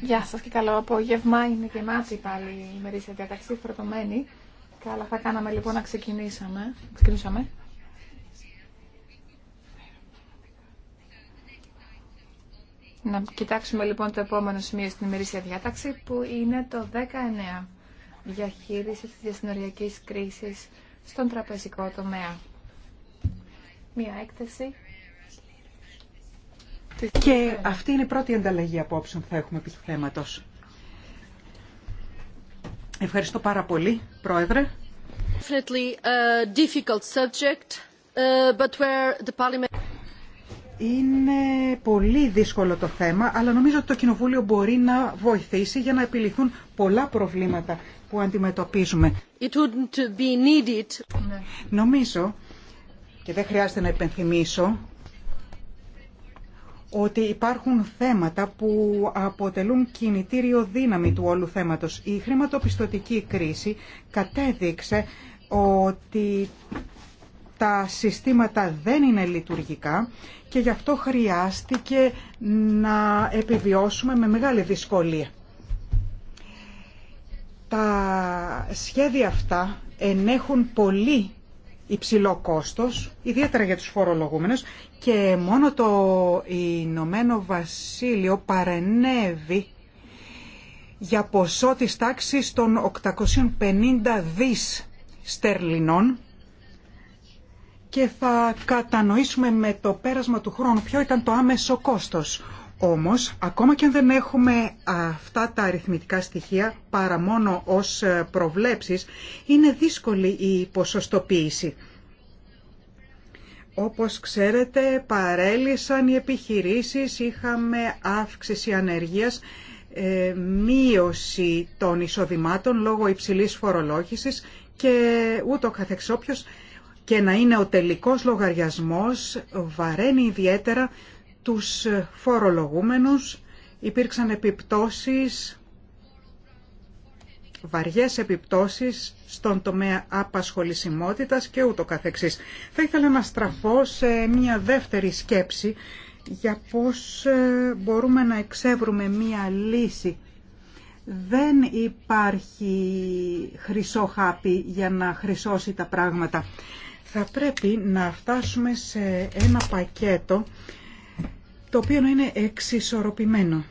Γεια σας και καλό απόγευμα. Είναι και μάτι πάλι η ημερήσια διαταξή, φορτωμένη. Καλά θα κάναμε λοιπόν να ξεκινήσαμε. ξεκινήσαμε. Να κοιτάξουμε λοιπόν το επόμενο σημείο στην ημερήσια διάταξη που είναι το 19. Διαχείριση τη διασυνοριακή κρίση στον τραπεζικό τομέα. Μία έκθεση και αυτή είναι η πρώτη ανταλλαγή απόψεων που θα έχουμε επί του θέματος. Ευχαριστώ πάρα πολύ, Πρόεδρε. Uh, είναι πολύ δύσκολο το θέμα, αλλά νομίζω ότι το Κοινοβούλιο μπορεί να βοηθήσει για να επιληθούν πολλά προβλήματα που αντιμετωπίζουμε. It be Νομίζω, και δεν χρειάζεται να υπενθυμίσω, ότι υπάρχουν θέματα που αποτελούν κινητήριο δύναμη του όλου θέματος. Η χρηματοπιστωτική κρίση κατέδειξε ότι τα συστήματα δεν είναι λειτουργικά και γι' αυτό χρειάστηκε να επιβιώσουμε με μεγάλη δυσκολία. Τα σχέδια αυτά ενέχουν πολύ υψηλό κόστος, ιδιαίτερα για τους φορολογούμενους και μόνο το Ηνωμένο Βασίλειο παρενέβη για ποσό της τάξης των 850 δις στερλινών και θα κατανοήσουμε με το πέρασμα του χρόνου ποιο ήταν το άμεσο κόστος. Όμως, ακόμα και αν δεν έχουμε αυτά τα αριθμητικά στοιχεία παρά μόνο ως ε, προβλέψεις, είναι δύσκολη η ποσοστοποίηση. Όπως ξέρετε, παρέλυσαν οι επιχειρήσεις, είχαμε αύξηση ανεργίας, ε, μείωση των εισοδημάτων λόγω υψηλής φορολόγησης και ούτω καθεξόποιος. και να είναι ο τελικός λογαριασμός βαραίνει ιδιαίτερα τους φορολογούμενους, υπήρξαν επιπτώσεις, βαριές επιπτώσεις στον τομέα απασχολησιμότητας και ούτω καθεξής. Θα ήθελα να στραφώ σε μια δεύτερη σκέψη για πώς ε, μπορούμε να εξεύρουμε μια λύση. Δεν υπάρχει χρυσό χάπι για να χρυσώσει τα πράγματα. Θα πρέπει να φτάσουμε σε ένα πακέτο το οποίο να είναι εξισορροπημένο.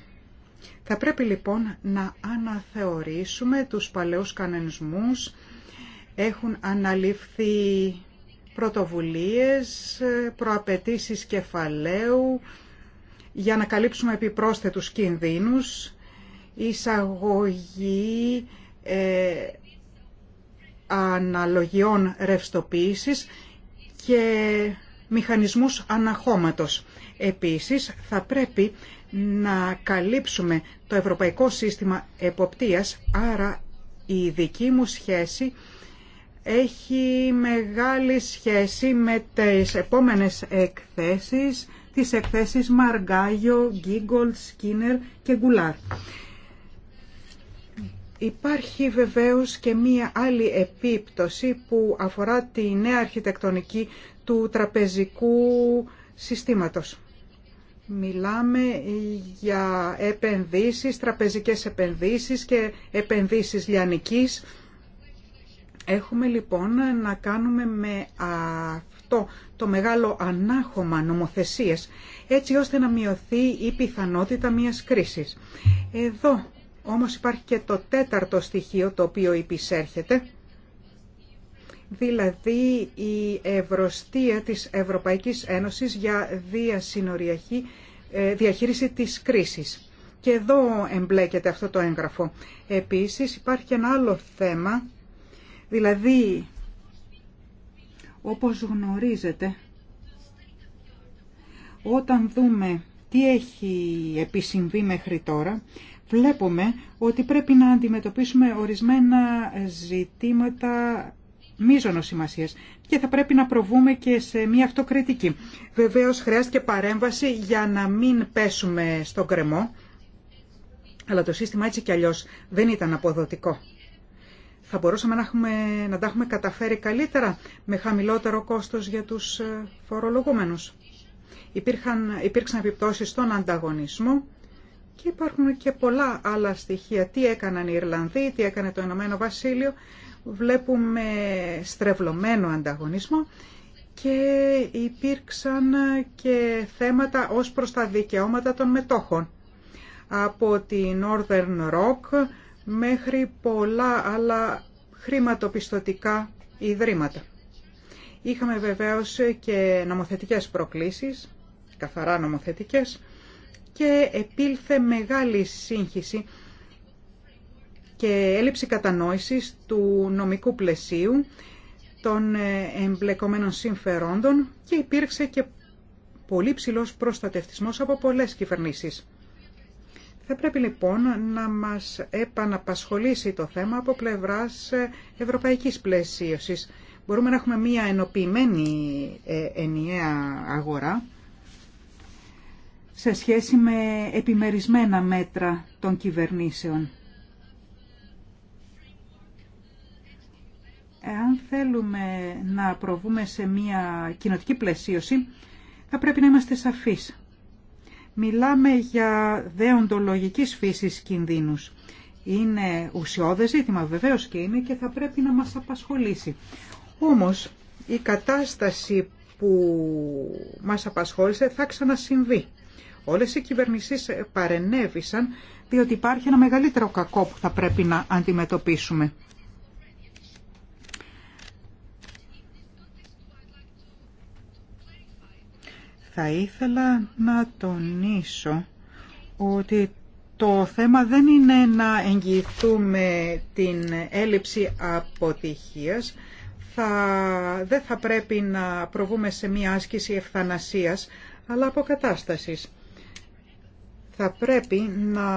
Θα πρέπει λοιπόν να αναθεωρήσουμε τους παλαιούς κανονισμούς. Έχουν αναλυφθεί πρωτοβουλίες, προαπαιτήσεις κεφαλαίου για να καλύψουμε επιπρόσθετους κινδύνους, εισαγωγή ε, αναλογιών ρευστοποίησης και μηχανισμούς αναχώματος. Επίσης, θα πρέπει να καλύψουμε το Ευρωπαϊκό Σύστημα Εποπτείας, άρα η δική μου σχέση έχει μεγάλη σχέση με τις επόμενες εκθέσεις, τις εκθέσεις Μαργκάγιο, Γκίγκολτ, Σκίνερ και Γκουλάρ. Υπάρχει βεβαίως και μία άλλη επίπτωση που αφορά τη νέα αρχιτεκτονική του τραπεζικού συστήματος. Μιλάμε για επενδύσεις, τραπεζικές επενδύσεις και επενδύσεις λιανικής. Έχουμε λοιπόν να κάνουμε με αυτό το μεγάλο ανάχωμα νομοθεσίες, έτσι ώστε να μειωθεί η πιθανότητα μιας κρίσης. Εδώ όμως υπάρχει και το τέταρτο στοιχείο το οποίο υπησέρχεται δηλαδή η ευρωστία της Ευρωπαϊκής Ένωσης για διασυνοριακή ε, διαχείριση της κρίσης. Και εδώ εμπλέκεται αυτό το έγγραφο. Επίσης υπάρχει και ένα άλλο θέμα, δηλαδή όπως γνωρίζετε, όταν δούμε τι έχει επισυμβεί μέχρι τώρα, βλέπουμε ότι πρέπει να αντιμετωπίσουμε ορισμένα ζητήματα μείζονο και θα πρέπει να προβούμε και σε μια αυτοκριτική. Βεβαίως χρειάστηκε παρέμβαση για να μην πέσουμε στον κρεμό, αλλά το σύστημα έτσι κι αλλιώ δεν ήταν αποδοτικό. Θα μπορούσαμε να, έχουμε, να τα έχουμε καταφέρει καλύτερα με χαμηλότερο κόστος για τους ε, φορολογούμενους. Υπήρχαν, υπήρξαν επιπτώσεις στον ανταγωνισμό και υπάρχουν και πολλά άλλα στοιχεία. Τι έκαναν οι Ιρλανδοί, τι έκανε το Ηνωμένο Βασίλειο βλέπουμε στρεβλωμένο ανταγωνισμό και υπήρξαν και θέματα ως προς τα δικαιώματα των μετόχων. Από τη Northern Rock μέχρι πολλά άλλα χρηματοπιστωτικά ιδρύματα. Είχαμε βεβαίως και νομοθετικές προκλήσεις, καθαρά νομοθετικές, και επήλθε μεγάλη σύγχυση και έλλειψη κατανόησης του νομικού πλαισίου των ε, εμπλεκομένων συμφερόντων και υπήρξε και πολύ ψηλός προστατευτισμός από πολλές κυβερνήσεις. Θα πρέπει λοιπόν να μας επαναπασχολήσει το θέμα από πλευράς ε, ευρωπαϊκής πλαισίωσης. Μπορούμε να έχουμε μία ενοποιημένη ε, ενιαία αγορά σε σχέση με επιμερισμένα μέτρα των κυβερνήσεων. Εάν θέλουμε να προβούμε σε μια κοινοτική πλαισίωση, θα πρέπει να είμαστε σαφείς. Μιλάμε για δεοντολογικής φύσης κινδύνους. Είναι ουσιώδες ζήτημα, βεβαίως και είναι, και θα πρέπει να μας απασχολήσει. Όμως, η κατάσταση που μας απασχόλησε θα ξανασυμβεί. Όλες οι κυβερνήσεις παρενέβησαν, διότι υπάρχει ένα μεγαλύτερο κακό που θα πρέπει να αντιμετωπίσουμε. Θα ήθελα να τονίσω ότι το θέμα δεν είναι να εγγυηθούμε την έλλειψη αποτυχίας. Θα, δεν θα πρέπει να προβούμε σε μία άσκηση ευθανασίας, αλλά αποκατάστασης. Θα πρέπει να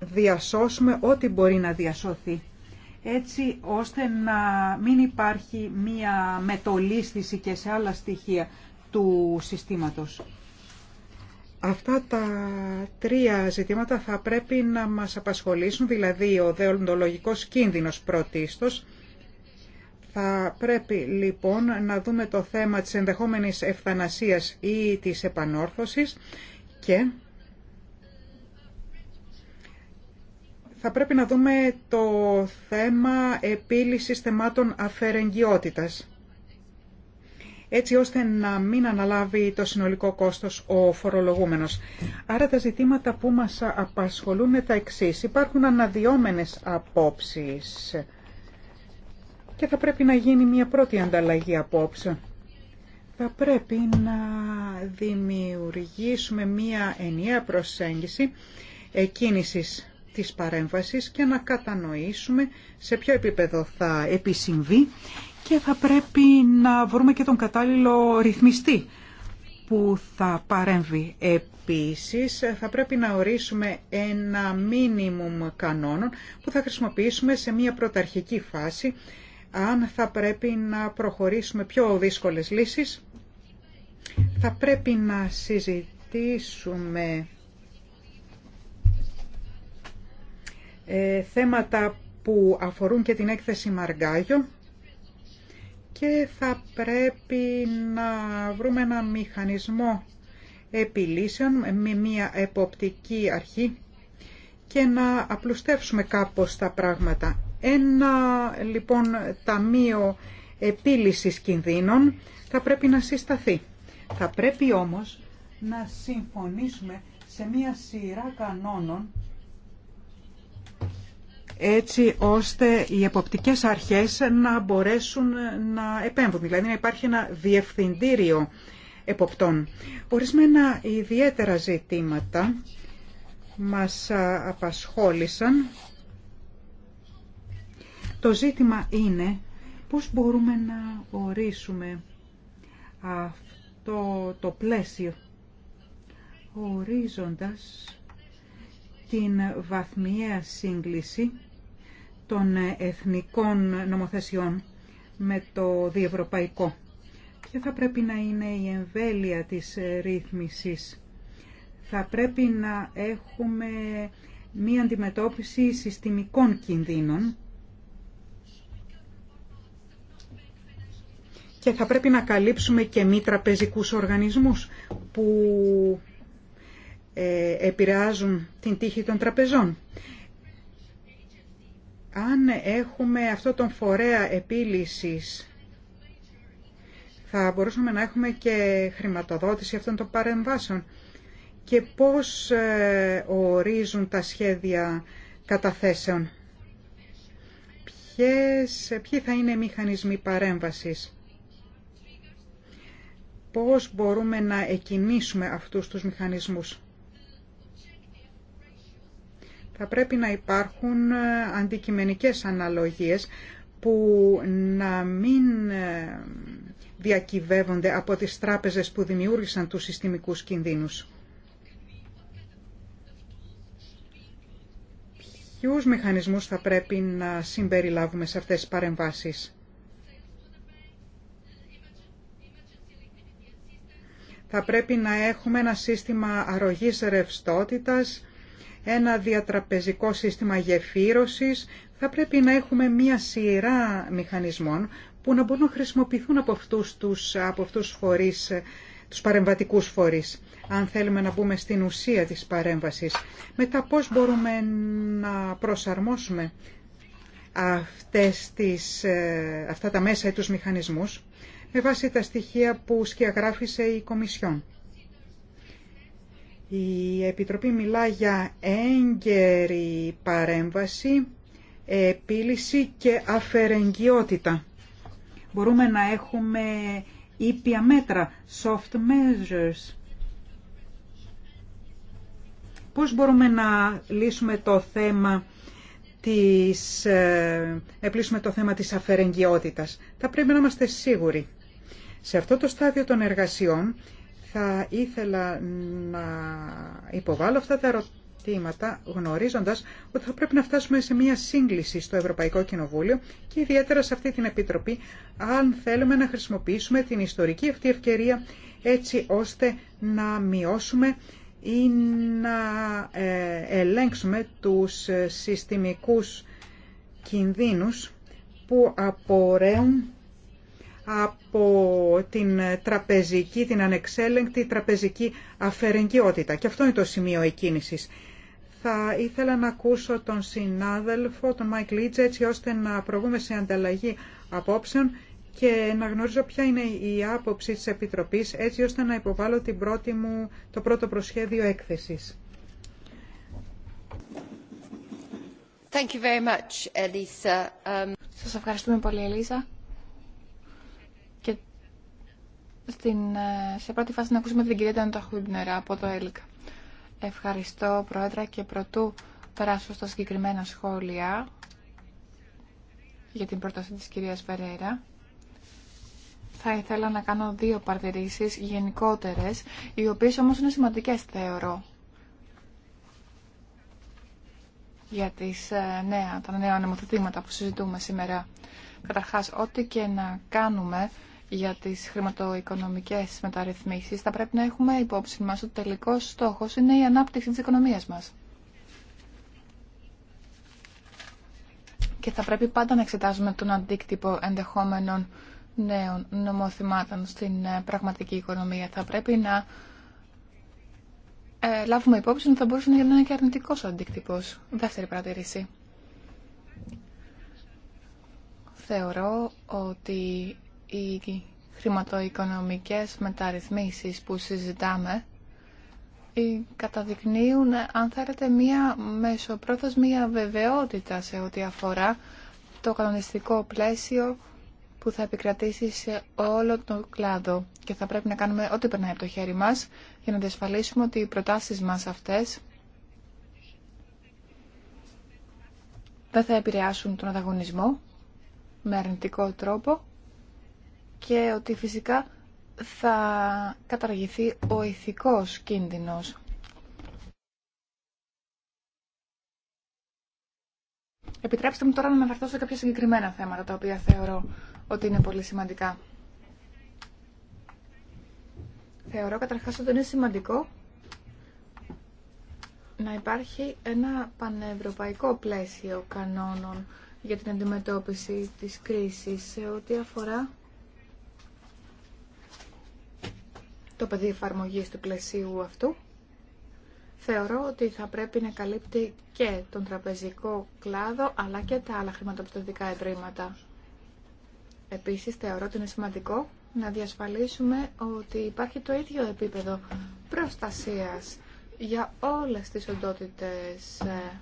διασώσουμε ό,τι μπορεί να διασωθεί έτσι ώστε να μην υπάρχει μία μετολίσθηση και σε άλλα στοιχεία του συστήματος. Αυτά τα τρία ζητήματα θα πρέπει να μας απασχολήσουν, δηλαδή ο δεοντολογικός κίνδυνος πρωτίστως. Θα πρέπει λοιπόν να δούμε το θέμα της ενδεχόμενης ευθανασίας ή της επανόρθωσης και θα πρέπει να δούμε το θέμα επίλυσης θεμάτων αφαιρεγγιότητας έτσι ώστε να μην αναλάβει το συνολικό κόστος ο φορολογούμενος. Άρα τα ζητήματα που μας απασχολούν είναι τα εξής. Υπάρχουν αναδυόμενες απόψεις και θα πρέπει να γίνει μια πρώτη ανταλλαγή απόψε. Θα πρέπει να δημιουργήσουμε μια ενιαία προσέγγιση εκκίνησης της παρέμβασης και να κατανοήσουμε σε ποιο επίπεδο θα επισυμβεί και θα πρέπει να βρούμε και τον κατάλληλο ρυθμιστή που θα παρέμβει. Επίσης, θα πρέπει να ορίσουμε ένα μίνιμουμ κανόνων που θα χρησιμοποιήσουμε σε μια πρωταρχική φάση αν θα πρέπει να προχωρήσουμε πιο δύσκολες λύσεις. Θα πρέπει να συζητήσουμε ε, θέματα που αφορούν και την έκθεση Μαργκάγιο και θα πρέπει να βρούμε ένα μηχανισμό επιλύσεων με μια εποπτική αρχή και να απλουστεύσουμε κάπως τα πράγματα. Ένα λοιπόν ταμείο επίλυσης κινδύνων θα πρέπει να συσταθεί. Θα πρέπει όμως να συμφωνήσουμε σε μια σειρά κανόνων έτσι ώστε οι εποπτικές αρχές να μπορέσουν να επέμβουν, δηλαδή να υπάρχει ένα διευθυντήριο εποπτών. Ορισμένα ιδιαίτερα ζητήματα μας απασχόλησαν. Το ζήτημα είναι πώς μπορούμε να ορίσουμε αυτό το πλαίσιο ορίζοντας την βαθμιαία σύγκληση των εθνικών νομοθεσιών με το διευρωπαϊκό. Ποια θα πρέπει να είναι η εμβέλεια της ρύθμισης. Θα πρέπει να έχουμε μία αντιμετώπιση συστημικών κινδύνων και θα πρέπει να καλύψουμε και μη τραπεζικούς οργανισμούς που ε, επηρεάζουν την τύχη των τραπεζών αν έχουμε αυτό τον φορέα επίλυσης, θα μπορούσαμε να έχουμε και χρηματοδότηση αυτών των παρεμβάσεων και πώς ε, ορίζουν τα σχέδια καταθέσεων. Ποιες, ποιοι θα είναι οι μηχανισμοί παρέμβασης. Πώς μπορούμε να εκινήσουμε αυτούς τους μηχανισμούς. Θα πρέπει να υπάρχουν ε, αντικειμενικές αναλογίες που να μην ε, διακυβεύονται από τις τράπεζες που δημιούργησαν τους συστημικούς κινδύνους. Ποιους μηχανισμούς θα πρέπει να συμπεριλάβουμε σε αυτές τις παρεμβάσεις. Θα πρέπει να έχουμε ένα σύστημα αρρωγής ρευστότητας ένα διατραπεζικό σύστημα γεφύρωσης. Θα πρέπει να έχουμε μία σειρά μηχανισμών που να μπορούν να χρησιμοποιηθούν από αυτούς τους, από αυτούς φορείς, τους παρεμβατικούς φορείς, αν θέλουμε να μπούμε στην ουσία της παρέμβασης. Μετά πώς μπορούμε να προσαρμόσουμε αυτές τις, ε, αυτά τα μέσα ή τους μηχανισμούς με βάση τα στοιχεία που σκιαγράφησε η Κομισιόν. Η Επιτροπή μιλά για έγκαιρη παρέμβαση, επίλυση και αφαιρεγγιότητα. Μπορούμε να έχουμε ήπια μέτρα, soft measures. Πώς μπορούμε να λύσουμε το θέμα της, ε, το θέμα της αφαιρεγγιότητας. Θα πρέπει να είμαστε σίγουροι. Σε αυτό το στάδιο των εργασιών θα ήθελα να υποβάλω αυτά τα ερωτήματα γνωρίζοντας ότι θα πρέπει να φτάσουμε σε μια σύγκληση στο Ευρωπαϊκό Κοινοβούλιο και ιδιαίτερα σε αυτή την Επιτροπή αν θέλουμε να χρησιμοποιήσουμε την ιστορική αυτή ευκαιρία έτσι ώστε να μειώσουμε ή να ε, ελέγξουμε τους ε, συστημικούς κινδύνους που απορρέουν από την τραπεζική, την ανεξέλεγκτη τραπεζική αφαιρεγκιότητα. Και αυτό είναι το σημείο εκκίνησης. Θα ήθελα να ακούσω τον συνάδελφο, τον Μάικ Λίτζ, έτσι ώστε να προβούμε σε ανταλλαγή απόψεων και να γνωρίζω ποια είναι η άποψη της Επιτροπής, έτσι ώστε να υποβάλω την πρώτη το πρώτο προσχέδιο έκθεσης. Thank you um, Σας ευχαριστούμε πολύ, Ελίζα. Στην, ε, σε πρώτη φάση να ακούσουμε την κυρία Τέντα Χούμπνερα από το ΕΛΚ. Ευχαριστώ, προέδρα και πρωτού περάσω στα συγκεκριμένα σχόλια για την πρόταση της κυρίας Φερέρα. Θα ήθελα να κάνω δύο παρατηρήσεις γενικότερες, οι οποίες όμως είναι σημαντικές, θεωρώ, για τις, ε, νέα, τα νέα νομοθετήματα που συζητούμε σήμερα. Καταρχάς, ό,τι και να κάνουμε για τις χρηματοοικονομικές μεταρρυθμίσεις, θα πρέπει να έχουμε υπόψη μας ότι ο τελικός στόχος είναι η ανάπτυξη της οικονομίας μας. Και θα πρέπει πάντα να εξετάζουμε τον αντίκτυπο ενδεχόμενων νέων νομοθυμάτων στην ε, πραγματική οικονομία. Θα πρέπει να ε, λάβουμε υπόψη ότι θα μπορούσε να είναι και αρνητικός ο αντίκτυπος. Δεύτερη παρατηρήση. Θεωρώ ότι οι χρηματοοικονομικές μεταρρυθμίσεις που συζητάμε ε, καταδεικνύουν, αν θέλετε, μία μεσοπρόθεσμη βεβαιότητα σε ό,τι αφορά το κανονιστικό πλαίσιο που θα επικρατήσει σε όλο τον κλάδο. Και θα πρέπει να κάνουμε ό,τι περνάει από το χέρι μας για να διασφαλίσουμε ότι οι προτάσεις μας αυτές δεν θα επηρεάσουν τον ανταγωνισμό με αρνητικό τρόπο και ότι φυσικά θα καταργηθεί ο ηθικός κίνδυνος. Επιτρέψτε μου τώρα να αναφερθώ σε κάποια συγκεκριμένα θέματα τα οποία θεωρώ ότι είναι πολύ σημαντικά. Θεωρώ καταρχάς ότι είναι σημαντικό να υπάρχει ένα πανευρωπαϊκό πλαίσιο κανόνων για την αντιμετώπιση της κρίσης σε ό,τι αφορά το πεδίο εφαρμογή του πλαισίου αυτού. Θεωρώ ότι θα πρέπει να καλύπτει και τον τραπεζικό κλάδο, αλλά και τα άλλα χρηματοπιστωτικά ευρήματα. Επίσης, θεωρώ ότι είναι σημαντικό να διασφαλίσουμε ότι υπάρχει το ίδιο επίπεδο προστασίας για όλες τις οντότητες ε,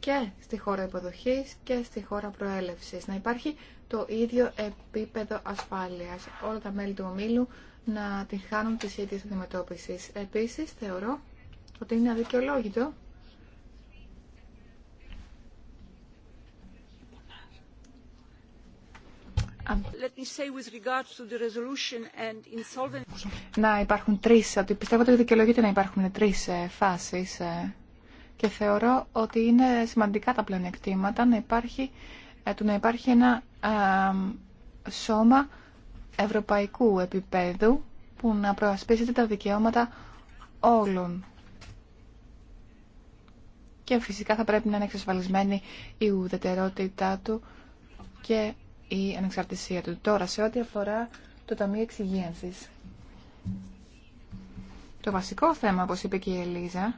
και στη χώρα υποδοχής και στη χώρα προέλευσης. Να υπάρχει το ίδιο επίπεδο ασφάλειας. Όλα τα μέλη του ομίλου να την χάνουν τις ίδιες αντιμετώπισης. Επίσης, θεωρώ ότι είναι αδικαιολόγητο Να υπάρχουν τρεις, ότι πιστεύω ότι δικαιολογείται να υπάρχουν τρεις ε, φάσεις ε, και θεωρώ ότι είναι σημαντικά τα πλεονεκτήματα να υπάρχει, ε, του να υπάρχει ένα ε, σώμα ευρωπαϊκού επίπεδου που να προασπίσεται τα δικαιώματα όλων. Και φυσικά θα πρέπει να είναι εξασφαλισμένη η ουδετερότητά του και η ανεξαρτησία του. Τώρα, σε ό,τι αφορά το Ταμείο Εξυγίανσης. Το βασικό θέμα, όπως είπε και η Ελίζα,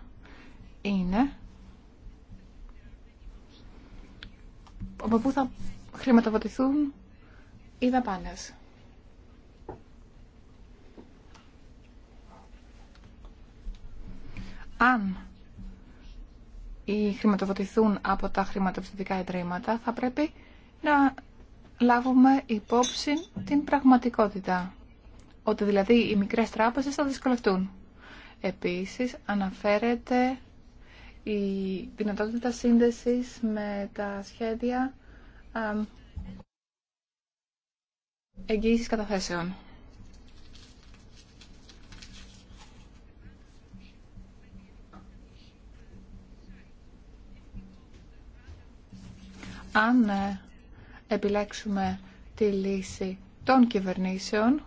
είναι από πού θα χρηματοδοτηθούν οι δαπάνε. Αν οι χρηματοδοτηθούν από τα χρηματοπιστωτικά ιδρύματα, θα πρέπει να λάβουμε υπόψη την πραγματικότητα. Ότι δηλαδή οι μικρές τράπεζες θα δυσκολευτούν. Επίσης αναφέρεται η δυνατότητα σύνδεσης με τα σχέδια εγγύησης καταθέσεων. Αν ε, επιλέξουμε τη λύση των κυβερνήσεων,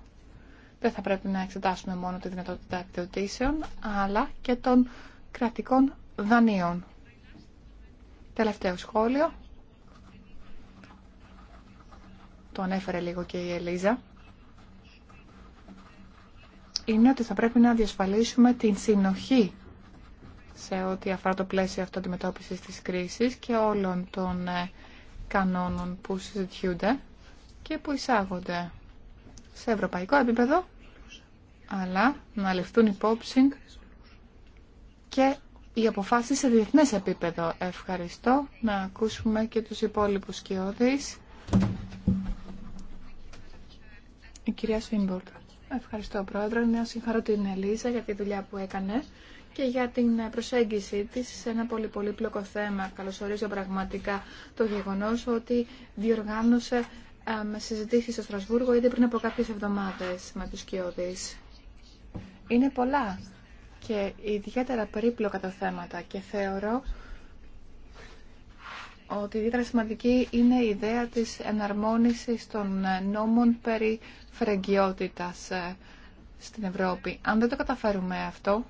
δεν θα πρέπει να εξετάσουμε μόνο τη δυνατότητα εκδοτήσεων, αλλά και των κρατικών δανείων. Τελευταίο σχόλιο. Το ανέφερε λίγο και η Ελίζα. Είναι ότι θα πρέπει να διασφαλίσουμε την συνοχή σε ό,τι αφορά το πλαίσιο αυτό της κρίσης και όλων των ε, κανόνων που συζητιούνται και που εισάγονται σε ευρωπαϊκό επίπεδο αλλά να ληφθούν υπόψη και οι αποφάσεις σε διεθνές επίπεδο. Ευχαριστώ να ακούσουμε και τους υπόλοιπους κοιόδης. Η κυρία Σφίμπορτ. Ευχαριστώ πρόεδρε. Να συγχαρώ την Ελίζα για τη δουλειά που έκανε και για την προσέγγιση της σε ένα πολύ πολύπλοκο θέμα. Καλωσορίζω πραγματικά το γεγονός ότι διοργάνωσε με συζητήσεις στο Στρασβούργο ήδη πριν από κάποιες εβδομάδες με τους κοιόδης. Είναι πολλά και ιδιαίτερα περίπλοκα τα θέματα και θεωρώ ότι ιδιαίτερα σημαντική είναι η ιδέα της εναρμόνισης των νόμων περί φρεγιότητας ε, στην Ευρώπη. Αν δεν το καταφέρουμε αυτό,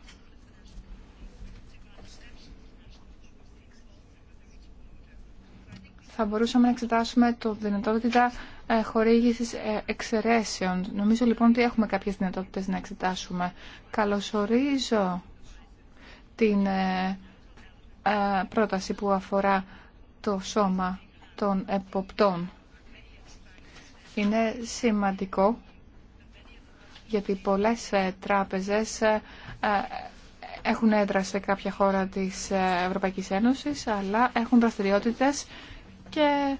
θα μπορούσαμε να εξετάσουμε το δυνατότητα ε, χορήγησης ε, εξαιρέσεων. Νομίζω λοιπόν ότι έχουμε κάποιες δυνατότητες να εξετάσουμε. Καλωσορίζω την ε, πρόταση που αφορά το σώμα των εποπτών. Είναι σημαντικό γιατί πολλές τράπεζες έχουν έδρα σε κάποια χώρα της Ευρωπαϊκής Ένωσης αλλά έχουν δραστηριότητες και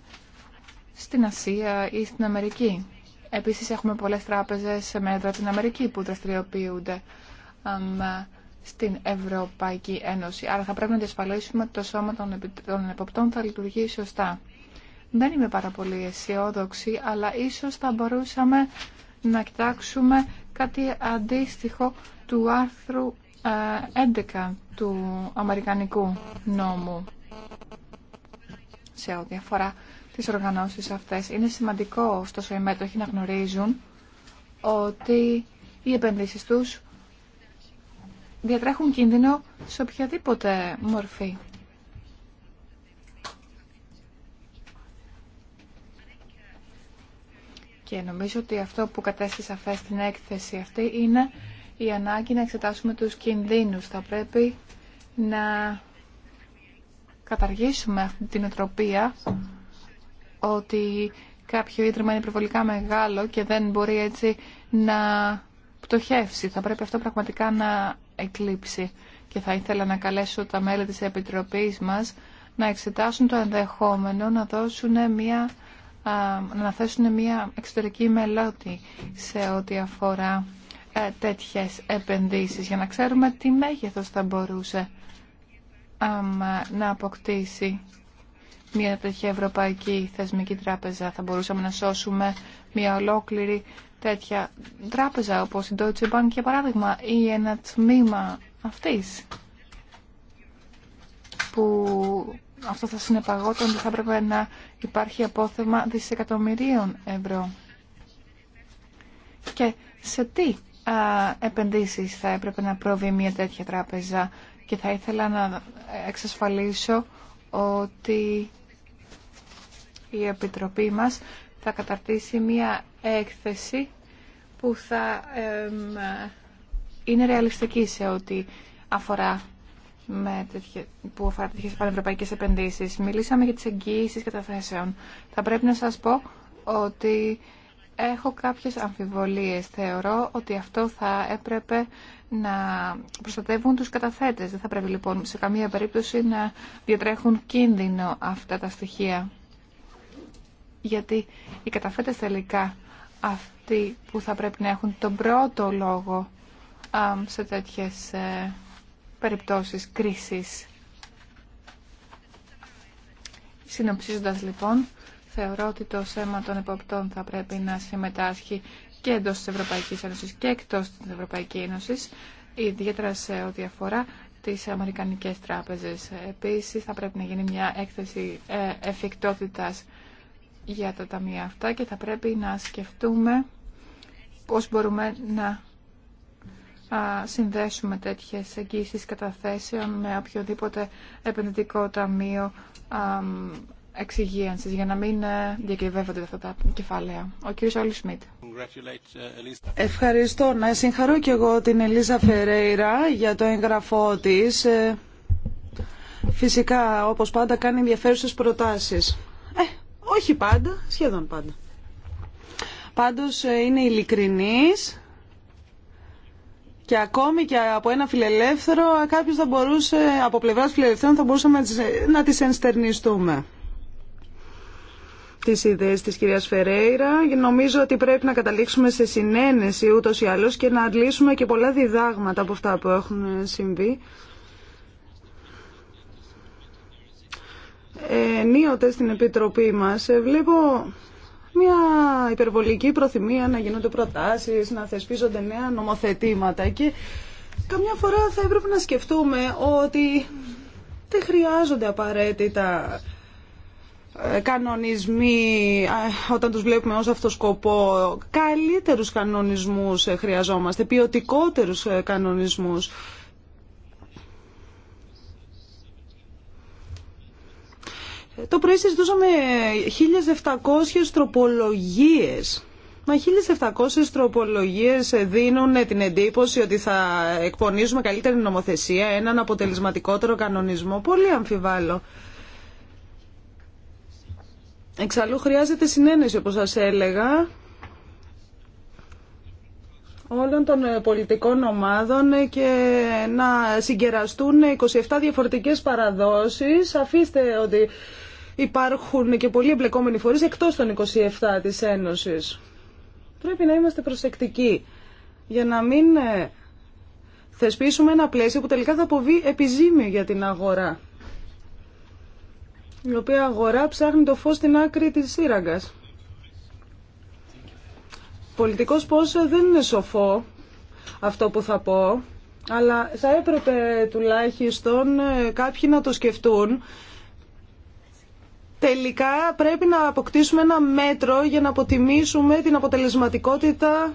στην Ασία ή στην Αμερική. Επίσης έχουμε πολλές τράπεζες σε μέτρα την Αμερική που δραστηριοποιούνται στην Ευρωπαϊκή Ένωση. Άρα θα πρέπει να διασφαλίσουμε ότι το σώμα των εποπτών θα λειτουργεί σωστά. Δεν είμαι πάρα πολύ αισιόδοξη, αλλά ίσως θα μπορούσαμε να κοιτάξουμε κάτι αντίστοιχο του άρθρου 11 ε, του Αμερικανικού νόμου σε ό,τι αφορά τις οργανώσεις αυτές. Είναι σημαντικό, ωστόσο, οι μέτοχοι να γνωρίζουν ότι οι επενδύσεις τους διατρέχουν κίνδυνο σε οποιαδήποτε μορφή. Και νομίζω ότι αυτό που κατέστησε σαφές στην έκθεση αυτή είναι η ανάγκη να εξετάσουμε τους κινδύνους. Θα πρέπει να καταργήσουμε αυτή την οτροπία ότι κάποιο ίδρυμα είναι υπερβολικά μεγάλο και δεν μπορεί έτσι να πτωχεύσει. Θα πρέπει αυτό πραγματικά να εκλείψει. Και θα ήθελα να καλέσω τα μέλη της Επιτροπής μας να εξετάσουν το ενδεχόμενο να δώσουν μια να θέσουν μια εξωτερική μελότη σε ό,τι αφορά ε, τέτοιες επενδύσεις για να ξέρουμε τι μέγεθος θα μπορούσε να αποκτήσει μια τέτοια ευρωπαϊκή θεσμική τράπεζα. Θα μπορούσαμε να σώσουμε μια ολόκληρη τέτοια τράπεζα όπως η Deutsche Bank για παράδειγμα ή ένα τμήμα αυτής που αυτό θα συνεπαγόταν ότι θα έπρεπε να υπάρχει απόθεμα δισεκατομμυρίων ευρώ. Και σε τι α, επενδύσεις θα έπρεπε να προβεί μια τέτοια τράπεζα και θα ήθελα να εξασφαλίσω ότι η Επιτροπή μας θα καταρτήσει μία έκθεση που θα είναι ρεαλιστική σε ό,τι αφορά με που αφορά τέτοιες πανευρωπαϊκές επενδύσεις. Μιλήσαμε για τις εγγύησεις καταθέσεων. Θα πρέπει να σας πω ότι έχω κάποιες αμφιβολίες. Θεωρώ ότι αυτό θα έπρεπε να προστατεύουν τους καταθέτες. Δεν θα πρέπει λοιπόν σε καμία περίπτωση να διατρέχουν κίνδυνο αυτά τα στοιχεία. Γιατί οι καταθέτες τελικά αυτοί που θα πρέπει να έχουν τον πρώτο λόγο σε τέτοιες ε, περιπτώσεις κρίσης. Συνοψίζοντας λοιπόν, θεωρώ ότι το σέμα των εποπτών θα πρέπει να συμμετάσχει και εντός της Ευρωπαϊκής Ένωσης και εκτός της Ευρωπαϊκής Ένωσης, ιδιαίτερα σε ό,τι αφορά τις Αμερικανικές τράπεζες. Επίσης, θα πρέπει να γίνει μια έκθεση ε, εφικτότητας για τα ταμεία αυτά και θα πρέπει να σκεφτούμε πώς μπορούμε να συνδέσουμε τέτοιες εγγύσεις καταθέσεων με οποιοδήποτε επενδυτικό ταμείο εξυγίανσης για να μην ε, διακυβεύονται αυτά τα κεφάλαια. Ο κύριος Όλη Σμιτ. Ε, Ευχαριστώ. Να συγχαρώ και εγώ την Ελίζα Φερέιρα για το εγγραφό τη. Ε, φυσικά, όπως πάντα, κάνει ενδιαφέρουσες προτάσεις. Ε, όχι πάντα, σχεδόν πάντα. Πάντως είναι ειλικρινής και ακόμη και από ένα φιλελεύθερο κάποιος θα μπορούσε, από πλευράς φιλελευθέρων θα μπορούσαμε να τις ενστερνιστούμε τις ιδέες της κυρίας Φερέιρα. Νομίζω ότι πρέπει να καταλήξουμε σε συνένεση ούτως ή άλλως και να αντλήσουμε και πολλά διδάγματα από αυτά που έχουν συμβεί. Ε, στην Επιτροπή μας ε, βλέπω μια υπερβολική προθυμία να γίνονται προτάσεις, να θεσπίζονται νέα νομοθετήματα και καμιά φορά θα έπρεπε να σκεφτούμε ότι δεν χρειάζονται απαραίτητα κανονισμοί όταν τους βλέπουμε ως αυτό σκοπό καλύτερους κανονισμούς ε, χρειαζόμαστε, ποιοτικότερους ε, κανονισμούς Το πρωί συζητούσαμε 1.700 τροπολογίες Μα 1.700 τροπολογίες δίνουν την εντύπωση ότι θα εκπονήσουμε καλύτερη νομοθεσία, έναν αποτελεσματικότερο κανονισμό. Πολύ αμφιβάλλω. Εξαλλού χρειάζεται συνένεση, όπως σας έλεγα, όλων των ε, πολιτικών ομάδων ε, και να συγκεραστούν 27 διαφορετικές παραδόσεις. Αφήστε ότι υπάρχουν και πολλοί εμπλεκόμενοι φορείς εκτός των 27 της Ένωσης. Πρέπει να είμαστε προσεκτικοί για να μην ε, θεσπίσουμε ένα πλαίσιο που τελικά θα αποβεί επιζήμιο για την αγορά η οποία αγορά ψάχνει το φως στην άκρη της σύραγγας. Πολιτικός πόσο δεν είναι σοφό αυτό που θα πω, αλλά θα έπρεπε τουλάχιστον ε, κάποιοι να το σκεφτούν. Τελικά πρέπει να αποκτήσουμε ένα μέτρο για να αποτιμήσουμε την αποτελεσματικότητα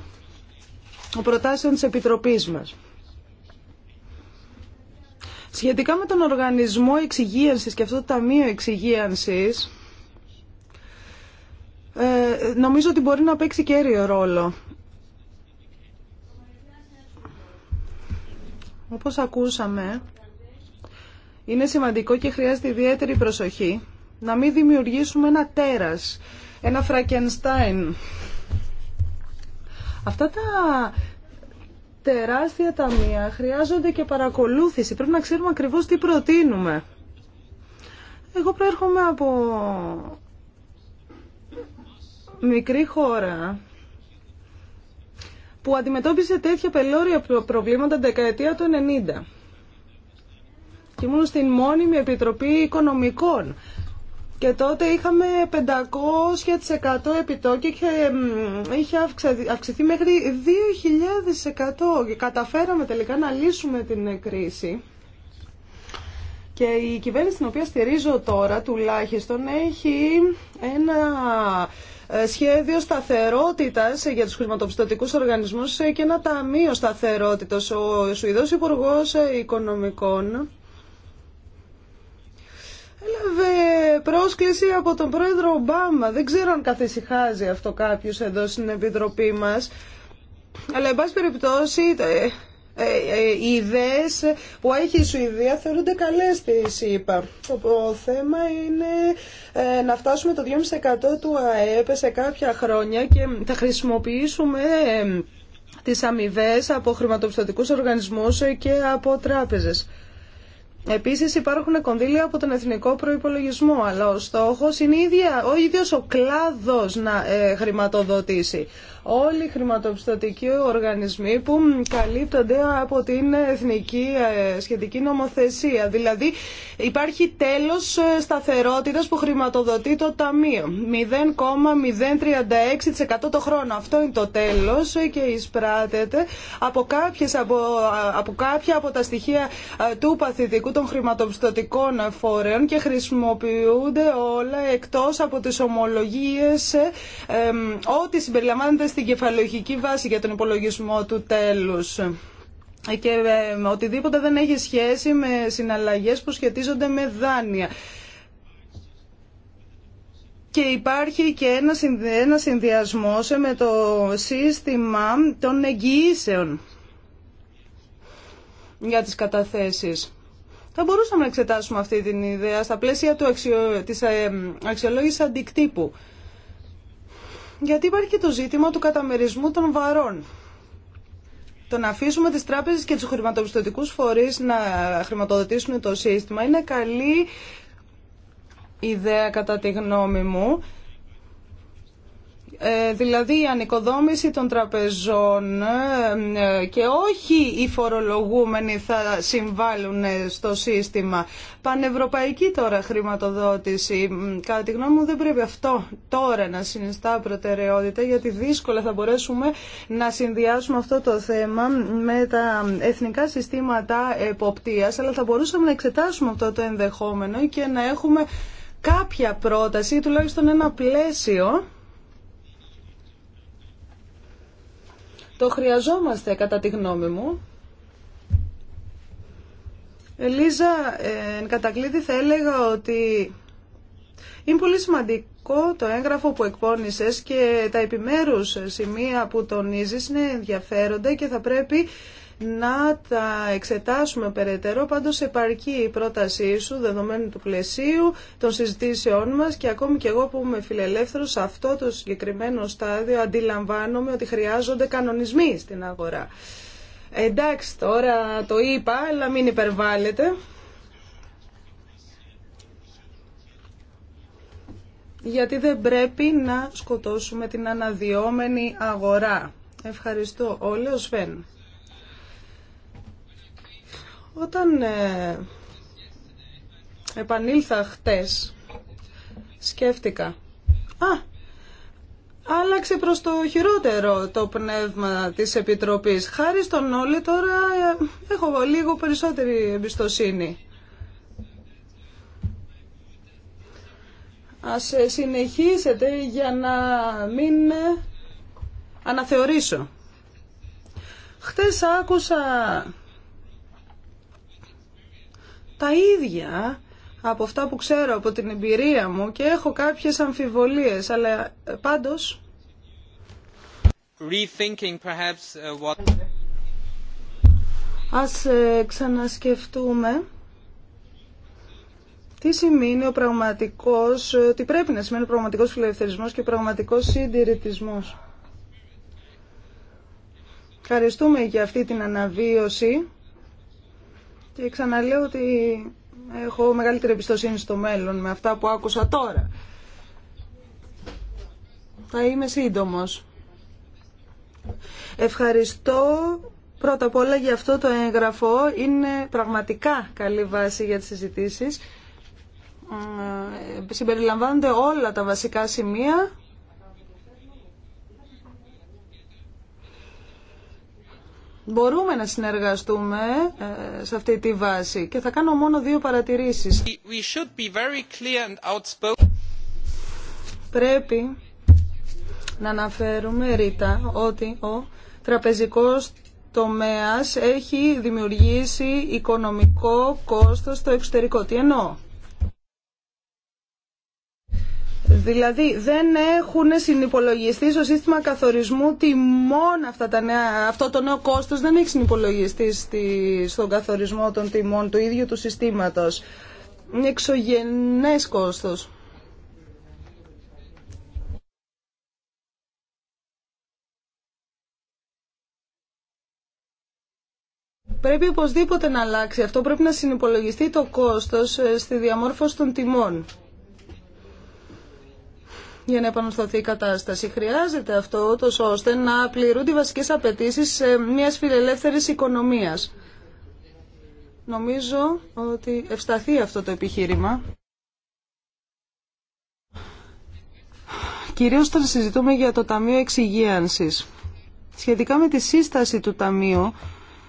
των προτάσεων της Επιτροπής μας. Σχετικά με τον οργανισμό εξυγίανσης και αυτό το ταμείο εξυγίανσης, ε, νομίζω ότι μπορεί να παίξει κέριο ρόλο. Όπως ακούσαμε, είναι σημαντικό και χρειάζεται ιδιαίτερη προσοχή να μην δημιουργήσουμε ένα τέρας, ένα Φρακενστάιν. Αυτά τα τεράστια ταμεία χρειάζονται και παρακολούθηση. Πρέπει να ξέρουμε ακριβώς τι προτείνουμε. Εγώ προέρχομαι από μικρή χώρα που αντιμετώπισε τέτοια πελώρια προβλήματα δεκαετία του 90 και ήμουν στην μόνιμη Επιτροπή Οικονομικών και τότε είχαμε 500% επιτόκια και είχε αυξηθεί μέχρι 2.000% και καταφέραμε τελικά να λύσουμε την κρίση. Και η κυβέρνηση την οποία στηρίζω τώρα τουλάχιστον έχει ένα ε, σχέδιο σταθερότητας για τους χρηματοπιστωτικούς οργανισμούς και ένα ταμείο σταθερότητας. Ο Σουηδός Υπουργός Οικονομικών Έλαβε πρόσκληση από τον πρόεδρο Ομπάμα. Δεν ξέρω αν καθησυχάζει αυτό κάποιο εδώ στην Επιτροπή μα, Αλλά, εν πάση περιπτώσει, ε, ε, ε, οι ιδέε που έχει η Σουηδία θεωρούνται καλές τη είπα. Το θέμα είναι να φτάσουμε το 2,5% του ΑΕΠ σε κάποια χρόνια και θα χρησιμοποιήσουμε τις αμοιβέ από χρηματοπιστωτικούς οργανισμούς και από τράπεζες. Επίσης υπάρχουν κονδύλια από τον εθνικό προϋπολογισμό, αλλά ο στόχος είναι ίδια, ο ίδιος ο κλάδος να ε, χρηματοδοτήσει. Όλοι οι χρηματοπιστωτικοί οργανισμοί που καλύπτονται από την εθνική ε, σχετική νομοθεσία. Δηλαδή υπάρχει τέλος ε, σταθερότητας που χρηματοδοτεί το Ταμείο. 0,036% το χρόνο. Αυτό είναι το τέλος και εισπράτεται από, κάποιες, από, από κάποια από τα στοιχεία του παθητικού των χρηματοπιστωτικών φορέων και χρησιμοποιούνται όλα εκτός από τις ομολογίες ό,τι συμπεριλαμβάνεται στην κεφαλαιοχική βάση για τον υπολογισμό του τέλους και οτιδήποτε δεν έχει σχέση με συναλλαγές που σχετίζονται με δάνεια. Και υπάρχει και ένα, ένα συνδυασμό με το σύστημα των εγγυήσεων για τις καταθέσεις. Θα μπορούσαμε να εξετάσουμε αυτή την ιδέα στα πλαίσια του αξιο... της ε, αξιολόγησης αντικτύπου. Γιατί υπάρχει και το ζήτημα του καταμερισμού των βαρών. Το να αφήσουμε τις τράπεζες και τους χρηματοπιστωτικούς φορείς να χρηματοδοτήσουν το σύστημα είναι καλή ιδέα κατά τη γνώμη μου. Ε, δηλαδή η ανοικοδόμηση των τραπεζών ε, ε, και όχι οι φορολογούμενοι θα συμβάλλουν στο σύστημα. Πανευρωπαϊκή τώρα χρηματοδότηση. Κατά τη γνώμη μου δεν πρέπει αυτό τώρα να συνιστά προτεραιότητα γιατί δύσκολα θα μπορέσουμε να συνδυάσουμε αυτό το θέμα με τα εθνικά συστήματα εποπτείας αλλά θα μπορούσαμε να εξετάσουμε αυτό το ενδεχόμενο και να έχουμε κάποια πρόταση, τουλάχιστον ένα πλαίσιο Το χρειαζόμαστε κατά τη γνώμη μου. Ελίζα, ε, εν κατακλείδη θα έλεγα ότι είναι πολύ σημαντικό το έγγραφο που εκπώνησες και τα επιμέρους σημεία που τονίζεις είναι ενδιαφέροντα και θα πρέπει να τα εξετάσουμε περαιτέρω. Πάντως επαρκεί η πρότασή σου δεδομένου του πλαισίου των συζητήσεών μας και ακόμη και εγώ που είμαι φιλελεύθερος σε αυτό το συγκεκριμένο στάδιο αντιλαμβάνομαι ότι χρειάζονται κανονισμοί στην αγορά. Εντάξει τώρα το είπα αλλά μην υπερβάλλετε. γιατί δεν πρέπει να σκοτώσουμε την αναδυόμενη αγορά. Ευχαριστώ όλοι, ο όταν ε, επανήλθα χτες, σκέφτηκα. Α, άλλαξε προς το χειρότερο το πνεύμα της Επιτροπής. Χάρη στον όλη τώρα ε, έχω λίγο περισσότερη εμπιστοσύνη. Ας ε, συνεχίσετε για να μην αναθεωρήσω. Χτες άκουσα τα ίδια από αυτά που ξέρω από την εμπειρία μου και έχω κάποιες αμφιβολίες, αλλά ε, πάντως... Rethinking uh, Ας ε, ξανασκεφτούμε τι σημαίνει ο πραγματικός, ε, τι πρέπει να σημαίνει ο πραγματικός φιλελευθερισμός και ο πραγματικός συντηρητισμός. Ευχαριστούμε για αυτή την αναβίωση και ξαναλέω ότι έχω μεγαλύτερη εμπιστοσύνη στο μέλλον με αυτά που άκουσα τώρα. Θα είμαι σύντομος. Ευχαριστώ πρώτα απ' όλα για αυτό το έγγραφο. Είναι πραγματικά καλή βάση για τις συζητήσεις. Ε, συμπεριλαμβάνονται όλα τα βασικά σημεία μπορούμε να συνεργαστούμε ε, σε αυτή τη βάση και θα κάνω μόνο δύο παρατηρήσεις. very Πρέπει να αναφέρουμε Ρίτα, ότι ο τραπεζικός τομέας έχει δημιουργήσει οικονομικό κόστος στο εξωτερικό. Τι εννοώ. Δηλαδή δεν έχουν συνυπολογιστεί στο σύστημα καθορισμού τιμών αυτά τα νέα, αυτό το νέο κόστος δεν έχει συνυπολογιστεί στον καθορισμό των τιμών του ίδιου του συστήματος. Είναι εξωγενές κόστος. Πρέπει οπωσδήποτε να αλλάξει αυτό. Πρέπει να συνυπολογιστεί το κόστος ε, στη διαμόρφωση των τιμών για να επανορθωθεί η κατάσταση. Χρειάζεται αυτό τόσο ώστε να πληρούνται οι βασικές απαιτήσεις ε, μιας φιλελεύθερης οικονομίας. Νομίζω ότι ευσταθεί αυτό το επιχείρημα. Κυρίως όταν συζητούμε για το Ταμείο Εξυγίανσης. Σχετικά με τη σύσταση του Ταμείου,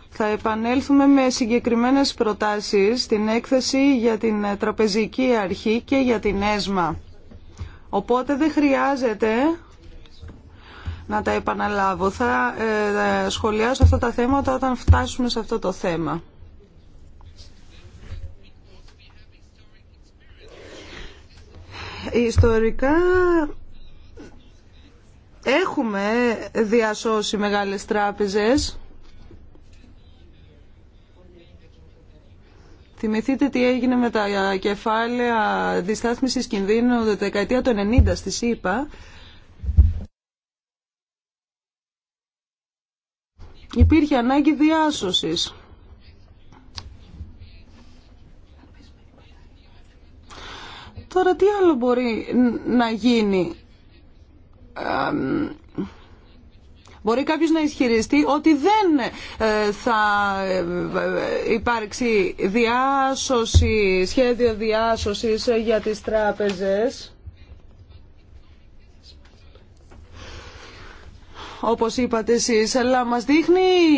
θα επανέλθουμε με συγκεκριμένες προτάσεις στην έκθεση για την Τραπεζική Αρχή και για την ΕΣΜΑ. Οπότε δεν χρειάζεται να τα επαναλάβω. Ε, θα σχολιάσω αυτά τα θέματα όταν φτάσουμε σε αυτό το θέμα. Ιστορικά έχουμε διασώσει μεγάλες τράπεζες Θυμηθείτε τι έγινε με τα κεφάλαια διστάθμισης κινδύνου τη δεκαετία των 90 στη ΣΥΠΑ. Υπήρχε ανάγκη διάσωσης. Τώρα τι άλλο μπορεί να γίνει. Μπορεί κάποιος να ισχυριστεί ότι δεν ε, θα ε, υπάρξει διάσωση, σχέδιο διάσωσης ε, για τις τράπεζες. Όπως είπατε εσείς, αλλά μας δείχνει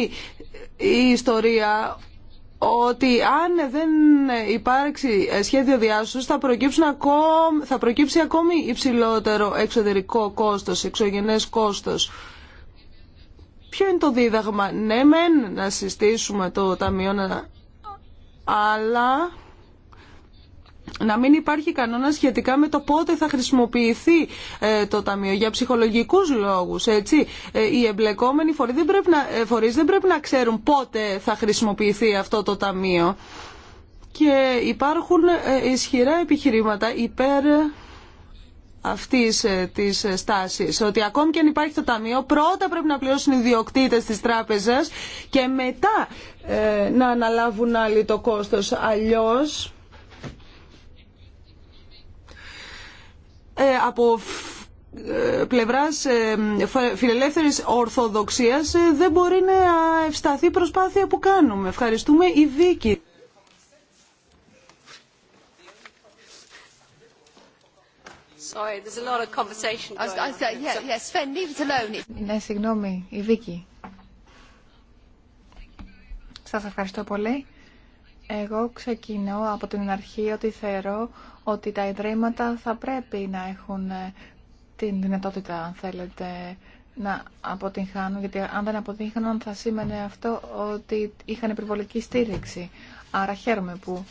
η ιστορία ότι αν δεν υπάρξει σχέδιο διάσωσης θα, θα προκύψει ακόμη υψηλότερο εξωτερικό κόστος, εξωγενές κόστος. Ποιο είναι το δίδαγμα. Ναι, μεν να συστήσουμε το ταμείο, αλλά να μην υπάρχει κανόνα σχετικά με το πότε θα χρησιμοποιηθεί ε, το Ταμείο για ψυχολογικούς λόγους. Έτσι. Ε, οι εμπλεκόμενοι φορείς δεν, πρέπει να, ε, φορείς δεν πρέπει να ξέρουν πότε θα χρησιμοποιηθεί αυτό το Ταμείο. Και υπάρχουν ισχυρά επιχειρήματα υπέρ αυτής ε, της ε, στάσης ότι ακόμη και αν υπάρχει το ταμείο πρώτα πρέπει να πληρώσουν οι ιδιοκτήτε τη Τράπεζα και μετά ε, να αναλάβουν άλλοι το κόστος αλλιώς από πλευράς φιλελεύθερης ορθοδοξίας δεν μπορεί να ευσταθεί προσπάθεια που κάνουμε. Ευχαριστούμε η Δίκη. Ναι, συγγνώμη, η Βίκη. Σας ευχαριστώ πολύ. Εγώ ξεκινώ από την αρχή ότι θεωρώ ότι τα ιδρύματα θα πρέπει να έχουν ε, την δυνατότητα, αν θέλετε, να αποτυγχάνουν, γιατί αν δεν αποτύχαναν θα σήμαινε αυτό ότι είχαν υπερβολική στήριξη. Άρα χαίρομαι που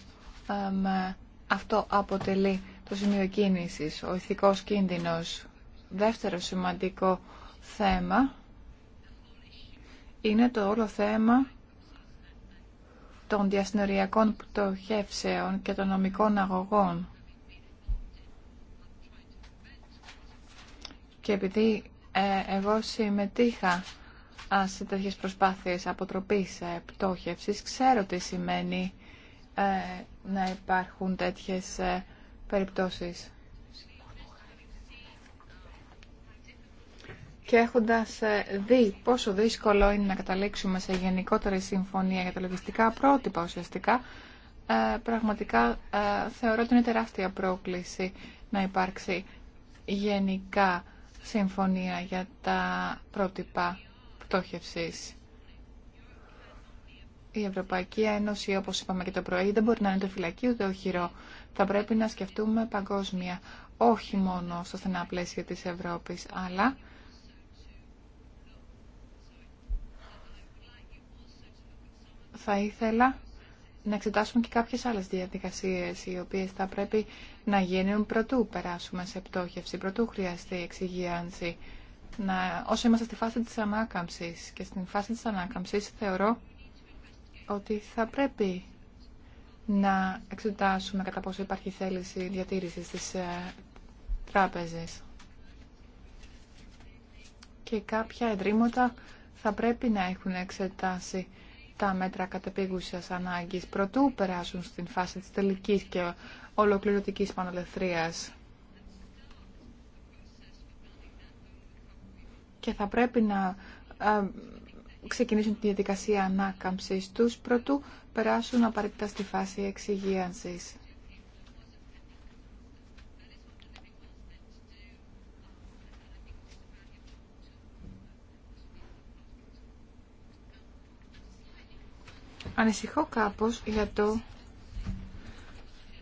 αυτό αποτελεί το σημείο κίνησης, ο ηθικός κίνδυνος. Δεύτερο σημαντικό θέμα είναι το όλο θέμα των διασυνοριακών πτωχεύσεων και των νομικών αγωγών. Και επειδή ε, εγώ συμμετείχα σε τέτοιες προσπάθειες αποτροπής ε, πτώχευσης, ξέρω τι σημαίνει ε, να υπάρχουν τέτοιες ε, περιπτώσεις. Και έχοντας ε, δει πόσο δύσκολο είναι να καταλήξουμε σε γενικότερη συμφωνία για τα λογιστικά πρότυπα ουσιαστικά, ε, πραγματικά ε, θεωρώ ότι είναι τεράστια πρόκληση να υπάρξει γενικά συμφωνία για τα πρότυπα πτώχευσης. Η Ευρωπαϊκή Ένωση, όπως είπαμε και το πρωί, δεν μπορεί να είναι το φυλακή ούτε ο χειρό θα πρέπει να σκεφτούμε παγκόσμια, όχι μόνο στο στενά πλαίσιο της Ευρώπης, αλλά θα ήθελα να εξετάσουμε και κάποιες άλλες διαδικασίες οι οποίες θα πρέπει να γίνουν πρωτού περάσουμε σε πτώχευση, πρωτού χρειαστεί εξυγίανση. Να, όσο είμαστε στη φάση της ανάκαμψης και στην φάση της ανάκαμψης θεωρώ ότι θα πρέπει να εξετάσουμε κατά πόσο υπάρχει θέληση διατήρησης της ε, τράπεζης. Και κάποια εντρήματα θα πρέπει να έχουν εξετάσει τα μέτρα κατεπίγουσας ανάγκης προτού περάσουν στην φάση της τελικής και ολοκληρωτικής πανολευθρίας. Και θα πρέπει να ε, ξεκινήσουν τη διαδικασία ανάκαμψης τους προτού περάσουν απαραίτητα στη φάση εξυγίανσης. Ανησυχώ κάπως για το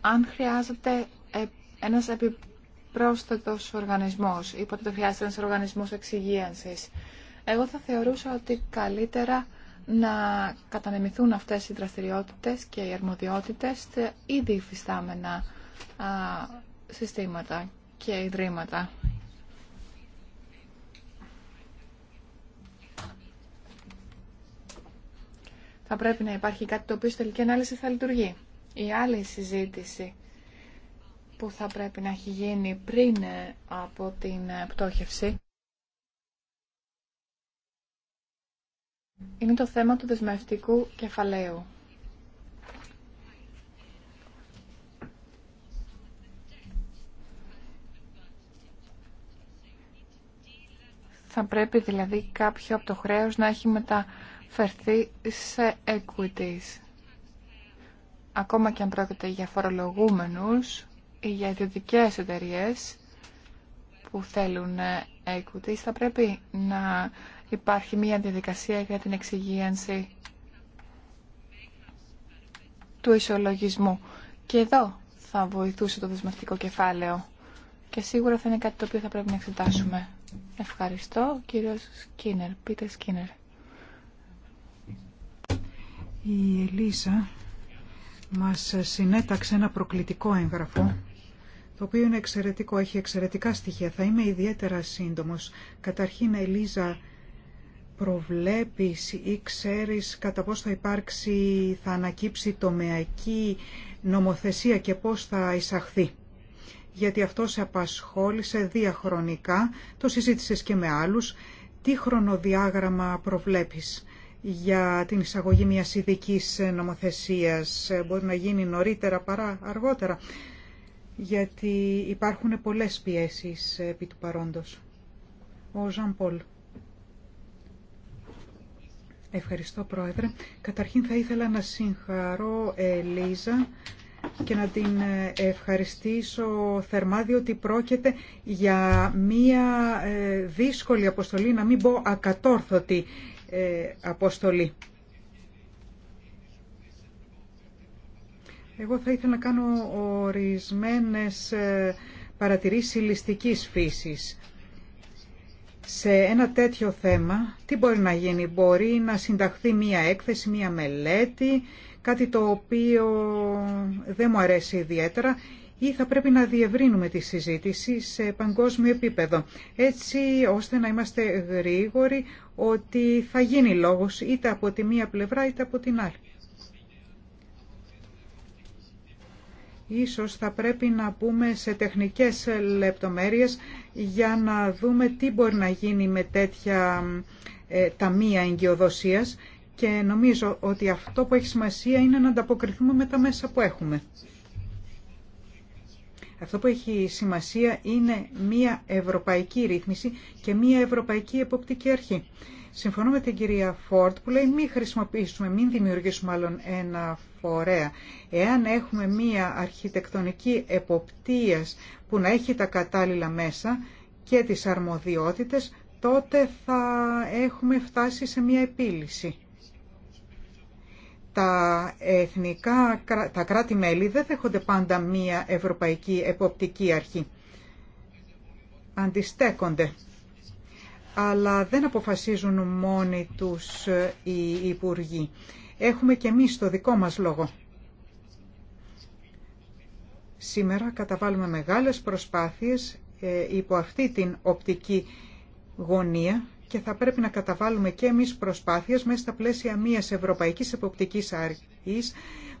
αν χρειάζεται ε, ένας επιπρόσθετος οργανισμός. η ποτέ χρειάζεται ένας οργανισμός εξυγίανσης. Εγώ θα θεωρούσα ότι καλύτερα να κατανεμηθούν αυτές οι δραστηριότητες και οι αρμοδιότητες σε ήδη υφιστάμενα συστήματα και ιδρύματα. Θα πρέπει να υπάρχει κάτι το οποίο στη τελική ανάλυση θα λειτουργεί. Η άλλη συζήτηση που θα πρέπει να έχει γίνει πριν ε, από την πτώχευση είναι το θέμα του δεσμευτικού κεφαλαίου. Θα πρέπει δηλαδή κάποιο από το χρέος να έχει μεταφερθεί σε equities. Ακόμα και αν πρόκειται για φορολογούμενους ή για ιδιωτικέ εταιρείε που θέλουν equities, θα πρέπει να υπάρχει μια διαδικασία για την εξυγίανση του ισολογισμού. Και εδώ θα βοηθούσε το δεσμευτικό κεφάλαιο. Και σίγουρα θα είναι κάτι το οποίο θα πρέπει να εξετάσουμε. Ευχαριστώ, κύριος Σκίνερ, Πείτε, Σκίνερ. Η Ελίζα μας συνέταξε ένα προκλητικό έγγραφο, το οποίο είναι εξαιρετικό, έχει εξαιρετικά στοιχεία. Θα είμαι ιδιαίτερα σύντομος. Καταρχήν, Ελίζα, προβλέπεις ή ξέρεις κατά πώς θα υπάρξει, θα ανακύψει τομεακή νομοθεσία και πώς θα εισαχθεί. Γιατί αυτό σε απασχόλησε διαχρονικά, το συζήτησες και με άλλους, τι χρονοδιάγραμμα προβλέπεις για την εισαγωγή μιας ειδική νομοθεσίας. Μπορεί να γίνει νωρίτερα παρά αργότερα, γιατί υπάρχουν πολλές πιέσεις επί του παρόντος. Ο Ζαν Πολ. Ευχαριστώ Πρόεδρε. Καταρχήν θα ήθελα να συγχαρώ ε, Λίζα και να την ε, ευχαριστήσω θερμά διότι πρόκειται για μία ε, δύσκολη αποστολή, να μην πω ακατόρθωτη αποστολή. Εγώ θα ήθελα να κάνω ορισμένες παρατηρήσεις ληστικής φύσης σε ένα τέτοιο θέμα τι μπορεί να γίνει. Μπορεί να συνταχθεί μία έκθεση, μία μελέτη, κάτι το οποίο δεν μου αρέσει ιδιαίτερα ή θα πρέπει να διευρύνουμε τη συζήτηση σε παγκόσμιο επίπεδο, έτσι ώστε να είμαστε γρήγοροι ότι θα γίνει λόγος είτε από τη μία πλευρά είτε από την άλλη. Ίσως θα πρέπει να πούμε σε τεχνικές λεπτομέρειες για να δούμε τι μπορεί να γίνει με τέτοια ε, ταμεία εγκυοδοσίας και νομίζω ότι αυτό που έχει σημασία είναι να ανταποκριθούμε με τα μέσα που έχουμε. Αυτό που έχει σημασία είναι μία ευρωπαϊκή ρύθμιση και μία ευρωπαϊκή εποπτική αρχή. Συμφωνώ με την κυρία Φόρτ που λέει μην χρησιμοποιήσουμε, μην δημιουργήσουμε άλλον ένα φορέα. Εάν έχουμε μία αρχιτεκτονική εποπτείας που να έχει τα κατάλληλα μέσα και τις αρμοδιότητες, τότε θα έχουμε φτάσει σε μία επίλυση. Τα εθνικά, τα κράτη-μέλη δεν δέχονται πάντα μία ευρωπαϊκή εποπτική αρχή. Αντιστέκονται αλλά δεν αποφασίζουν μόνοι τους ε, οι Υπουργοί. Έχουμε και εμείς το δικό μας λόγο. Σήμερα καταβάλουμε μεγάλες προσπάθειες ε, υπό αυτή την οπτική γωνία και θα πρέπει να καταβάλουμε και εμείς προσπάθειες μέσα στα πλαίσια μιας ευρωπαϊκής εποπτικής αρχής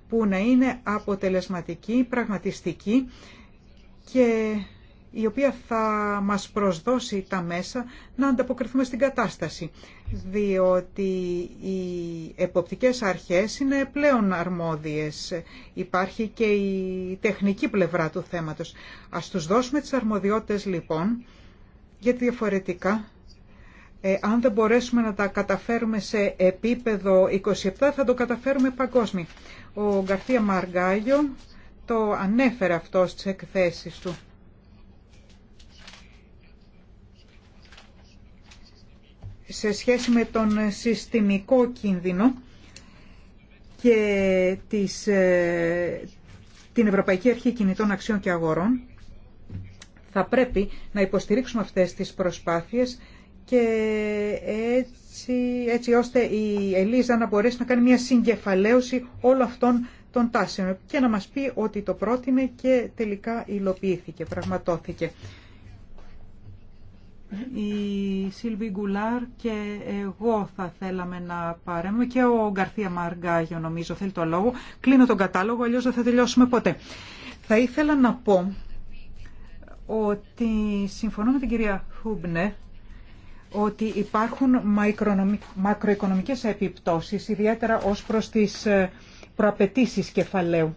που να είναι αποτελεσματική, πραγματιστική και η οποία θα μας προσδώσει τα μέσα να ανταποκριθούμε στην κατάσταση, διότι οι εποπτικές αρχές είναι πλέον αρμόδιες. Υπάρχει και η τεχνική πλευρά του θέματος. Ας τους δώσουμε τις αρμοδιότητες λοιπόν, γιατί διαφορετικά ε, αν δεν μπορέσουμε να τα καταφέρουμε σε επίπεδο 27 θα το καταφέρουμε παγκόσμιο. Ο Γκαρθία το ανέφερε αυτό στις εκθέσεις του. σε σχέση με τον συστημικό κίνδυνο και της, ε, την Ευρωπαϊκή Αρχή Κινητών Αξιών και Αγορών θα πρέπει να υποστηρίξουμε αυτές τις προσπάθειες και έτσι, έτσι ώστε η Ελίζα να μπορέσει να κάνει μια συγκεφαλαίωση όλων αυτών των τάσεων και να μας πει ότι το πρότεινε και τελικά υλοποιήθηκε, πραγματώθηκε η Σίλβι Γκουλάρ και εγώ θα θέλαμε να πάρουμε και ο Γκαρθία Μαργκάγιο νομίζω θέλει το λόγο. Κλείνω τον κατάλογο, αλλιώς δεν θα τελειώσουμε ποτέ. Θα ήθελα να πω ότι συμφωνώ με την κυρία Χούμπνε ότι υπάρχουν μακροοικονομικές επιπτώσεις, ιδιαίτερα ως προς τις ε, προαπαιτήσεις κεφαλαίου.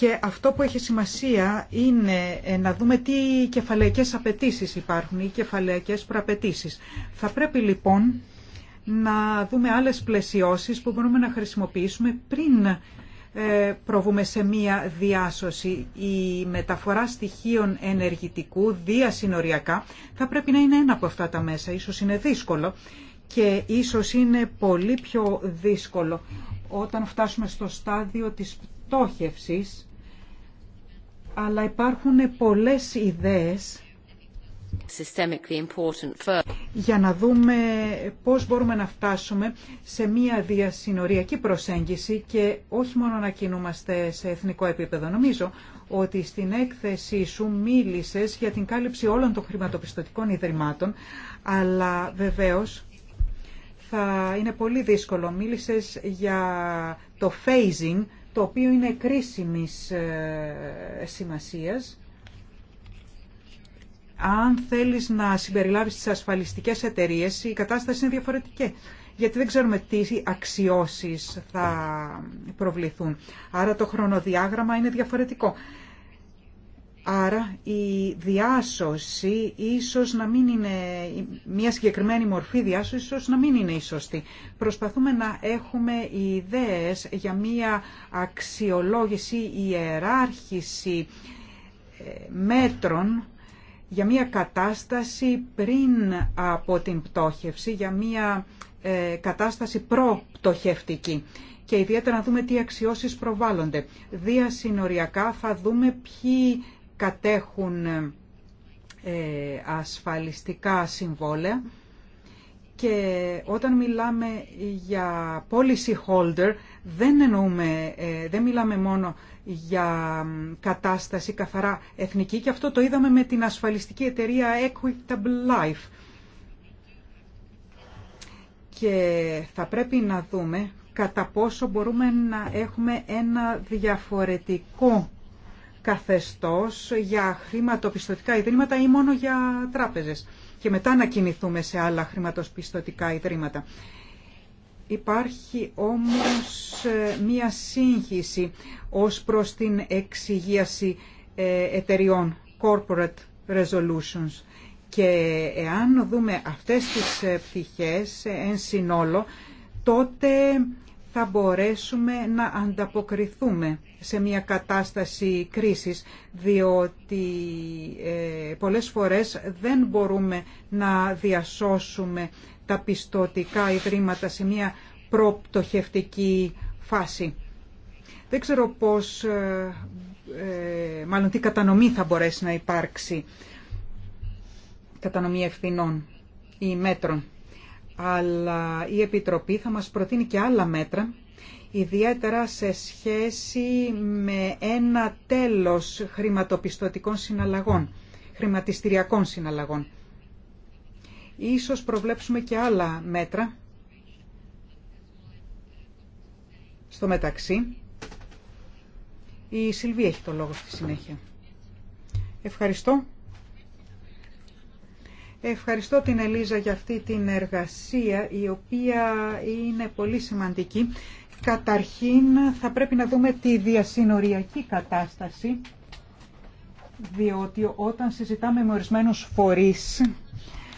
Και αυτό που έχει σημασία είναι ε, να δούμε τι κεφαλαϊκές απαιτήσει υπάρχουν ή κεφαλαϊκές προαπαιτήσει. Θα πρέπει λοιπόν να δούμε άλλες πλαισιώσεις που μπορούμε να χρησιμοποιήσουμε πριν ε, προβούμε σε μία διάσωση. Η μεταφορά στοιχείων ενεργητικού διασυνοριακά θα πρέπει να είναι ένα από αυτά τα μέσα. Ίσως είναι δύσκολο και ίσως είναι πολύ πιο δύσκολο όταν φτάσουμε στο στάδιο της πτώχευσης αλλά υπάρχουν πολλές ιδέες για να δούμε πώς μπορούμε να φτάσουμε σε μια διασυνοριακή προσέγγιση και όχι μόνο να κινούμαστε σε εθνικό επίπεδο. Νομίζω ότι στην έκθεσή σου μίλησες για την κάλυψη όλων των χρηματοπιστωτικών ιδρυμάτων, αλλά βεβαίως θα είναι πολύ δύσκολο. Μίλησες για το phasing, το οποίο είναι κρίσιμης ε, σημασίας αν θέλεις να συμπεριλάβεις τις ασφαλιστικές εταιρείες, η κατάσταση είναι διαφορετική. Γιατί δεν ξέρουμε τι αξιώσεις θα προβληθούν. Άρα το χρονοδιάγραμμα είναι διαφορετικό. Άρα η διάσωση ίσως να μην είναι, μια συγκεκριμένη μορφή διάσωση ίσως να μην είναι η σωστή. Προσπαθούμε να έχουμε ιδέες για μια αξιολόγηση, ιεράρχηση ε, μέτρων για μια κατάσταση πριν από την πτώχευση, για μια ε, κατάσταση προπτωχευτική και ιδιαίτερα να δούμε τι αξιώσεις προβάλλονται. Διασυνοριακά θα δούμε ποιοι κατέχουν ε, ε, ασφαλιστικά συμβόλαια και όταν μιλάμε για policy holder δεν εννοούμε, ε, δεν μιλάμε μόνο για κατάσταση καθαρά εθνική και αυτό το είδαμε με την ασφαλιστική εταιρεία Equitable Life. Και θα πρέπει να δούμε κατά πόσο μπορούμε να έχουμε ένα διαφορετικό καθεστώς για χρηματοπιστωτικά ιδρύματα ή μόνο για τράπεζες και μετά να κινηθούμε σε άλλα χρηματοπιστωτικά ιδρύματα. Υπάρχει όμως ε, μία σύγχυση ως προς την εξηγίαση ε, εταιριών, corporate resolutions. Και εάν δούμε αυτές τις ε, πτυχές εν συνόλο, τότε θα μπορέσουμε να ανταποκριθούμε σε μια κατάσταση κρίσης, διότι ε, πολλές φορές δεν μπορούμε να διασώσουμε τα πιστοτικά ιδρύματα σε μια προπτωχευτική φάση. Δεν ξέρω πώς, ε, ε, μάλλον τι κατανομή θα μπορέσει να υπάρξει, κατανομή ευθυνών ή μέτρων αλλά η Επιτροπή θα μας προτείνει και άλλα μέτρα, ιδιαίτερα σε σχέση με ένα τέλος χρηματοπιστωτικών συναλλαγών, χρηματιστηριακών συναλλαγών. Ίσως προβλέψουμε και άλλα μέτρα. Στο μεταξύ, η Σιλβία έχει το λόγο στη συνέχεια. Ευχαριστώ. Ευχαριστώ την Ελίζα για αυτή την εργασία η οποία είναι πολύ σημαντική. Καταρχήν θα πρέπει να δούμε τη διασυνοριακή κατάσταση διότι όταν συζητάμε με ορισμένου φορείς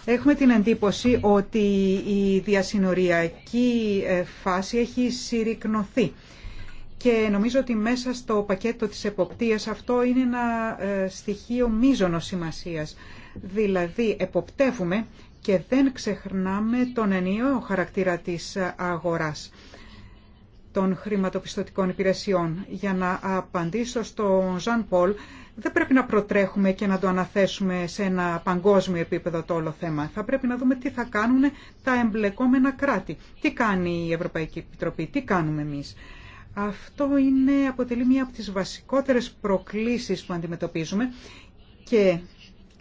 έχουμε την εντύπωση ότι η διασυνοριακή ε, φάση έχει συρρυκνωθεί και νομίζω ότι μέσα στο πακέτο της εποπτείας αυτό είναι ένα ε, στοιχείο μίζωνο σημασίας δηλαδή εποπτεύουμε και δεν ξεχνάμε τον ενιαίο χαρακτήρα της αγοράς των χρηματοπιστωτικών υπηρεσιών. Για να απαντήσω στον Ζαν Πολ, δεν πρέπει να προτρέχουμε και να το αναθέσουμε σε ένα παγκόσμιο επίπεδο το όλο θέμα. Θα πρέπει να δούμε τι θα κάνουν τα εμπλεκόμενα κράτη. Τι κάνει η Ευρωπαϊκή Επιτροπή, τι κάνουμε εμείς. Αυτό είναι, αποτελεί μία από τις βασικότερες προκλήσεις που αντιμετωπίζουμε και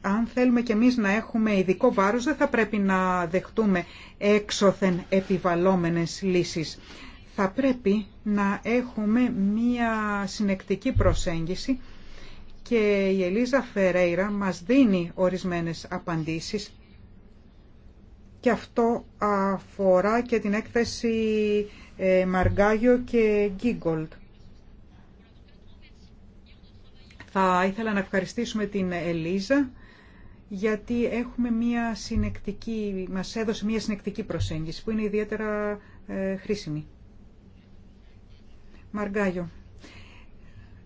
αν θέλουμε και εμείς να έχουμε ειδικό βάρος, δεν θα πρέπει να δεχτούμε έξωθεν επιβαλόμενες λύσεις. Θα πρέπει να έχουμε μία συνεκτική προσέγγιση και η Ελίζα Φερέιρα μας δίνει ορισμένες απαντήσεις και αυτό αφορά και την έκθεση ε, Μαργκάγιο και Γκίγκολτ. Θα ήθελα να ευχαριστήσουμε την Ελίζα γιατί έχουμε μια συνεκτική, μας έδωσε μια συνεκτική προσέγγιση που είναι ιδιαίτερα ε, χρήσιμη. Μαργκάγιο.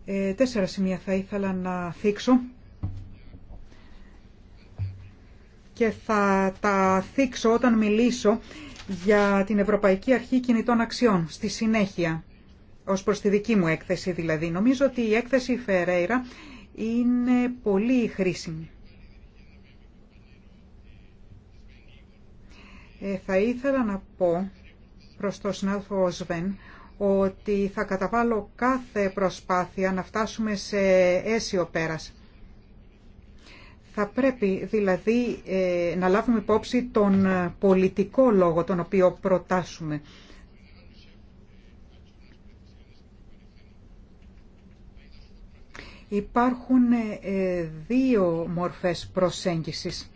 Ε, τέσσερα σημεία θα ήθελα να θίξω και θα τα θίξω όταν μιλήσω για την Ευρωπαϊκή Αρχή Κινητών Αξιών στη συνέχεια, ως προς τη δική μου έκθεση δηλαδή. Νομίζω ότι η έκθεση Φερέιρα είναι πολύ χρήσιμη Ε, θα ήθελα να πω προς τον συνάδελφο Σβεν ότι θα καταβάλω κάθε προσπάθεια να φτάσουμε σε αίσιο πέρας. Θα πρέπει δηλαδή ε, να λάβουμε υπόψη τον πολιτικό λόγο τον οποίο προτάσουμε. Υπάρχουν ε, δύο μορφές προσέγγισης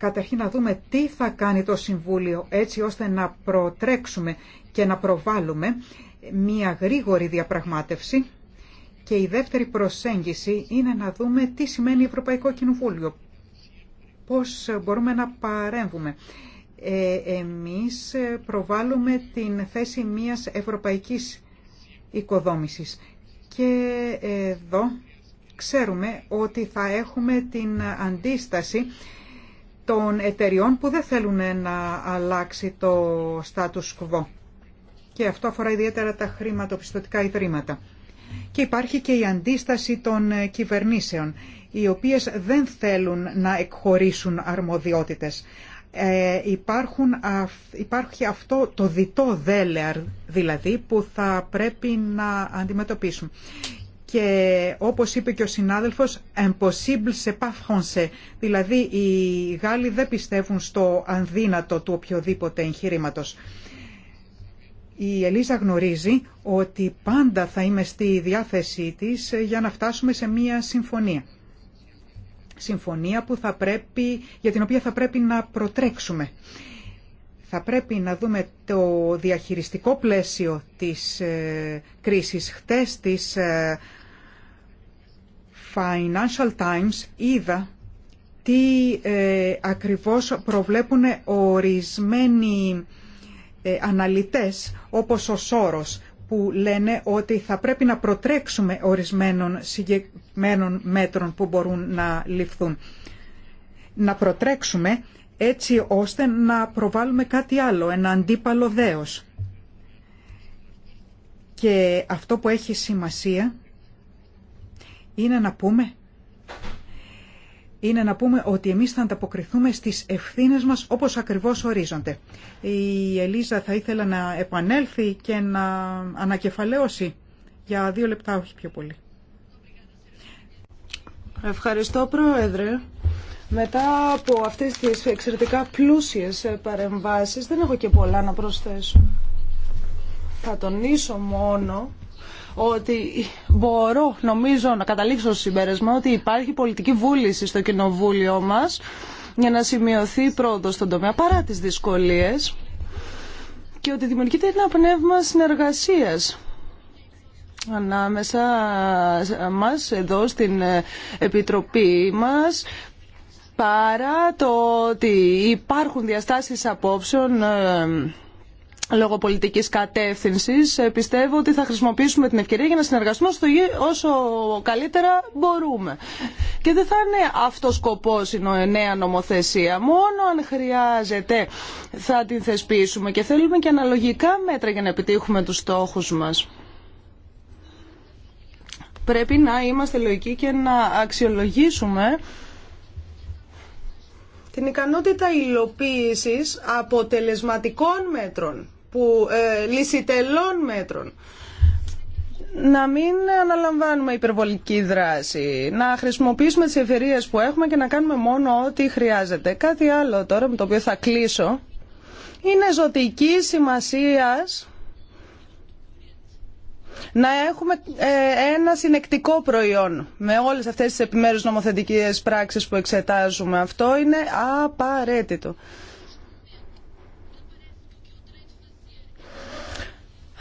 καταρχήν να δούμε τι θα κάνει το Συμβούλιο έτσι ώστε να προτρέξουμε και να προβάλλουμε μια γρήγορη διαπραγμάτευση και η δεύτερη προσέγγιση είναι να δούμε τι σημαίνει Ευρωπαϊκό Κοινοβούλιο, πώς μπορούμε να παρέμβουμε. Ε, εμείς προβάλλουμε την θέση μιας ευρωπαϊκής οικοδόμησης και εδώ ξέρουμε ότι θα έχουμε την αντίσταση των εταιριών που δεν θέλουν να αλλάξει το status quo. Και αυτό αφορά ιδιαίτερα τα χρηματοπιστωτικά ιδρύματα. Και υπάρχει και η αντίσταση των κυβερνήσεων, οι οποίες δεν θέλουν να εκχωρήσουν αρμοδιότητες. Ε, υπάρχουν, υπάρχει αυτό το διτό δέλεαρ δηλαδή που θα πρέπει να αντιμετωπίσουν και όπως είπε και ο συνάδελφος «impossible c'est pas français». Δηλαδή οι Γάλλοι δεν πιστεύουν στο ανδύνατο του οποιοδήποτε εγχειρήματο. Η Ελίζα γνωρίζει ότι πάντα θα είμαι στη διάθεσή της για να φτάσουμε σε μία συμφωνία. Συμφωνία που θα πρέπει, για την οποία θα πρέπει να προτρέξουμε. Θα πρέπει να δούμε το διαχειριστικό πλαίσιο της ε, κρίσης. Χτες της ε, Financial Times είδα τι ε, ακριβώς προβλέπουν ορισμένοι ε, αναλυτές όπως ο Σόρος που λένε ότι θα πρέπει να προτρέξουμε ορισμένων συγκεκριμένων μέτρων που μπορούν να ληφθούν. Να προτρέξουμε έτσι ώστε να προβάλλουμε κάτι άλλο, ένα αντίπαλο δέος. Και αυτό που έχει σημασία είναι να πούμε είναι να πούμε ότι εμείς θα ανταποκριθούμε στις ευθύνες μας όπως ακριβώς ορίζονται. Η Ελίζα θα ήθελα να επανέλθει και να ανακεφαλαίωσει για δύο λεπτά, όχι πιο πολύ. Ευχαριστώ Πρόεδρε. Μετά από αυτές τις εξαιρετικά πλούσιες παρεμβάσεις δεν έχω και πολλά να προσθέσω. Θα τονίσω μόνο ότι μπορώ νομίζω να καταλήξω στο συμπέρασμα ότι υπάρχει πολιτική βούληση στο κοινοβούλιο μας για να σημειωθεί πρόοδος στον τομέα παρά τις δυσκολίες και ότι δημιουργείται ένα πνεύμα συνεργασίας ανάμεσα μας εδώ στην ε, Επιτροπή μας παρά το ότι υπάρχουν διαστάσεις απόψεων ε, λόγω πολιτικής κατεύθυνσης. Ε, πιστεύω ότι θα χρησιμοποιήσουμε την ευκαιρία για να συνεργαστούμε στο γη όσο καλύτερα μπορούμε. Και δεν θα είναι αυτό σκοπό η νέα νομοθεσία. Μόνο αν χρειάζεται θα την θεσπίσουμε και θέλουμε και αναλογικά μέτρα για να επιτύχουμε τους στόχους μας. Πρέπει να είμαστε λογικοί και να αξιολογήσουμε την ικανότητα υλοποίησης αποτελεσματικών μέτρων που ε, λυσιτελών μέτρων να μην αναλαμβάνουμε υπερβολική δράση, να χρησιμοποιήσουμε τις ευθερίες που έχουμε και να κάνουμε μόνο ό,τι χρειάζεται. Κάτι άλλο τώρα με το οποίο θα κλείσω είναι ζωτική σημασία να έχουμε ε, ένα συνεκτικό προϊόν με όλες αυτές τις επιμέρους νομοθετικές πράξεις που εξετάζουμε. Αυτό είναι απαραίτητο.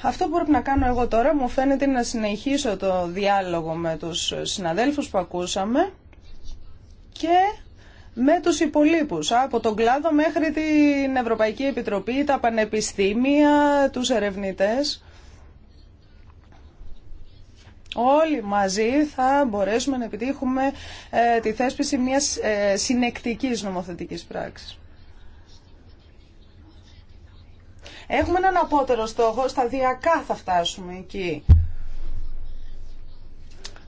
Αυτό που πρέπει να κάνω εγώ τώρα μου φαίνεται να συνεχίσω το διάλογο με τους συναδέλφους που ακούσαμε και με τους υπολείπους, από τον κλάδο μέχρι την Ευρωπαϊκή Επιτροπή, τα πανεπιστήμια, τους ερευνητές. Όλοι μαζί θα μπορέσουμε να επιτύχουμε ε, τη θέσπιση μιας ε, συνεκτικής νομοθετικής πράξης. Έχουμε έναν απότερο στόχο, σταδιακά θα φτάσουμε εκεί.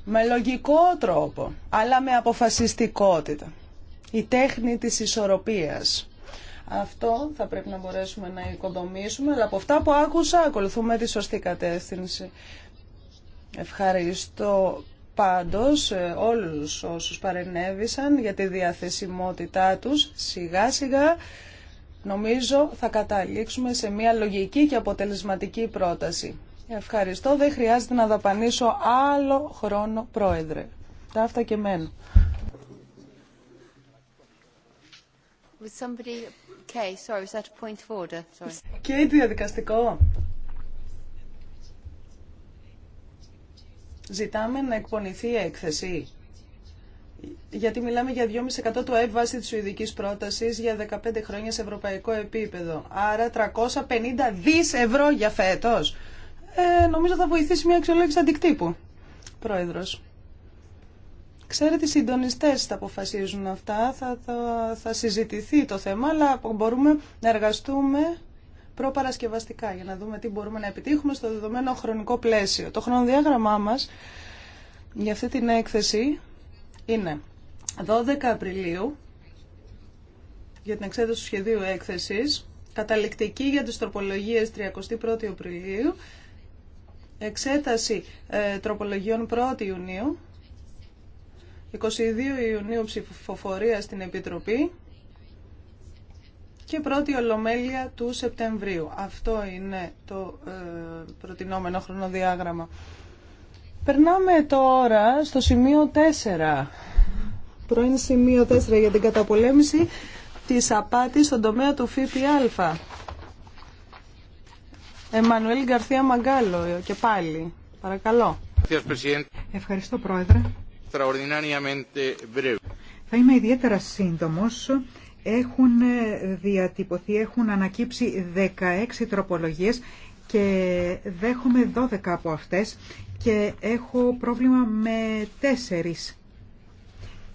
Με λογικό τρόπο, αλλά με αποφασιστικότητα. Η τέχνη της ισορροπίας. Αυτό θα πρέπει να μπορέσουμε να οικοδομήσουμε, αλλά από αυτά που άκουσα ακολουθούμε τη σωστή κατεύθυνση. Ευχαριστώ πάντως ε, όλους όσους παρενέβησαν για τη διαθεσιμότητά τους σιγά σιγά Νομίζω θα καταλήξουμε σε μια λογική και αποτελεσματική πρόταση. Ευχαριστώ. Δεν χρειάζεται να δαπανίσω άλλο χρόνο, Πρόεδρε. Τα αυτά και μένω. Και διαδικαστικό. Ζητάμε να εκπονηθεί η έκθεση γιατί μιλάμε για 2,5% του ΑΕΠ βάσει της Σουηδικής πρότασης για 15 χρόνια σε ευρωπαϊκό επίπεδο. Άρα 350 δις ευρώ για φέτος. Ε, νομίζω θα βοηθήσει μια αξιολόγηση αντικτύπου, Πρόεδρος. Ξέρετε, οι συντονιστέ θα αποφασίζουν αυτά, θα, θα, θα συζητηθεί το θέμα, αλλά μπορούμε να εργαστούμε προπαρασκευαστικά για να δούμε τι μπορούμε να επιτύχουμε στο δεδομένο χρονικό πλαίσιο. Το χρονοδιάγραμμά μας για αυτή την έκθεση είναι 12 Απριλίου για την εξέταση του σχεδίου έκθεσης, καταληκτική για τις τροπολογίες 31 Απριλίου, εξέταση ε, τροπολογιών 1 Ιουνίου, 22 Ιουνίου ψηφοφορία στην Επιτροπή και πρώτη ολομέλεια του Σεπτεμβρίου. Αυτό είναι το ε, προτινόμενο χρονοδιάγραμμα. Περνάμε τώρα στο σημείο 4. Πρώην σημείο 4 για την καταπολέμηση της απάτης στον τομέα του ΦΠΑ. Εμμανουέλ Γκαρθία Μαγκάλο και πάλι. Παρακαλώ. Ευχαριστώ Πρόεδρε. Θα είμαι ιδιαίτερα σύντομος. Έχουν διατυπωθεί, έχουν ανακύψει 16 τροπολογίες και δέχομαι 12 από αυτές και έχω πρόβλημα με τέσσερις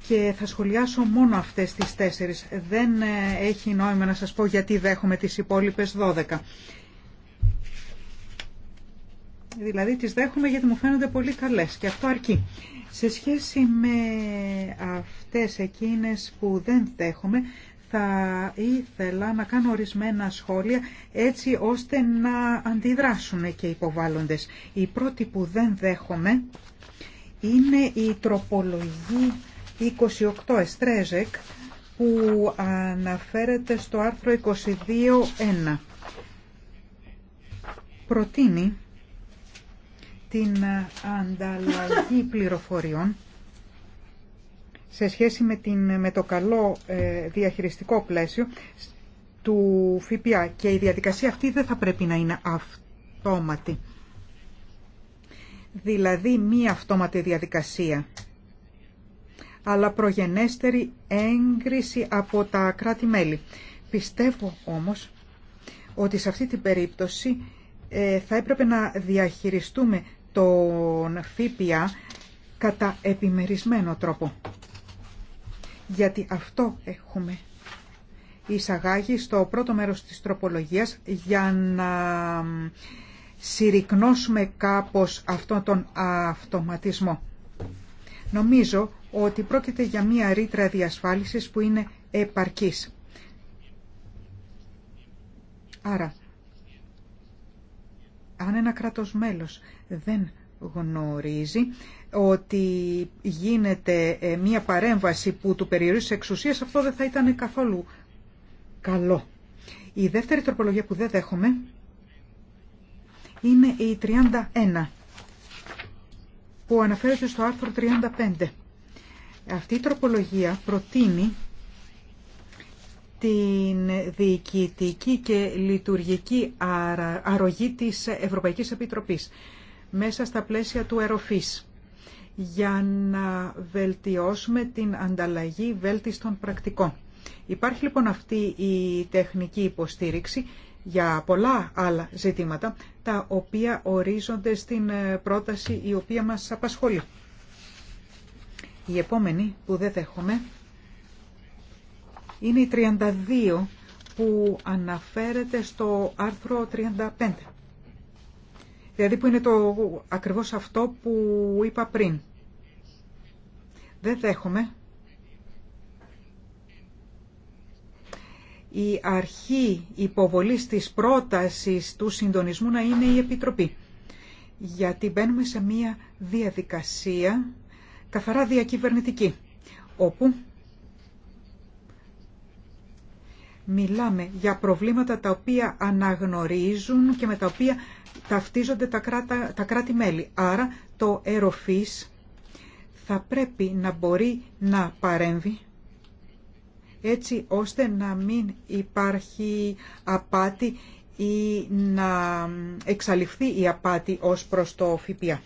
και θα σχολιάσω μόνο αυτές τις τέσσερις. Δεν ε, έχει νόημα να σας πω γιατί δέχομαι τις υπόλοιπες δώδεκα. Δηλαδή τις δέχομαι γιατί μου φαίνονται πολύ καλές και αυτό αρκεί. Σε σχέση με αυτές εκείνες που δεν δέχομαι, θα ήθελα να κάνω ορισμένα σχόλια έτσι ώστε να αντιδράσουν και οι υποβάλλοντες. Η πρώτη που δεν δέχομαι είναι η τροπολογή 28 Εστρέζεκ που αναφέρεται στο άρθρο 22.1. Προτείνει την ανταλλαγή πληροφοριών σε σχέση με, την, με το καλό ε, διαχειριστικό πλαίσιο του ΦΠΑ και η διαδικασία αυτή δεν θα πρέπει να είναι αυτόματη. Δηλαδή μία αυτόματη διαδικασία αλλά προγενέστερη έγκριση από τα κράτη-μέλη. Πιστεύω όμως ότι σε αυτή την περίπτωση ε, θα έπρεπε να διαχειριστούμε τον ΦΠΑ κατά επιμερισμένο τρόπο γιατί αυτό έχουμε εισαγάγει στο πρώτο μέρος της τροπολογίας για να συρρυκνώσουμε κάπως αυτόν τον αυτοματισμό. Νομίζω ότι πρόκειται για μία ρήτρα διασφάλισης που είναι επαρκής. Άρα, αν ένα κράτος μέλος δεν γνωρίζει ότι γίνεται ε, μία παρέμβαση που του περιορίζει εξουσίες, αυτό δεν θα ήταν καθόλου καλό. Η δεύτερη τροπολογία που δεν δέχομαι είναι η 31 που αναφέρεται στο άρθρο 35. Αυτή η τροπολογία προτείνει την διοικητική και λειτουργική αρρωγή της Ευρωπαϊκής Επιτροπής μέσα στα πλαίσια του ΕΡΟΦΗΣ για να βελτιώσουμε την ανταλλαγή βέλτιστων πρακτικών. Υπάρχει λοιπόν αυτή η τεχνική υποστήριξη για πολλά άλλα ζητήματα, τα οποία ορίζονται στην ε, πρόταση η οποία μας απασχολεί. Η επόμενη που δεν δέχομαι είναι η 32 που αναφέρεται στο άρθρο 35. Δηλαδή που είναι το ακριβώς αυτό που είπα πριν. Δεν δέχομαι η αρχή υποβολής της πρότασης του συντονισμού να είναι η Επιτροπή. Γιατί μπαίνουμε σε μία διαδικασία καθαρά διακυβερνητική, όπου μιλάμε για προβλήματα τα οποία αναγνωρίζουν και με τα οποία ταυτίζονται τα, κράτα, τα κράτη-μέλη. Άρα το ΕΡΟΦΙΣ θα πρέπει να μπορεί να παρέμβει έτσι ώστε να μην υπάρχει απάτη ή να εξαλειφθεί η απάτη ως προς το ΦΠΑ.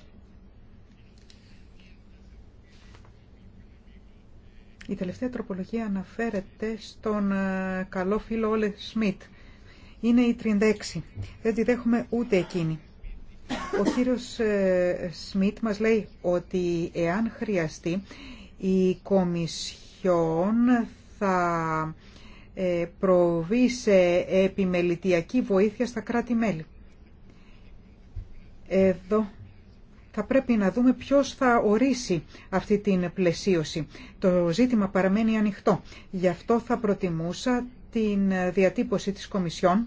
Η τελευταία τροπολογία αναφέρεται στον ε, καλό φίλο Όλε Σμιτ είναι η 36. Δεν τη ούτε εκείνη. Ο κύριος ε, Σμιτ μας λέει ότι εάν χρειαστεί η Κομισιόν θα ε, προβεί σε επιμελητιακή βοήθεια στα κράτη-μέλη. Εδώ θα πρέπει να δούμε ποιος θα ορίσει αυτή την πλαισίωση. Το ζήτημα παραμένει ανοιχτό. Γι' αυτό θα προτιμούσα την διατύπωση της Κομισιόν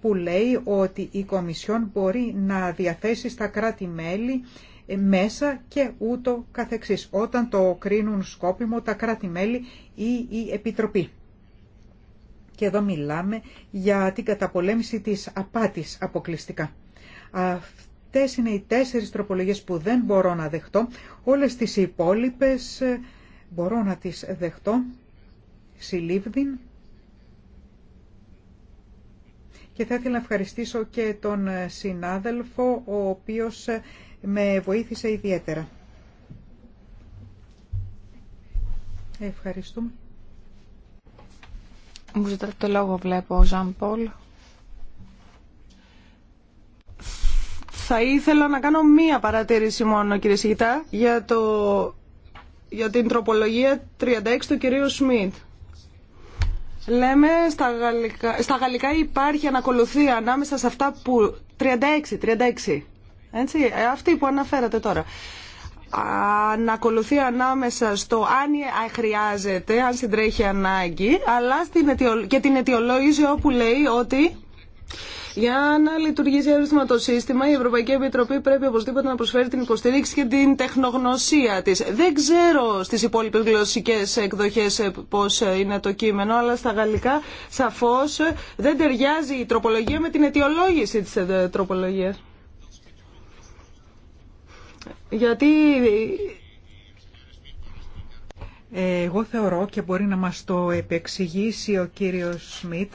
που λέει ότι η Κομισιόν μπορεί να διαθέσει στα κράτη-μέλη μέσα και ούτω καθεξής, όταν το κρίνουν σκόπιμο τα κράτη-μέλη ή η Επιτροπή. Και εδώ μιλάμε για την καταπολέμηση της απάτης αποκλειστικά. Αυτές είναι οι τέσσερις τροπολογίες που δεν μπορώ να δεχτώ. Όλες τις υπόλοιπες ε, μπορώ να τις δεχτώ. Και θα ήθελα να ευχαριστήσω και τον συνάδελφο, ο οποίος με βοήθησε ιδιαίτερα. Ευχαριστούμε. Μου ζητάτε το λόγο, βλέπω, ο Ζαν Πολ. Θα ήθελα να κάνω μία παρατήρηση μόνο, κύριε Σιγητά, για, το... για την τροπολογία 36 του κυρίου Σμιτ. Λέμε στα γαλλικά, στα γαλλικά υπάρχει ανακολουθία ανάμεσα σε αυτά που... 36, 36. Έτσι, ε, αυτή που αναφέρατε τώρα. Ανακολουθία ανάμεσα στο αν χρειάζεται, αν συντρέχει ανάγκη, αλλά και την αιτιολόγηση όπου λέει ότι για να λειτουργήσει αριθματοσύστημα, το σύστημα, η Ευρωπαϊκή Επιτροπή πρέπει οπωσδήποτε να προσφέρει την υποστηρίξη και την τεχνογνωσία τη. Δεν ξέρω στι υπόλοιπε γλωσσικέ εκδοχέ ε, πώ ε, είναι το κείμενο, αλλά στα γαλλικά σαφώ δεν ταιριάζει η τροπολογία με την αιτιολόγηση τη ε, τροπολογία. Γιατί εγώ θεωρώ και μπορεί να μας το επεξηγήσει ο κύριος Σμιτ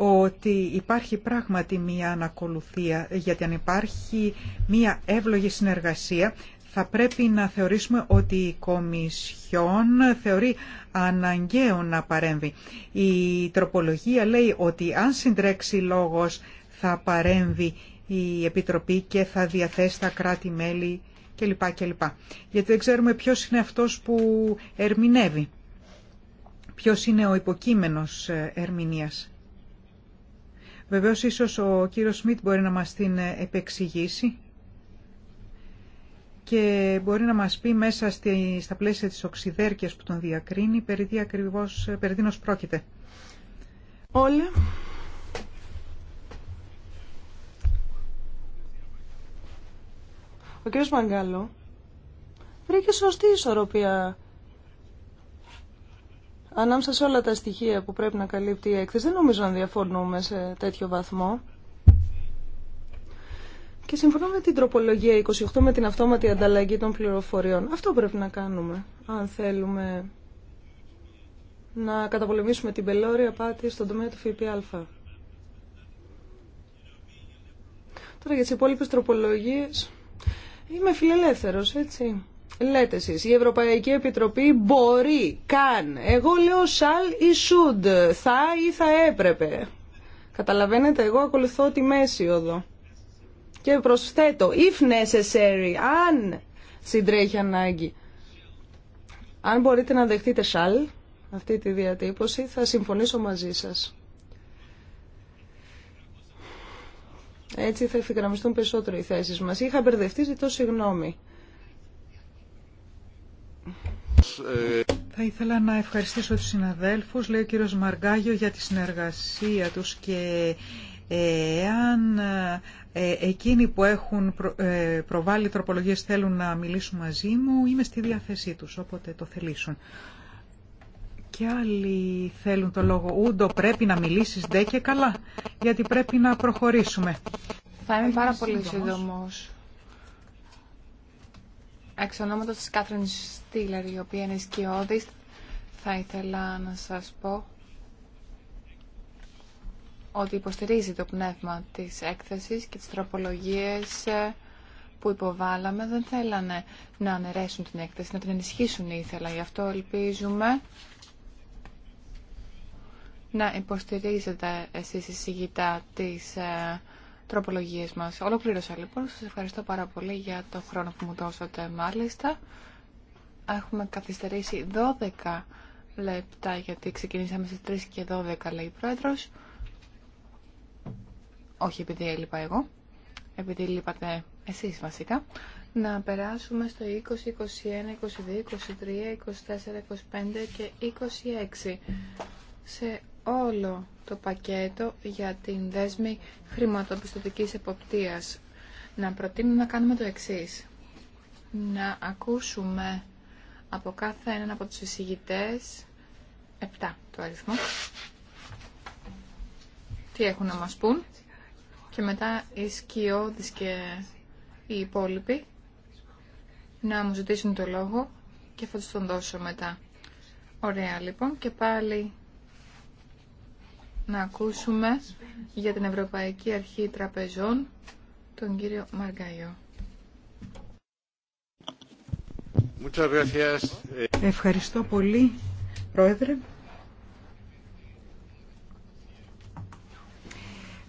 ότι υπάρχει πράγματι μία ανακολουθία, γιατί αν υπάρχει μία εύλογη συνεργασία, θα πρέπει να θεωρήσουμε ότι η Κομισιόν θεωρεί αναγκαίο να παρέμβει. Η τροπολογία λέει ότι αν συντρέξει λόγος θα παρέμβει η Επιτροπή και θα διαθέσει τα κράτη-μέλη κλπ. Γιατί δεν ξέρουμε ποιος είναι αυτός που ερμηνεύει. Ποιος είναι ο υποκείμενος ε, ερμηνείας. Βεβαίως ίσως ο κύριος Σμιτ μπορεί να μας την ε, επεξηγήσει και μπορεί να μας πει μέσα στη, στα πλαίσια της οξυδέρκειας που τον διακρίνει περί τι ακριβώς περί πρόκειται. Όλα. Ο κύριος Μαγκάλο βρήκε σωστή ισορροπία ανάμεσα σε όλα τα στοιχεία που πρέπει να καλύπτει η έκθεση. Δεν νομίζω να διαφωνούμε σε τέτοιο βαθμό. Και συμφωνώ με την τροπολογία 28 με την αυτόματη ανταλλαγή των πληροφοριών. Αυτό πρέπει να κάνουμε, αν θέλουμε να καταπολεμήσουμε την πελώρια πάτη στον τομέα του ΦΠΑ. Τώρα για τις υπόλοιπες τροπολογίες είμαι φιλελεύθερος, έτσι. Λέτε εσείς, η Ευρωπαϊκή Επιτροπή μπορεί, καν. Εγώ λέω shall ή should, θα ή θα έπρεπε. Καταλαβαίνετε, εγώ ακολουθώ τη μέση εδώ. Και προσθέτω, if necessary, αν συντρέχει ανάγκη. Αν μπορείτε να δεχτείτε shall, αυτή τη διατύπωση, θα συμφωνήσω μαζί σας. Έτσι θα ευθυγραμμιστούν περισσότερο οι θέσεις μας. Είχα μπερδευτεί, ζητώ συγγνώμη. Θα ήθελα να ευχαριστήσω τους συναδέλφους, λέει ο κύριος Μαργκάγιο, για τη συνεργασία τους και ε, εάν ε, εκείνοι που έχουν ε, προβάλλει τροπολογίες θέλουν να μιλήσουν μαζί μου, είμαι στη διάθεσή τους, όποτε το θελήσουν. Και άλλοι θέλουν το λόγο. Ούντο, πρέπει να μιλήσεις, ντε και καλά, γιατί πρέπει να προχωρήσουμε. Θα είμαι πάρα πολύ σύντομος. Εξ ονόματο τη Κάθριν Στήλερ, η οποία είναι σκιώδη, θα ήθελα να σας πω ότι υποστηρίζει το πνεύμα της έκθεσης και τι τροπολογίε ε, που υποβάλαμε δεν θέλανε να αναιρέσουν την έκθεση, να την ενισχύσουν ήθελα. Γι' αυτό ελπίζουμε να υποστηρίζετε εσείς εισηγητά της. Ε, Τροπολογίε μα Ολοκλήρωσα λοιπόν. Σα ευχαριστώ πάρα πολύ για το χρόνο που μου δώσατε. Μάλιστα, έχουμε καθυστερήσει 12 λεπτά γιατί ξεκινήσαμε στις 3 και 12 λέει ο πρόεδρο. Όχι επειδή έλειπα εγώ, επειδή λείπατε εσείς βασικά. Να περάσουμε στο 20, 21, 22, 23, 24, 25 και 26 σε όλο το πακέτο για την δέσμη χρηματοπιστωτικής εποπτείας. Να προτείνω να κάνουμε το εξής. Να ακούσουμε από κάθε έναν από τους εισηγητές 7 το αριθμό τι έχουν να μας πούν και μετά οι σκιώδεις και οι υπόλοιποι να μου ζητήσουν το λόγο και θα τους τον δώσω μετά. Ωραία λοιπόν και πάλι να ακούσουμε για την Ευρωπαϊκή Αρχή Τραπεζών τον κύριο Μαργαϊό. Ευχαριστώ πολύ, Πρόεδρε.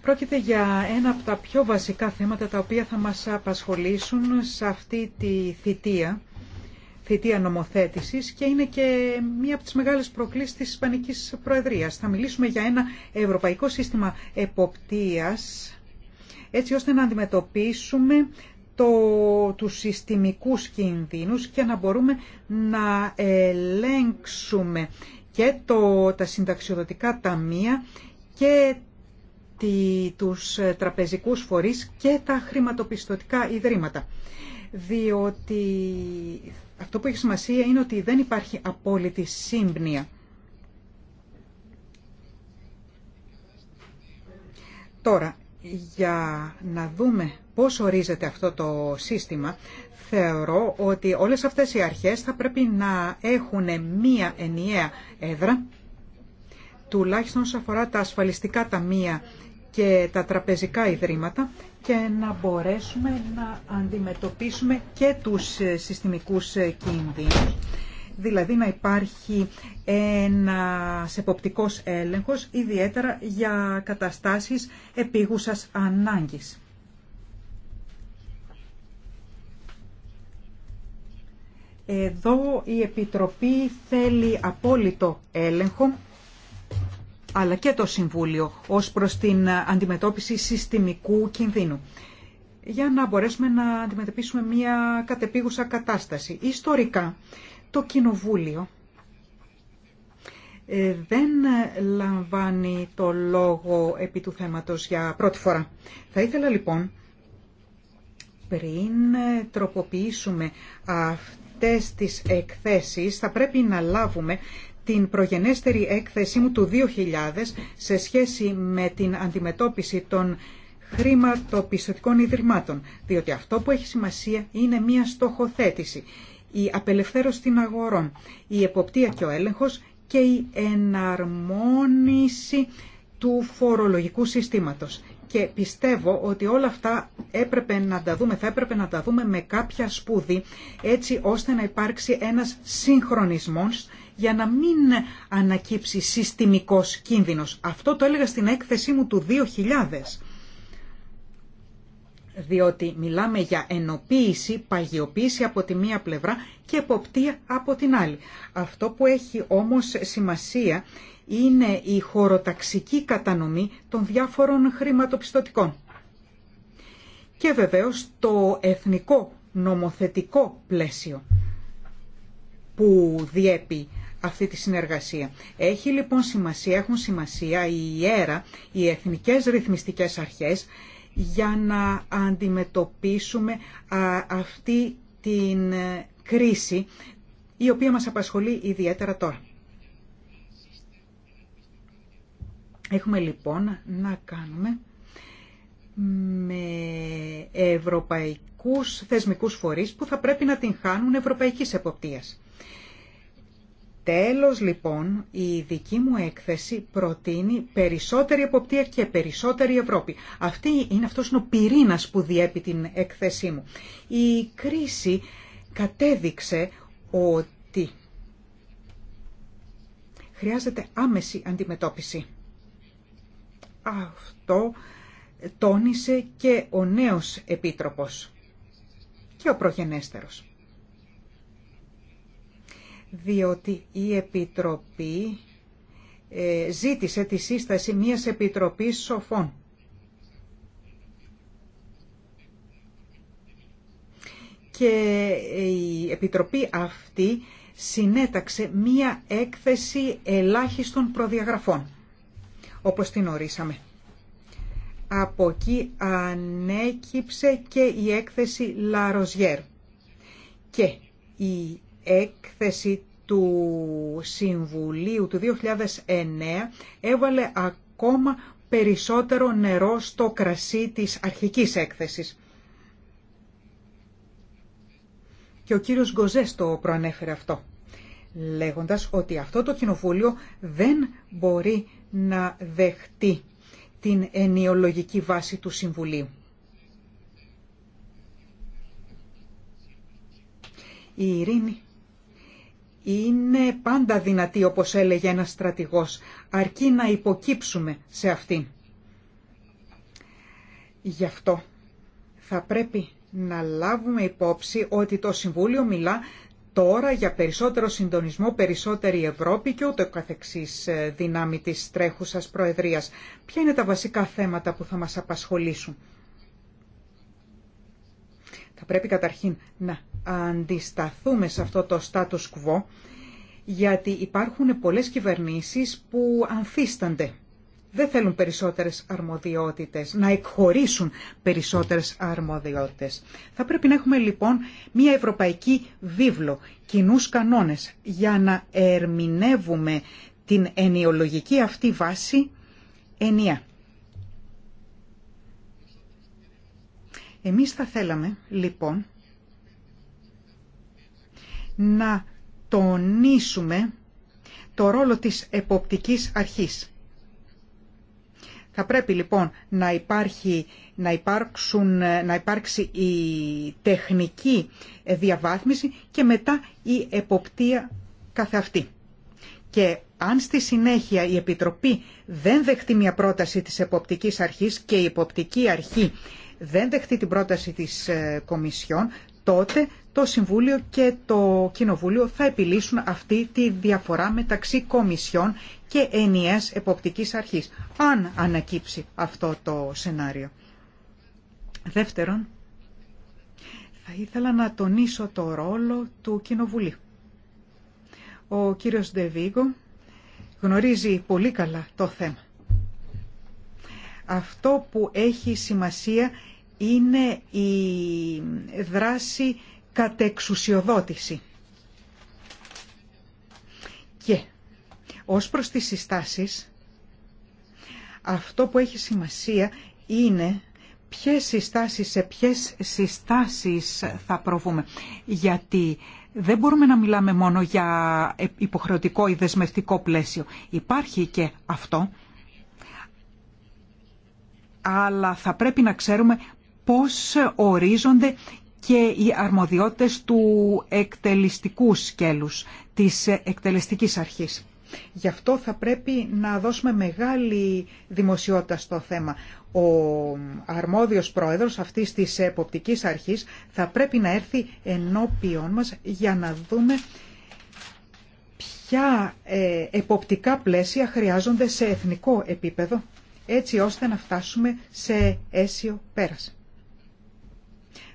Πρόκειται για ένα από τα πιο βασικά θέματα τα οποία θα μας απασχολήσουν σε αυτή τη θητεία θητεία νομοθέτησης και είναι και μία από τις μεγάλες προκλήσεις της Ισπανικής Προεδρίας. Θα μιλήσουμε για ένα ευρωπαϊκό σύστημα εποπτείας έτσι ώστε να αντιμετωπίσουμε το, τους συστημικούς κινδύνους και να μπορούμε να ελέγξουμε και το, τα συνταξιοδοτικά ταμεία και τη, τους τραπεζικούς φορείς και τα χρηματοπιστωτικά ιδρύματα. Διότι αυτό που έχει σημασία είναι ότι δεν υπάρχει απόλυτη σύμπνοια. Τώρα, για να δούμε πώς ορίζεται αυτό το σύστημα, θεωρώ ότι όλες αυτές οι αρχές θα πρέπει να έχουν μία ενιαία έδρα, τουλάχιστον όσον αφορά τα ασφαλιστικά ταμεία και τα τραπεζικά ιδρύματα και να μπορέσουμε να αντιμετωπίσουμε και τους συστημικούς κινδύνους. Δηλαδή να υπάρχει ένας εποπτικός έλεγχος, ιδιαίτερα για καταστάσεις επίγουσας ανάγκης. Εδώ η Επιτροπή θέλει απόλυτο έλεγχο αλλά και το Συμβούλιο ως προς την αντιμετώπιση συστημικού κινδύνου για να μπορέσουμε να αντιμετωπίσουμε μια κατεπίγουσα κατάσταση. Ιστορικά, το Κοινοβούλιο ε, δεν λαμβάνει το λόγο επί του θέματος για πρώτη φορά. Θα ήθελα λοιπόν, πριν τροποποιήσουμε αυτές τις εκθέσεις, θα πρέπει να λάβουμε την προγενέστερη έκθεσή μου του 2000 σε σχέση με την αντιμετώπιση των χρηματοπιστωτικών ιδρυμάτων, διότι αυτό που έχει σημασία είναι μια στοχοθέτηση, η απελευθέρωση των αγορών, η εποπτεία και ο έλεγχος και η εναρμόνιση του φορολογικού συστήματος. Και πιστεύω ότι όλα αυτά έπρεπε να τα δούμε, θα έπρεπε να τα δούμε με κάποια σπούδη, έτσι ώστε να υπάρξει ένας συγχρονισμός για να μην ανακύψει συστημικός κίνδυνος. Αυτό το έλεγα στην έκθεσή μου του 2000 διότι μιλάμε για ενοποίηση, παγιοποίηση από τη μία πλευρά και εποπτεία από την άλλη. Αυτό που έχει όμως σημασία είναι η χωροταξική κατανομή των διάφορων χρηματοπιστωτικών. Και βεβαίως το εθνικό νομοθετικό πλαίσιο που διέπει αυτή τη συνεργασία. Έχει λοιπόν σημασία, έχουν σημασία η ΙΕΡΑ οι Εθνικές Ρυθμιστικές Αρχές, για να αντιμετωπίσουμε αυτή την ε, κρίση η οποία μας απασχολεί ιδιαίτερα τώρα. Έχουμε λοιπόν να κάνουμε με ευρωπαϊκούς θεσμικούς φορείς που θα πρέπει να την χάνουν ευρωπαϊκής εποπτείας. Τέλος λοιπόν, η δική μου έκθεση προτείνει περισσότερη εποπτεία και περισσότερη Ευρώπη. Αυτή είναι, αυτός είναι ο πυρήνας που διέπει την έκθεσή μου. Η κρίση κατέδειξε ότι χρειάζεται άμεση αντιμετώπιση. Αυτό τόνισε και ο νέος επίτροπος και ο προγενέστερος διότι η Επιτροπή ε, ζήτησε τη σύσταση μιας Επιτροπής Σοφών. Και η Επιτροπή αυτή συνέταξε μία έκθεση ελάχιστων προδιαγραφών, όπως την ορίσαμε. Από εκεί ανέκυψε και η έκθεση Λαροζιέρ. Και η έκθεση του Συμβουλίου του 2009 έβαλε ακόμα περισσότερο νερό στο κρασί της αρχικής έκθεσης. Και ο κύριος Γκοζές το προανέφερε αυτό, λέγοντας ότι αυτό το κοινοβούλιο δεν μπορεί να δεχτεί την ενιολογική βάση του Συμβουλίου. Η ειρήνη είναι πάντα δυνατή, όπως έλεγε ένας στρατηγός, αρκεί να υποκύψουμε σε αυτή. Γι' αυτό θα πρέπει να λάβουμε υπόψη ότι το Συμβούλιο μιλά τώρα για περισσότερο συντονισμό, περισσότερη Ευρώπη και ούτε καθεξής ε, δυνάμει της τρέχουσας Προεδρίας. Ποια είναι τα βασικά θέματα που θα μας απασχολήσουν. Θα πρέπει καταρχήν να αντισταθούμε σε αυτό το status quo, γιατί υπάρχουν πολλές κυβερνήσεις που ανθίστανται. Δεν θέλουν περισσότερες αρμοδιότητες, να εκχωρήσουν περισσότερες αρμοδιότητες. Θα πρέπει να έχουμε λοιπόν μια ευρωπαϊκή βίβλο, κοινούς κανόνες, για να ερμηνεύουμε την ενιολογική αυτή βάση ενία. Εμείς θα θέλαμε, λοιπόν, να τονίσουμε το ρόλο της εποπτικής αρχής. Θα πρέπει λοιπόν να, υπάρχει, να, υπάρξουν, να υπάρξει η τεχνική διαβάθμιση και μετά η εποπτεία καθεαυτή. Και αν στη συνέχεια η Επιτροπή δεν δεχτεί μια πρόταση της εποπτικής αρχής και η εποπτική αρχή δεν δεχτεί την πρόταση της ε, Κομισιόν, τότε το Συμβούλιο και το Κοινοβούλιο θα επιλύσουν αυτή τη διαφορά μεταξύ Κομισιόν και ενιαίας εποπτικής αρχής, αν ανακύψει αυτό το σενάριο. Δεύτερον, θα ήθελα να τονίσω το ρόλο του Κοινοβουλίου. Ο κύριος Ντεβίγκο γνωρίζει πολύ καλά το θέμα αυτό που έχει σημασία είναι η δράση κατεξουσιοδότηση. Και ως προς τις συστάσεις, αυτό που έχει σημασία είναι ποιες συστάσεις, σε ποιες συστάσεις θα προβούμε. Γιατί δεν μπορούμε να μιλάμε μόνο για υποχρεωτικό ή δεσμευτικό πλαίσιο. Υπάρχει και αυτό αλλά θα πρέπει να ξέρουμε πώς ορίζονται και οι αρμοδιότητες του εκτελεστικού σκέλους, της εκτελεστικής αρχής. Γι' αυτό θα πρέπει να δώσουμε μεγάλη δημοσιότητα στο θέμα. Ο αρμόδιος πρόεδρος αυτής της εποπτικής αρχής θα πρέπει να έρθει ενώπιον μας για να δούμε ποια ε, εποπτικά πλαίσια χρειάζονται σε εθνικό επίπεδο έτσι ώστε να φτάσουμε σε αίσιο πέρας.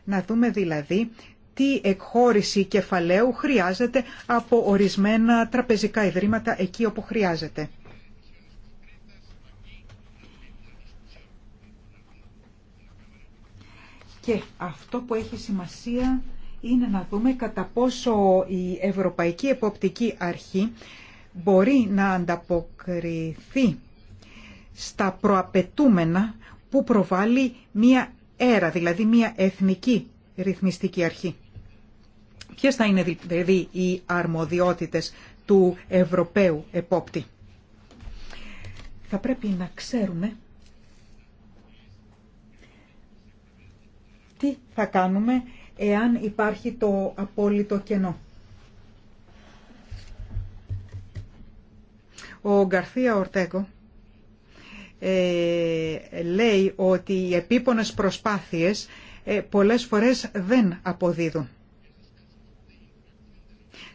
Να δούμε δηλαδή τι εκχώρηση κεφαλαίου χρειάζεται από ορισμένα τραπεζικά ιδρύματα εκεί όπου χρειάζεται. Και αυτό που έχει σημασία είναι να δούμε κατά πόσο η Ευρωπαϊκή Εποπτική Αρχή μπορεί να ανταποκριθεί στα προαπαιτούμενα που προβάλλει μία έρα, δηλαδή μία εθνική ρυθμιστική αρχή. Ποιε θα είναι δηλαδή οι αρμοδιότητες του Ευρωπαίου επόπτη. Θα πρέπει να ξέρουμε τι θα κάνουμε εάν υπάρχει το απόλυτο κενό. Ο Γκαρθία Ορτέγκο ε, λέει ότι οι επίπονες προσπάθειες ε, πολλές φορές δεν αποδίδουν.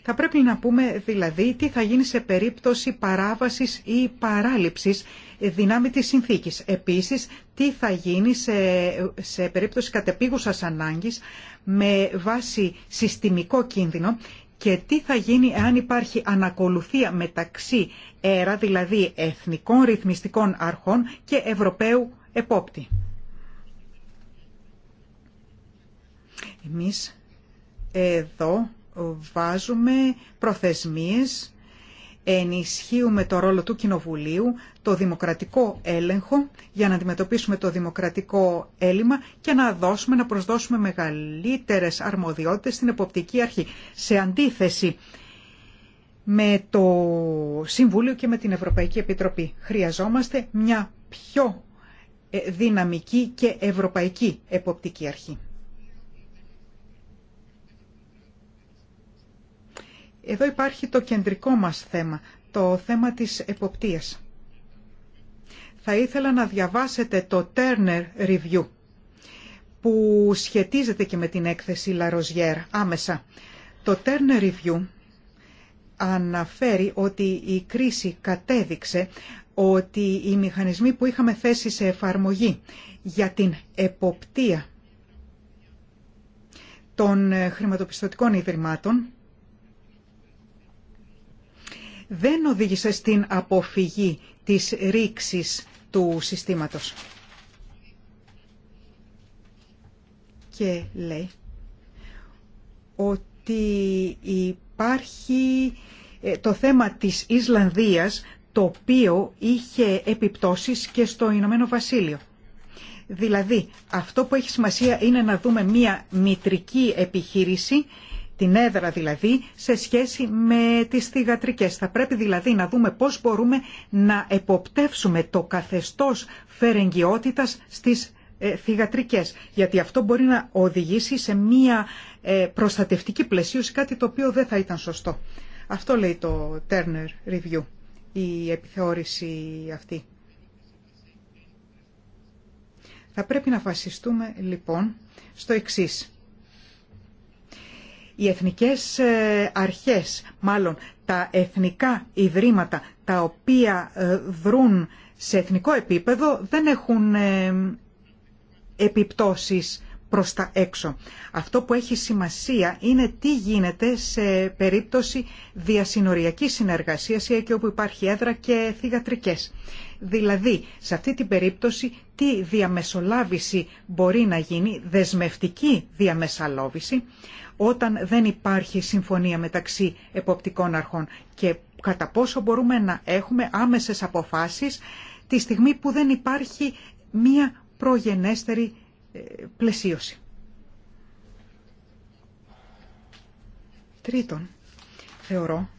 Θα πρέπει να πούμε δηλαδή τι θα γίνει σε περίπτωση παράβασης ή παράληψης δυνάμει της συνθήκης. Επίσης, τι θα γίνει σε, σε περίπτωση κατεπίγουσας ανάγκης με βάση συστημικό κίνδυνο και τι θα γίνει αν υπάρχει ανακολουθία μεταξύ ΕΡΑ, δηλαδή Εθνικών Ρυθμιστικών Αρχών και Ευρωπαίου Επόπτη. Εμείς εδώ βάζουμε προθεσμίες ενισχύουμε το ρόλο του Κοινοβουλίου, το δημοκρατικό έλεγχο για να αντιμετωπίσουμε το δημοκρατικό έλλειμμα και να δώσουμε, να προσδώσουμε μεγαλύτερες αρμοδιότητες στην εποπτική αρχή. Σε αντίθεση με το Συμβούλιο και με την Ευρωπαϊκή Επιτροπή χρειαζόμαστε μια πιο ε, δυναμική και ευρωπαϊκή εποπτική αρχή. Εδώ υπάρχει το κεντρικό μας θέμα, το θέμα της εποπτείας. Θα ήθελα να διαβάσετε το Turner Review που σχετίζεται και με την έκθεση Rosière άμεσα. Το Turner Review αναφέρει ότι η κρίση κατέδειξε ότι οι μηχανισμοί που είχαμε θέσει σε εφαρμογή για την εποπτεία των χρηματοπιστωτικών ιδρυμάτων δεν οδήγησε στην αποφυγή της ρήξη του συστήματος. Και λέει ότι υπάρχει ε, το θέμα της Ισλανδίας το οποίο είχε επιπτώσεις και στο Ηνωμένο Βασίλειο. Δηλαδή, αυτό που έχει σημασία είναι να δούμε μία μητρική επιχείρηση την έδρα δηλαδή, σε σχέση με τις θηγατρικές. Θα πρέπει δηλαδή να δούμε πώς μπορούμε να εποπτεύσουμε το καθεστώς φερεγγιότητας στις ε, θηγατρικές. Γιατί αυτό μπορεί να οδηγήσει σε μία ε, προστατευτική πλαισίωση, κάτι το οποίο δεν θα ήταν σωστό. Αυτό λέει το Turner Review, η επιθεώρηση αυτή. Θα πρέπει να βασιστούμε λοιπόν στο εξής οι εθνικές ε, αρχές, μάλλον τα εθνικά ιδρύματα τα οποία ε, δρούν σε εθνικό επίπεδο δεν έχουν ε, επιπτώσεις προς τα έξω. Αυτό που έχει σημασία είναι τι γίνεται σε περίπτωση διασυνοριακής συνεργασίας ή εκεί όπου υπάρχει έδρα και θηγατρικές. Δηλαδή, σε αυτή την περίπτωση, τι διαμεσολάβηση μπορεί να γίνει, δεσμευτική διαμεσαλόβηση, όταν δεν υπάρχει συμφωνία μεταξύ εποπτικών αρχών και κατά πόσο μπορούμε να έχουμε άμεσες αποφάσεις τη στιγμή που δεν υπάρχει μία προγενέστερη πλαισίωση. Τρίτον, θεωρώ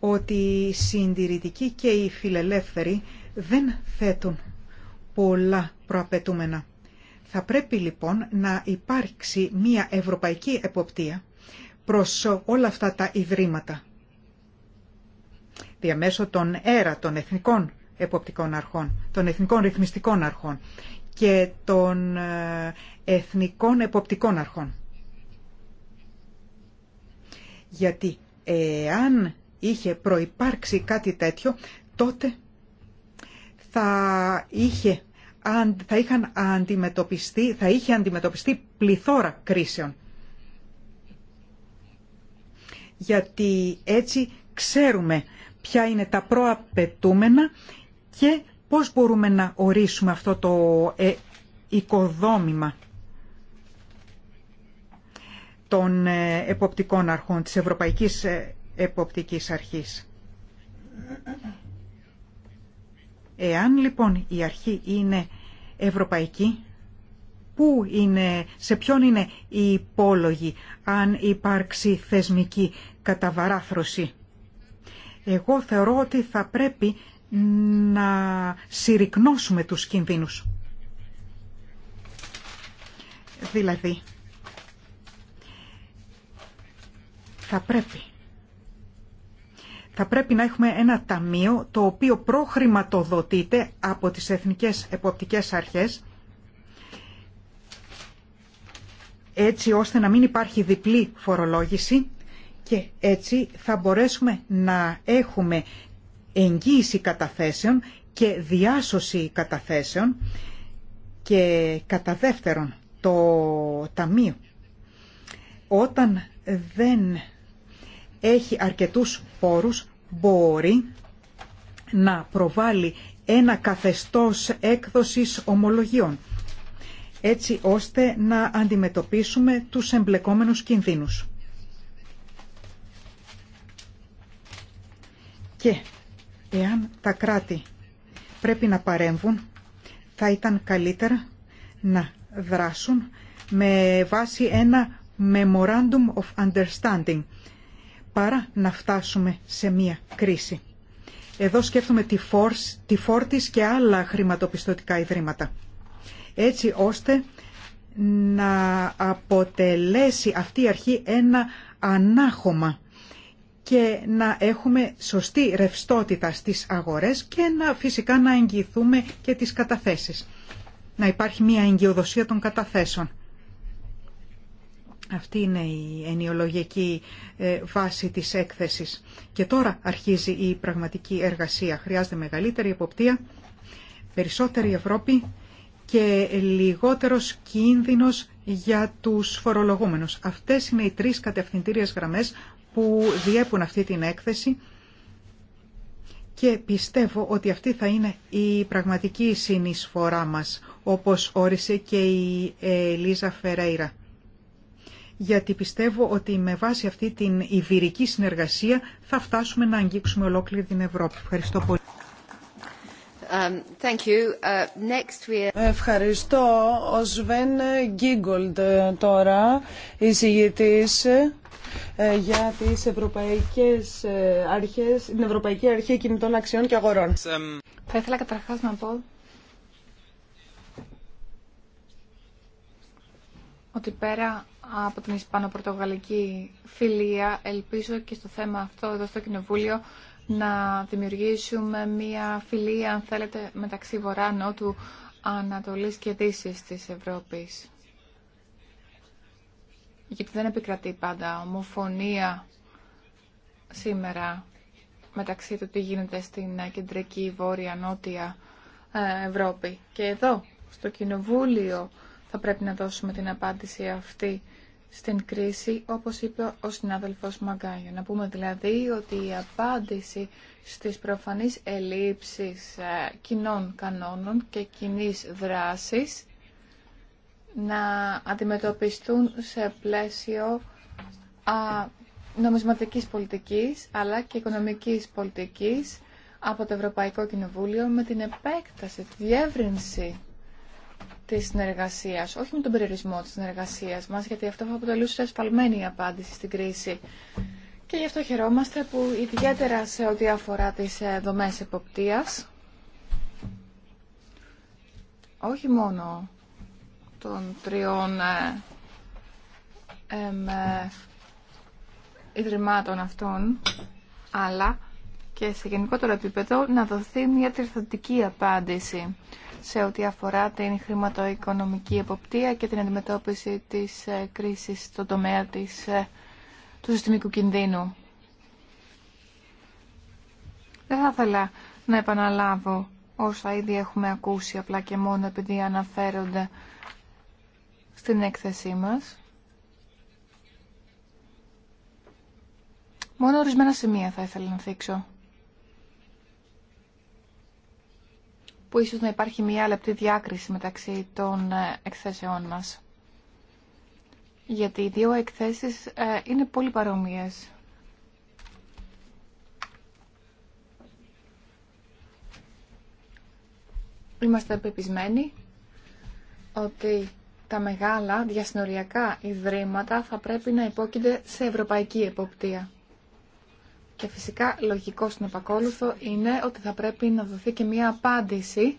ότι οι συντηρητικοί και οι φιλελεύθεροι δεν θέτουν πολλά προαπαιτούμενα. Θα πρέπει λοιπόν να υπάρξει μια ευρωπαϊκή εποπτεία προς όλα αυτά τα ιδρύματα διαμέσω των ΕΡΑ, των Εθνικών Εποπτικών Αρχών, των Εθνικών Ρυθμιστικών Αρχών και των ε, Εθνικών Εποπτικών Αρχών. Γιατί εάν είχε προϋπάρξει κάτι τέτοιο, τότε θα είχε θα, είχαν αντιμετωπιστεί, θα είχε αντιμετωπιστεί πληθώρα κρίσεων. Γιατί έτσι ξέρουμε ποια είναι τα προαπαιτούμενα και πώς μπορούμε να ορίσουμε αυτό το ε, οικοδόμημα των ε, εποπτικών αρχών, της Ευρωπαϊκής ε, Εποπτικής Αρχής. Εάν λοιπόν η αρχή είναι ευρωπαϊκή, πού είναι, σε ποιον είναι οι υπόλογη αν υπάρξει θεσμική καταβαράθρωση. Εγώ θεωρώ ότι θα πρέπει να συρρυκνώσουμε τους κινδύνους. Δηλαδή, θα πρέπει. Θα πρέπει να έχουμε ένα ταμείο το οποίο προχρηματοδοτείται από τις Εθνικές Εποπτικές Αρχές έτσι ώστε να μην υπάρχει διπλή φορολόγηση και έτσι θα μπορέσουμε να έχουμε εγγύηση καταθέσεων και διάσωση καταθέσεων και κατά δεύτερον το Ταμείο όταν δεν έχει αρκετούς πόρους μπορεί να προβάλλει ένα καθεστώς έκδοσης ομολογιών έτσι ώστε να αντιμετωπίσουμε τους εμπλεκόμενους κινδύνους. Και εάν τα κράτη πρέπει να παρέμβουν, θα ήταν καλύτερα να δράσουν με βάση ένα Memorandum of Understanding παρά να φτάσουμε σε μία κρίση. Εδώ σκέφτομαι τη, Force, τη και άλλα χρηματοπιστωτικά ιδρύματα. Έτσι ώστε να αποτελέσει αυτή η αρχή ένα ανάχωμα και να έχουμε σωστή ρευστότητα στις αγορές και να φυσικά να εγγυηθούμε και τις καταθέσεις. Να υπάρχει μια εγγυοδοσία των καταθέσεων. Αυτή είναι η ενιολογική ε, βάση της έκθεσης. Και τώρα αρχίζει η πραγματική εργασία. Χρειάζεται μεγαλύτερη εποπτεία, περισσότερη Ευρώπη και λιγότερος κίνδυνος για τους φορολογούμενους. Αυτές είναι οι τρεις κατευθυντήριες γραμμές που διέπουν αυτή την έκθεση και πιστεύω ότι αυτή θα είναι η πραγματική συνεισφορά μας, όπως όρισε και η Ελίζα Φερέιρα. Γιατί πιστεύω ότι με βάση αυτή την ιβυρική συνεργασία θα φτάσουμε να αγγίξουμε ολόκληρη την Ευρώπη. Ευχαριστώ πολύ. Um, uh, Ευχαριστώ. Ο Σβέν Γκίγκολντ ε, τώρα, εισηγητής ε, για τις ε, αρχές, την Ευρωπαϊκή Αρχή Κινητών Αξιών και Αγορών. Θα ήθελα καταρχάς να πω ότι πέρα από την Ισπανοπορτογαλική φιλία ελπίζω και στο θέμα αυτό εδώ στο Κοινοβούλιο να δημιουργήσουμε μια φιλία, αν θέλετε, μεταξύ Βορρά, Νότου, Ανατολής και Δύσης της Ευρώπης. Γιατί δεν επικρατεί πάντα ομοφωνία σήμερα μεταξύ του τι γίνεται στην κεντρική βόρεια-νότια ε, Ευρώπη. Και εδώ, στο Κοινοβούλιο, θα πρέπει να δώσουμε την απάντηση αυτή στην κρίση, όπως είπε ο συνάδελφος Μαγκάγιο. Να πούμε δηλαδή ότι η απάντηση στις προφανείς ελλείψεις ε, κοινών κανόνων και κοινή δράσης να αντιμετωπιστούν σε πλαίσιο α, νομισματικής πολιτικής αλλά και οικονομικής πολιτικής από το Ευρωπαϊκό Κοινοβούλιο με την επέκταση, τη διεύρυνση τη συνεργασία, όχι με τον περιορισμό τη συνεργασία μα, γιατί αυτό θα αποτελούσε ασφαλμένη απάντηση στην κρίση. Και γι' αυτό χαιρόμαστε που ιδιαίτερα σε ό,τι αφορά τι ε, δομέ εποπτεία, όχι μόνο των τριών ε, εμ, ε, ιδρυμάτων αυτών, αλλά και σε γενικότερο επίπεδο να δοθεί μια τριθωτική απάντηση σε ό,τι αφορά την χρηματοοικονομική εποπτεία και την αντιμετώπιση της ε, κρίσης στον τομέα της, ε, του συστημικού κινδύνου. Δεν θα ήθελα να επαναλάβω όσα ήδη έχουμε ακούσει απλά και μόνο επειδή αναφέρονται στην έκθεσή μας. Μόνο ορισμένα σημεία θα ήθελα να θίξω. που ίσως να υπάρχει μια λεπτή διάκριση μεταξύ των ε, εκθέσεών μας. Γιατί οι δύο εκθέσεις ε, είναι πολύ παρόμοιες. Είμαστε επιπισμένοι ότι τα μεγάλα διασυνοριακά ιδρύματα θα πρέπει να υπόκεινται σε ευρωπαϊκή εποπτεία. Και φυσικά λογικό στην επακόλουθο είναι ότι θα πρέπει να δοθεί και μία απάντηση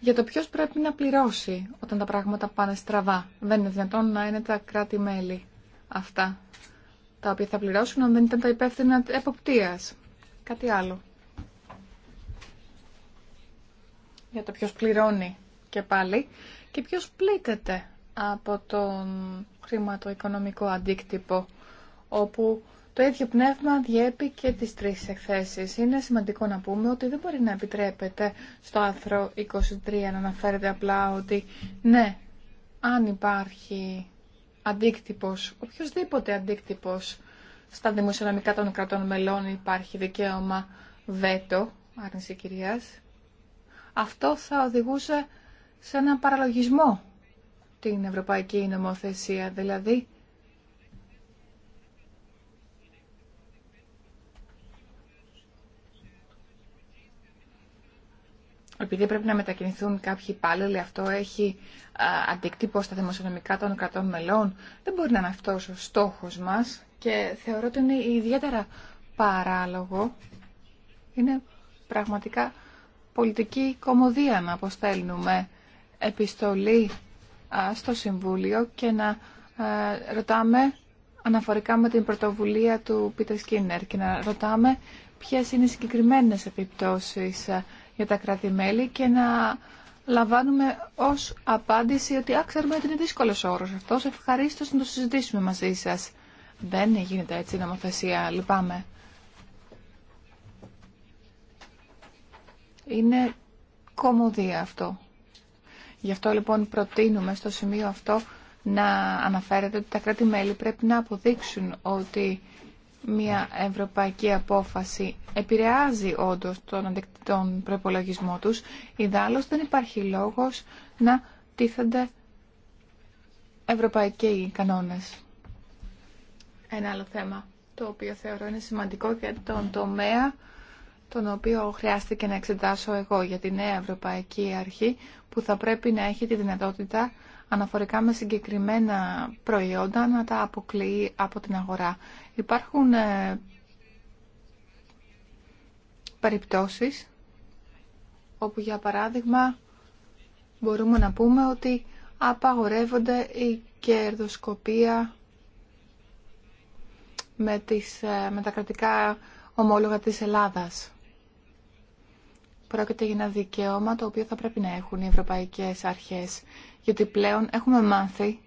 για το ποιος πρέπει να πληρώσει όταν τα πράγματα πάνε στραβά. Δεν είναι δυνατόν να είναι τα κράτη-μέλη αυτά, τα οποία θα πληρώσουν αν δεν ήταν τα υπεύθυνα εποπτείας. Κάτι άλλο. Για το ποιος πληρώνει και πάλι και ποιος πλήττεται από τον χρηματοοικονομικό αντίκτυπο, όπου το ίδιο πνεύμα διέπει και τις τρεις εκθέσεις. Είναι σημαντικό να πούμε ότι δεν μπορεί να επιτρέπεται στο άρθρο 23 να αναφέρεται απλά ότι ναι, αν υπάρχει αντίκτυπος, οποιοδήποτε αντίκτυπος στα δημοσιονομικά των κρατών μελών υπάρχει δικαίωμα βέτο, άρνηση κυρίας, αυτό θα οδηγούσε σε έναν παραλογισμό την ευρωπαϊκή νομοθεσία, δηλαδή επειδή πρέπει να μετακινηθούν κάποιοι υπάλληλοι, αυτό έχει αντικτύπω στα δημοσιονομικά των κρατών μελών. Δεν μπορεί να είναι αυτό ο στόχο μα και θεωρώ ότι είναι ιδιαίτερα παράλογο. Είναι πραγματικά πολιτική κομμωδία να αποστέλνουμε επιστολή στο Συμβούλιο και να ρωτάμε αναφορικά με την πρωτοβουλία του Πίτερ Σκίνερ και να ρωτάμε ποιες είναι οι συγκεκριμένες επιπτώσεις για τα κράτη-μέλη και να λαμβάνουμε ως απάντηση ότι «Α, ξέρουμε ότι είναι δύσκολος όρος αυτός, ευχαρίστως να το συζητήσουμε μαζί σας». Δεν γίνεται έτσι η νομοθεσία, λυπάμαι. Είναι κομμωδία αυτό. Γι' αυτό λοιπόν προτείνουμε στο σημείο αυτό να αναφέρεται ότι τα κράτη-μέλη πρέπει να αποδείξουν ότι μια ευρωπαϊκή απόφαση επηρεάζει όντω τον, τον προπολογισμό τους, ιδάλλως δεν υπάρχει λόγος να τίθενται ευρωπαϊκοί κανόνες. Ένα άλλο θέμα, το οποίο θεωρώ είναι σημαντικό για τον τομέα τον οποίο χρειάστηκε να εξετάσω εγώ για τη νέα Ευρωπαϊκή Αρχή που θα πρέπει να έχει τη δυνατότητα αναφορικά με συγκεκριμένα προϊόντα να τα αποκλείει από την αγορά. Υπάρχουν ε, περιπτώσεις όπου για παράδειγμα μπορούμε να πούμε ότι απαγορεύονται η κερδοσκοπία με, ε, με τα κρατικά ομόλογα της Ελλάδας. Πρόκειται για ένα δικαίωμα το οποίο θα πρέπει να έχουν οι ευρωπαϊκές αρχές, γιατί πλέον έχουμε μάθει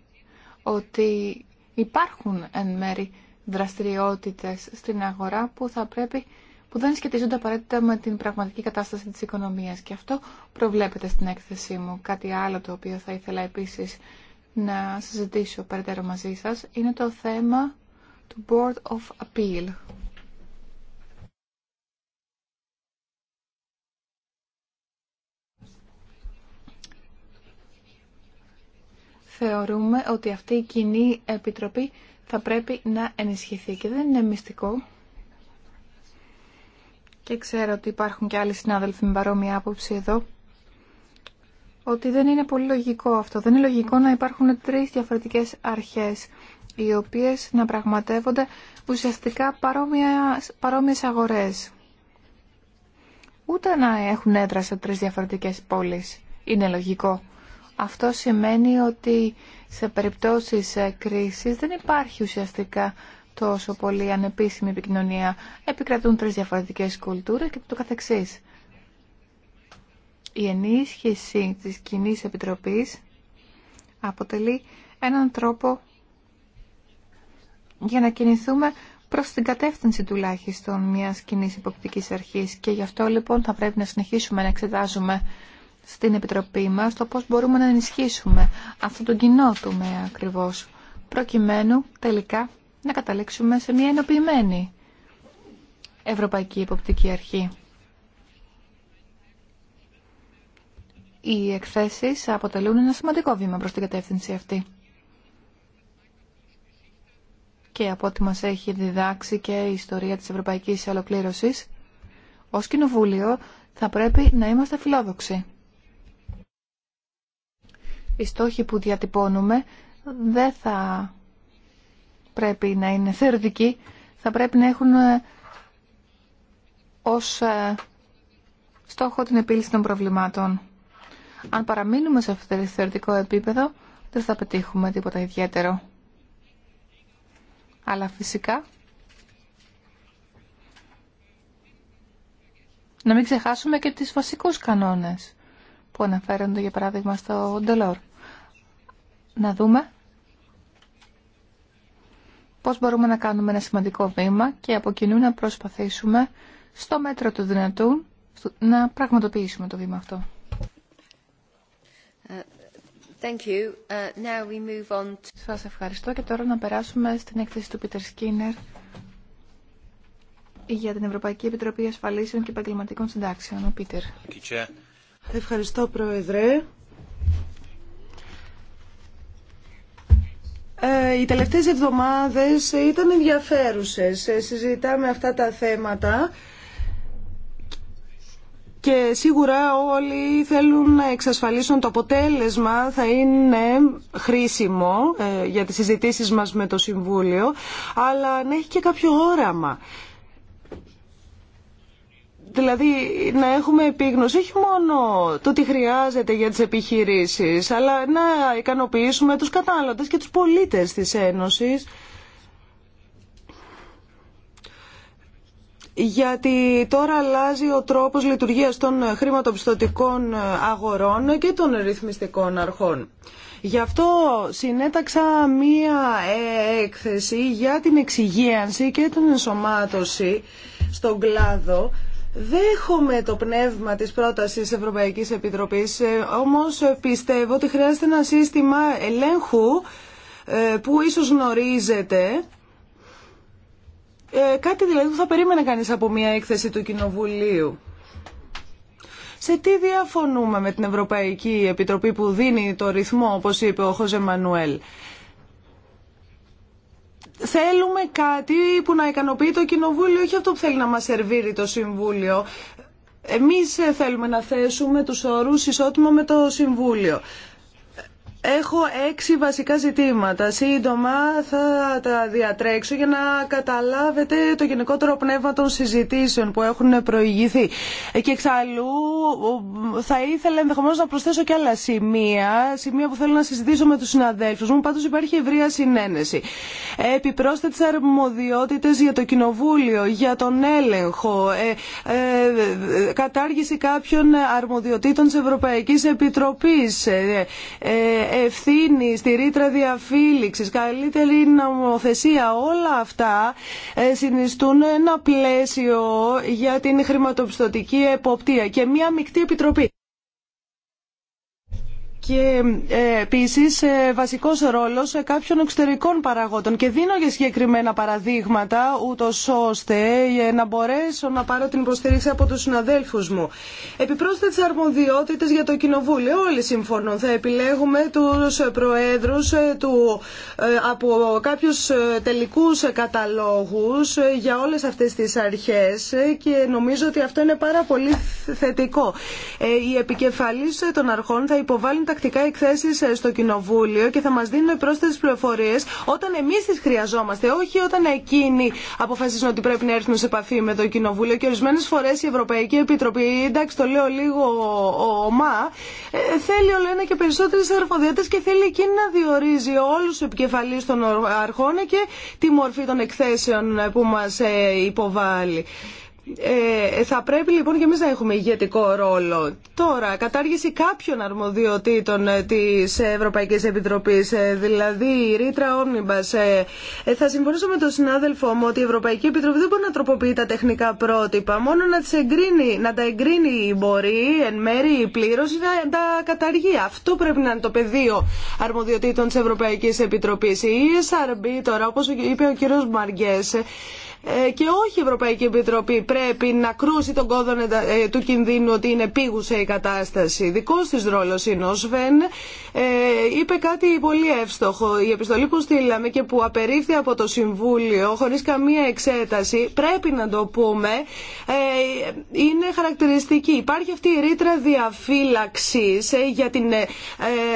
ότι υπάρχουν εν μέρη δραστηριότητες στην αγορά που θα πρέπει που δεν σχετίζονται απαραίτητα με την πραγματική κατάσταση της οικονομίας και αυτό προβλέπεται στην έκθεσή μου. Κάτι άλλο το οποίο θα ήθελα επίσης να συζητήσω περαιτέρω μαζί σας είναι το θέμα του Board of Appeal. θεωρούμε ότι αυτή η κοινή επιτροπή θα πρέπει να ενισχυθεί και δεν είναι μυστικό. Και ξέρω ότι υπάρχουν και άλλοι συνάδελφοι με παρόμοια άποψη εδώ ότι δεν είναι πολύ λογικό αυτό. Δεν είναι λογικό να υπάρχουν τρεις διαφορετικές αρχές οι οποίες να πραγματεύονται ουσιαστικά παρόμοια, παρόμοιες αγορές. Ούτε να έχουν έδρα σε τρεις διαφορετικές πόλεις. Είναι λογικό. Αυτό σημαίνει ότι σε περιπτώσεις ε, κρίσης δεν υπάρχει ουσιαστικά τόσο πολύ ανεπίσημη επικοινωνία. Επικρατούν τρεις διαφορετικές κουλτούρες και το καθεξής. Η ενίσχυση της κοινή επιτροπής αποτελεί έναν τρόπο για να κινηθούμε προς την κατεύθυνση τουλάχιστον μιας κοινή υποπτικής αρχής και γι' αυτό λοιπόν θα πρέπει να συνεχίσουμε να εξετάζουμε στην Επιτροπή μας το πώς μπορούμε να ενισχύσουμε αυτό το κοινό με ακριβώς, προκειμένου τελικά να καταλήξουμε σε μια ενοποιημένη Ευρωπαϊκή Υποπτική Αρχή. Οι εκθέσεις αποτελούν ένα σημαντικό βήμα προς την κατεύθυνση αυτή. Και από ό,τι μας έχει διδάξει και η ιστορία της Ευρωπαϊκής Ολοκλήρωσης, ως Κοινοβούλιο θα πρέπει να είμαστε φιλόδοξοι οι στόχοι που διατυπώνουμε δεν θα πρέπει να είναι θεωρητικοί, θα πρέπει να έχουν ε, ως ε, στόχο την επίλυση των προβλημάτων. Αν παραμείνουμε σε αυτό το θεωρητικό επίπεδο, δεν θα πετύχουμε τίποτα ιδιαίτερο. Αλλά φυσικά, να μην ξεχάσουμε και τις βασικούς κανόνες που αναφέρονται για παράδειγμα στο Ντελόρ. Να δούμε πώς μπορούμε να κάνουμε ένα σημαντικό βήμα και από κοινού να προσπαθήσουμε στο μέτρο του δυνατού να πραγματοποιήσουμε το βήμα αυτό. Ε, ε, Σας ευχαριστώ και τώρα να περάσουμε στην έκθεση του Πίτερ Σκίνερ για την Ευρωπαϊκή Επιτροπή Ασφαλίσεων και Επαγγελματικών Συντάξεων. Ο Πίτερ. Ευχαριστώ, Πρόεδρε. Ε, οι τελευταίες εβδομάδες ήταν ενδιαφέρουσες. Ε, συζητάμε αυτά τα θέματα και σίγουρα όλοι θέλουν να εξασφαλίσουν το αποτέλεσμα θα είναι χρήσιμο ε, για τις συζητήσεις μας με το Συμβούλιο, αλλά να έχει και κάποιο όραμα. Δηλαδή να έχουμε επίγνωση όχι μόνο το τι χρειάζεται για τις επιχειρήσεις, αλλά να ικανοποιήσουμε τους κατάλλοντες και τους πολίτες της Ένωσης. γιατί τώρα αλλάζει ο τρόπος λειτουργίας των χρηματοπιστωτικών αγορών και των ρυθμιστικών αρχών. Γι' αυτό συνέταξα μία έκθεση για την εξυγίανση και την ενσωμάτωση στον κλάδο Δέχομαι το πνεύμα της πρότασης Ευρωπαϊκής Επιτροπής, ε, όμως πιστεύω ότι χρειάζεται ένα σύστημα ελέγχου ε, που ίσως γνωρίζετε. Ε, κάτι δηλαδή που θα περίμενε κανείς από μια έκθεση του Κοινοβουλίου. Σε τι διαφωνούμε με την Ευρωπαϊκή Επιτροπή που δίνει το ρυθμό, όπως είπε ο Χωζε Μανουέλ. Θέλουμε κάτι που να ικανοποιεί το Κοινοβούλιο, όχι αυτό που θέλει να μας σερβίρει το Συμβούλιο. Εμείς θέλουμε να θέσουμε τους όρους ισότιμα με το Συμβούλιο. Έχω έξι βασικά ζητήματα. Σύντομα θα τα διατρέξω για να καταλάβετε το γενικότερο πνεύμα των συζητήσεων που έχουν προηγηθεί. Και εξαλλού θα ήθελα ενδεχομένω να προσθέσω και άλλα σημεία, σημεία που θέλω να συζητήσω με του συναδέλφου μου. Πάντω υπάρχει ευρεία συνένεση. Επιπρόσθετε αρμοδιότητε για το Κοινοβούλιο, για τον έλεγχο, ε, ε, κατάργηση κάποιων αρμοδιοτήτων τη Ευρωπαϊκή Επιτροπή ε, ευθύνη, στη ρήτρα διαφύληξης, καλύτερη νομοθεσία, όλα αυτά ε, συνιστούν ένα πλαίσιο για την χρηματοπιστωτική εποπτεία και μια μεικτή επιτροπή και ε, επίση ε, βασικό ρόλο κάποιων εξωτερικών παραγόντων. Και δίνω για συγκεκριμένα παραδείγματα, ούτω ώστε ε, να μπορέσω να πάρω την υποστήριξη από του συναδέλφου μου. Επιπρόσθετε αρμοδιότητε για το Κοινοβούλιο. Όλοι συμφωνούν. Θα επιλέγουμε του προέδρου του, από κάποιου τελικού καταλόγου για όλε αυτέ τι αρχέ και νομίζω ότι αυτό είναι πάρα πολύ θετικό. Η επικεφαλή των αρχών θα υποβάλουν τα πρακτικά εκθέσεις ε, στο Κοινοβούλιο και θα μα δίνουν πρόσθετε πληροφορίε όταν εμεί τι χρειαζόμαστε, όχι όταν εκείνοι αποφασίζουν ότι πρέπει να έρθουν σε επαφή με το Κοινοβούλιο και ορισμένε φορέ η Ευρωπαϊκή Επιτροπή, εντάξει το λέω λίγο ομά, ε, θέλει όλο ένα και περισσότερε αρμοδιότητες και θέλει εκείνη να διορίζει όλου του επικεφαλεί των αρχών και τη μορφή των εκθέσεων που μα ε, υποβάλλει. Ε, θα πρέπει λοιπόν και εμείς να έχουμε ηγετικό ρόλο. Τώρα, κατάργηση κάποιων αρμοδιοτήτων ε, της Ευρωπαϊκής Επιτροπής, ε, δηλαδή η ρήτρα Omnibus. Ε, ε, θα συμφωνήσω με τον συνάδελφό μου ότι η Ευρωπαϊκή Επιτροπή δεν μπορεί να τροποποιεί τα τεχνικά πρότυπα, μόνο να, τις εγκρίνει, να τα εγκρίνει μπορεί εν μέρη ή πλήρωση, να τα καταργεί. Αυτό πρέπει να είναι το πεδίο αρμοδιοτήτων της Ευρωπαϊκής Επιτροπής. Η ESRB τώρα, όπως είπε ο κύριος Μαργές, ε, και όχι η Ευρωπαϊκή Επιτροπή πρέπει να κρούσει τον κόδωνα ε, του κινδύνου ότι είναι πήγουσα η κατάσταση. Δικό τη ρόλο είναι ο Σβέν. Ε, είπε κάτι πολύ εύστοχο. Η επιστολή που στείλαμε και που απερίφθη από το Συμβούλιο χωρί καμία εξέταση, πρέπει να το πούμε, είναι χαρακτηριστική. Υπάρχει αυτή η ρήτρα διαφύλαξη για την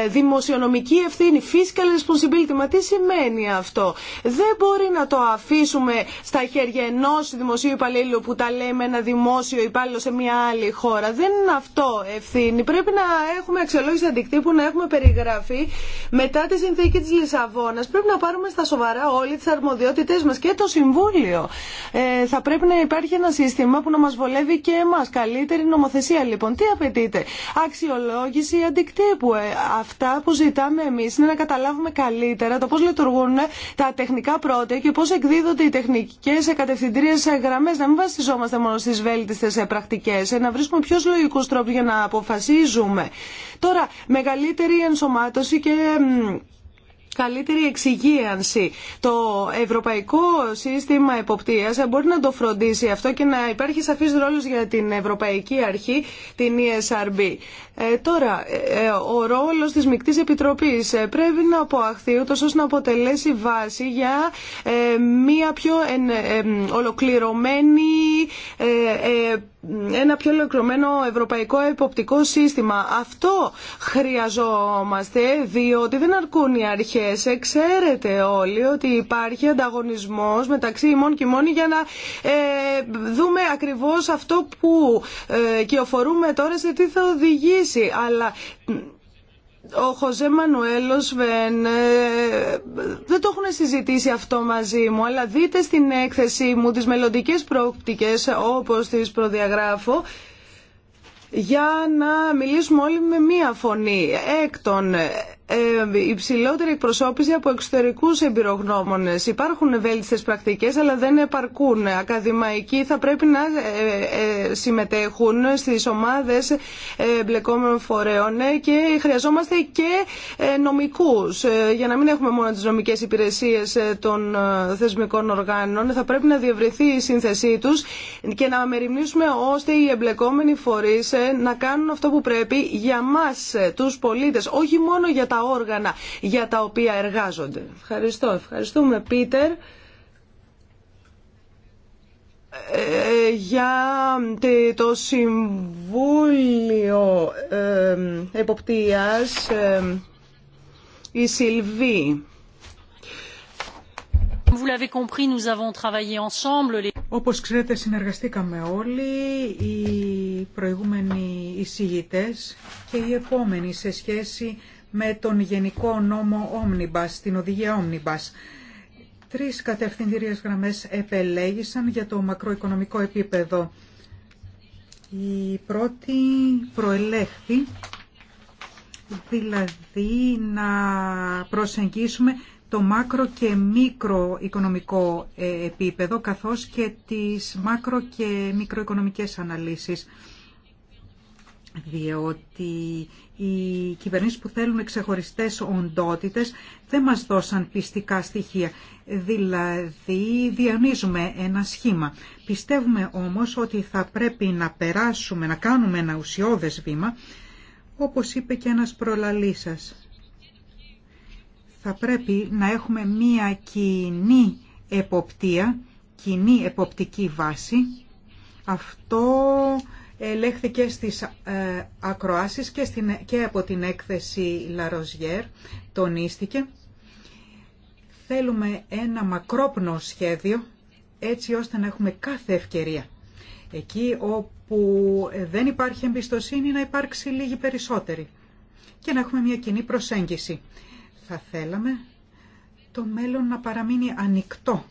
δημοσιονομική ευθύνη, fiscal responsibility. Μα τι σημαίνει αυτό. Δεν μπορεί να το αφήσουμε στα χέρια χέρια ενό δημοσίου υπαλλήλου που τα λέει με ένα δημόσιο υπάλληλο σε μια άλλη χώρα. Δεν είναι αυτό ευθύνη. Πρέπει να έχουμε αξιολόγηση αντικτύπου, να έχουμε περιγραφή μετά τη συνθήκη τη Λισαβόνα. Πρέπει να πάρουμε στα σοβαρά όλοι τι αρμοδιότητέ μα και το Συμβούλιο. Ε, θα πρέπει να υπάρχει ένα σύστημα που να μα βολεύει και εμά. Καλύτερη νομοθεσία λοιπόν. Τι απαιτείται, Αξιολόγηση αντικτύπου. Ε, αυτά που ζητάμε εμεί είναι να καταλάβουμε καλύτερα το πώ λειτουργούν τα τεχνικά πρώτα και πώ εκδίδονται οι τεχνικέ σε κατευθυντήριε ε, γραμμέ, να μην βασιζόμαστε μόνο στι βέλτιστε πρακτικέ, ε, να βρίσκουμε πιο λογικού τρόπου για να αποφασίζουμε. Τώρα, μεγαλύτερη ενσωμάτωση και καλύτερη εξυγίανση. Το ευρωπαϊκό σύστημα εποπτείας μπορεί να το φροντίσει αυτό και να υπάρχει σαφής ρόλος για την Ευρωπαϊκή Αρχή, την ESRB. Ε, τώρα, ε, ο ρόλος της Μικτής Επιτροπής ε, πρέπει να αποαχθεί ούτως ώστε να αποτελέσει βάση για μια πιο εν, ολοκληρωμένη ένα πιο ολοκληρωμένο ευρωπαϊκό εποπτικό σύστημα. Αυτό χρειαζόμαστε, διότι δεν αρκούν οι αρχές. Ξέρετε όλοι ότι υπάρχει ανταγωνισμός μεταξύ ημών και ημών για να ε, δούμε ακριβώς αυτό που ε, κυοφορούμε τώρα σε τι θα οδηγήσει. Αλλά ο Χωζέ Μανουέλος Βεν ε, δεν το έχουν συζητήσει αυτό μαζί μου αλλά δείτε στην έκθεσή μου τις μελλοντικέ προοπτικές όπως τις προδιαγράφω για να μιλήσουμε όλοι με μία φωνή. Έκτον, ε, υψηλότερη εκπροσώπηση από εξωτερικού εμπειρογνώμονε. Υπάρχουν ευέλικτε πρακτικέ, αλλά δεν επαρκούν. Ακαδημαϊκοί θα πρέπει να ε, ε, συμμετέχουν στι ομάδε εμπλεκόμενων φορέων και χρειαζόμαστε και νομικούς για να μην έχουμε μόνο τις νομικές υπηρεσίες των θεσμικών οργάνων. Θα πρέπει να διευρυνθεί η σύνθεσή του και να μεριμνήσουμε ώστε οι εμπλεκόμενοι φορείς να κάνουν αυτό που πρέπει για μας του πολίτε, όχι μόνο για τα όργανα για τα οποία εργάζονται. Ευχαριστώ. Ευχαριστούμε, Πίτερ ε, για το Συμβούλιο Εποπτείας η Σιλβή. Όπως ξέρετε συνεργαστήκαμε όλοι οι προηγούμενοι εισηγητές και οι επόμενοι σε σχέση με τον Γενικό Νόμο Omnibus, την Οδηγία Omnibus. Τρεις κατευθυντήριες γραμμές επελέγησαν για το μακροοικονομικό επίπεδο. Η πρώτη προελέχθη, δηλαδή να προσεγγίσουμε το μάκρο και μικροοικονομικό ε, επίπεδο καθώς και τις μάκρο και μικροοικονομικές αναλύσεις διότι οι κυβερνήσεις που θέλουν ξεχωριστές οντότητες δεν μας δώσαν πιστικά στοιχεία. Δηλαδή διανύζουμε ένα σχήμα. Πιστεύουμε όμως ότι θα πρέπει να περάσουμε, να κάνουμε ένα ουσιώδες βήμα, όπως είπε και ένας προλαλή σας. Θα πρέπει να έχουμε μία κοινή εποπτεία, κοινή εποπτική βάση. Αυτό ελέγχθηκε στις ε, ακροάσεις και, στην, και από την έκθεση Λαροζιέρ, τονίστηκε. Θέλουμε ένα μακρόπνο σχέδιο έτσι ώστε να έχουμε κάθε ευκαιρία. Εκεί όπου δεν υπάρχει εμπιστοσύνη να υπάρξει λίγη περισσότερη και να έχουμε μια κοινή προσέγγιση. Θα θέλαμε το μέλλον να παραμείνει ανοιχτό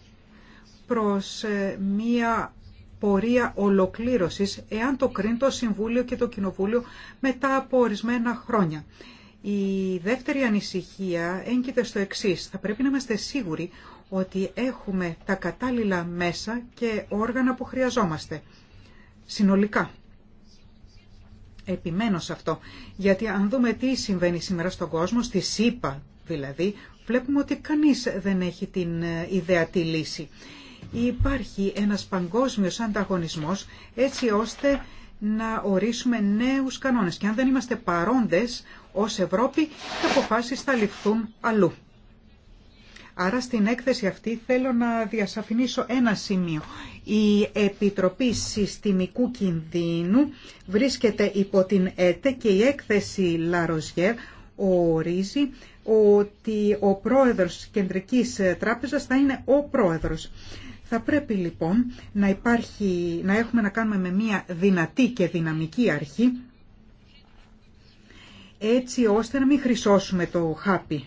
προς ε, μια πορεία ολοκλήρωσης εάν το κρίνει το Συμβούλιο και το Κοινοβούλιο μετά από ορισμένα χρόνια. Η δεύτερη ανησυχία έγκυται στο εξή. Θα πρέπει να είμαστε σίγουροι ότι έχουμε τα κατάλληλα μέσα και όργανα που χρειαζόμαστε. Συνολικά. Επιμένω σε αυτό. Γιατί αν δούμε τι συμβαίνει σήμερα στον κόσμο, στη ΣΥΠΑ δηλαδή, βλέπουμε ότι κανείς δεν έχει την ε, ιδεατή λύση υπάρχει ένας παγκόσμιος ανταγωνισμός έτσι ώστε να ορίσουμε νέους κανόνες. Και αν δεν είμαστε παρόντες ως Ευρώπη, οι αποφάσεις θα ληφθούν αλλού. Άρα στην έκθεση αυτή θέλω να διασαφηνίσω ένα σημείο. Η Επιτροπή Συστημικού Κινδύνου βρίσκεται υπό την ΕΤΕ και η έκθεση Λαροζιέρ ορίζει ότι ο πρόεδρος της Κεντρικής Τράπεζας θα είναι ο πρόεδρος. Θα πρέπει λοιπόν να, υπάρχει, να έχουμε να κάνουμε με μια δυνατή και δυναμική αρχή έτσι ώστε να μην χρυσώσουμε το χάπι.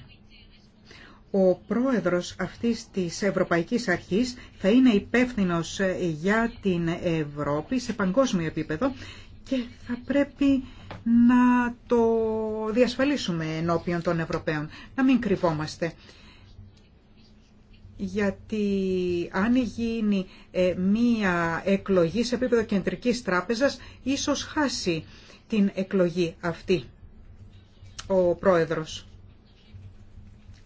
Ο πρόεδρος αυτής της Ευρωπαϊκής Αρχής θα είναι υπεύθυνο ε, για την Ευρώπη σε παγκόσμιο επίπεδο και θα πρέπει να το διασφαλίσουμε ενώπιον των Ευρωπαίων, να μην κρυβόμαστε γιατί αν γίνει ε, μία εκλογή σε επίπεδο κεντρικής τράπεζας, ίσως χάσει την εκλογή αυτή ο πρόεδρος,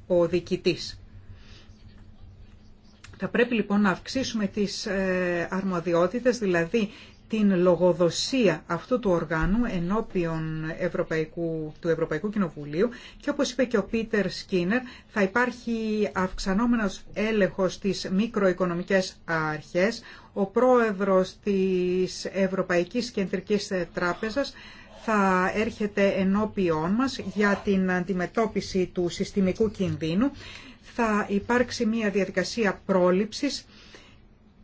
ο διοικητής. Θα πρέπει λοιπόν να αυξήσουμε τις ε, αρμοδιότητες, δηλαδή την λογοδοσία αυτού του οργάνου ενώπιον Ευρωπαϊκού, του Ευρωπαϊκού Κοινοβουλίου και όπως είπε και ο Πίτερ Σκίνερ θα υπάρχει αυξανόμενος έλεγχος στις μικροοικονομικές αρχές. Ο πρόεδρος της Ευρωπαϊκής Κεντρικής Τράπεζας θα έρχεται ενώπιόν μας για την αντιμετώπιση του συστημικού κινδύνου. Θα υπάρξει μια διαδικασία πρόληψης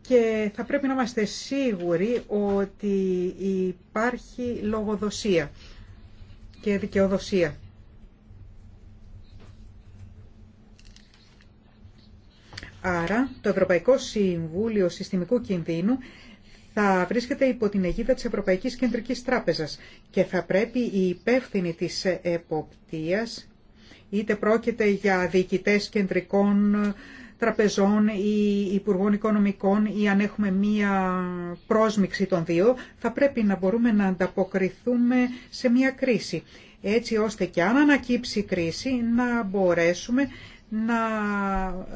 και θα πρέπει να είμαστε σίγουροι ότι υπάρχει λογοδοσία και δικαιοδοσία. Άρα, το Ευρωπαϊκό Συμβούλιο Συστημικού Κινδύνου θα βρίσκεται υπό την αιγύδα της Ευρωπαϊκής Κεντρικής Τράπεζας και θα πρέπει η υπεύθυνη της εποπτείας, είτε πρόκειται για διοικητές κεντρικών τραπεζών ή υπουργών οικονομικών ή αν έχουμε μία πρόσμιξη των δύο, θα πρέπει να μπορούμε να ανταποκριθούμε σε μία κρίση. Έτσι ώστε και αν ανακύψει κρίση να μπορέσουμε να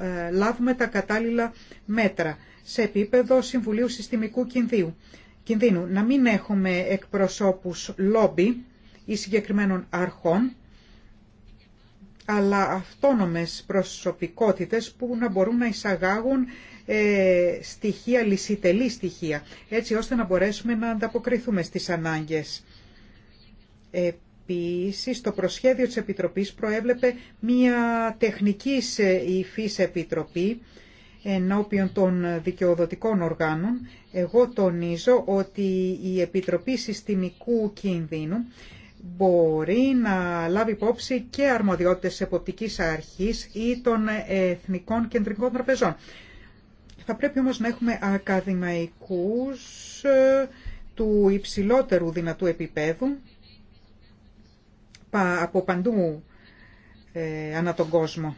ε, λάβουμε τα κατάλληλα μέτρα σε επίπεδο Συμβουλίου Συστημικού Κινδύου. Κινδύνου. Να μην έχουμε εκπροσώπους λόμπι ή συγκεκριμένων αρχών, αλλά αυτόνομες προσωπικότητες που να μπορούν να εισαγάγουν ε, στοιχεία, λυσιτελή στοιχεία, έτσι ώστε να μπορέσουμε να ανταποκριθούμε στις ανάγκες. Επίσης, το προσχέδιο της Επιτροπής προέβλεπε μια τεχνικής ε, υφής επιτροπή ενώπιον των δικαιοδοτικών οργάνων. Εγώ τονίζω ότι η Επιτροπή Συστημικού Κινδύνου μπορεί να λάβει υπόψη και αρμοδιότητες εποπτικής αρχής ή των εθνικών κεντρικών τραπεζών. Θα πρέπει όμως να έχουμε ακαδημαϊκούς ε, του υψηλότερου δυνατού επίπεδου από παντού ε, ανά τον κόσμο.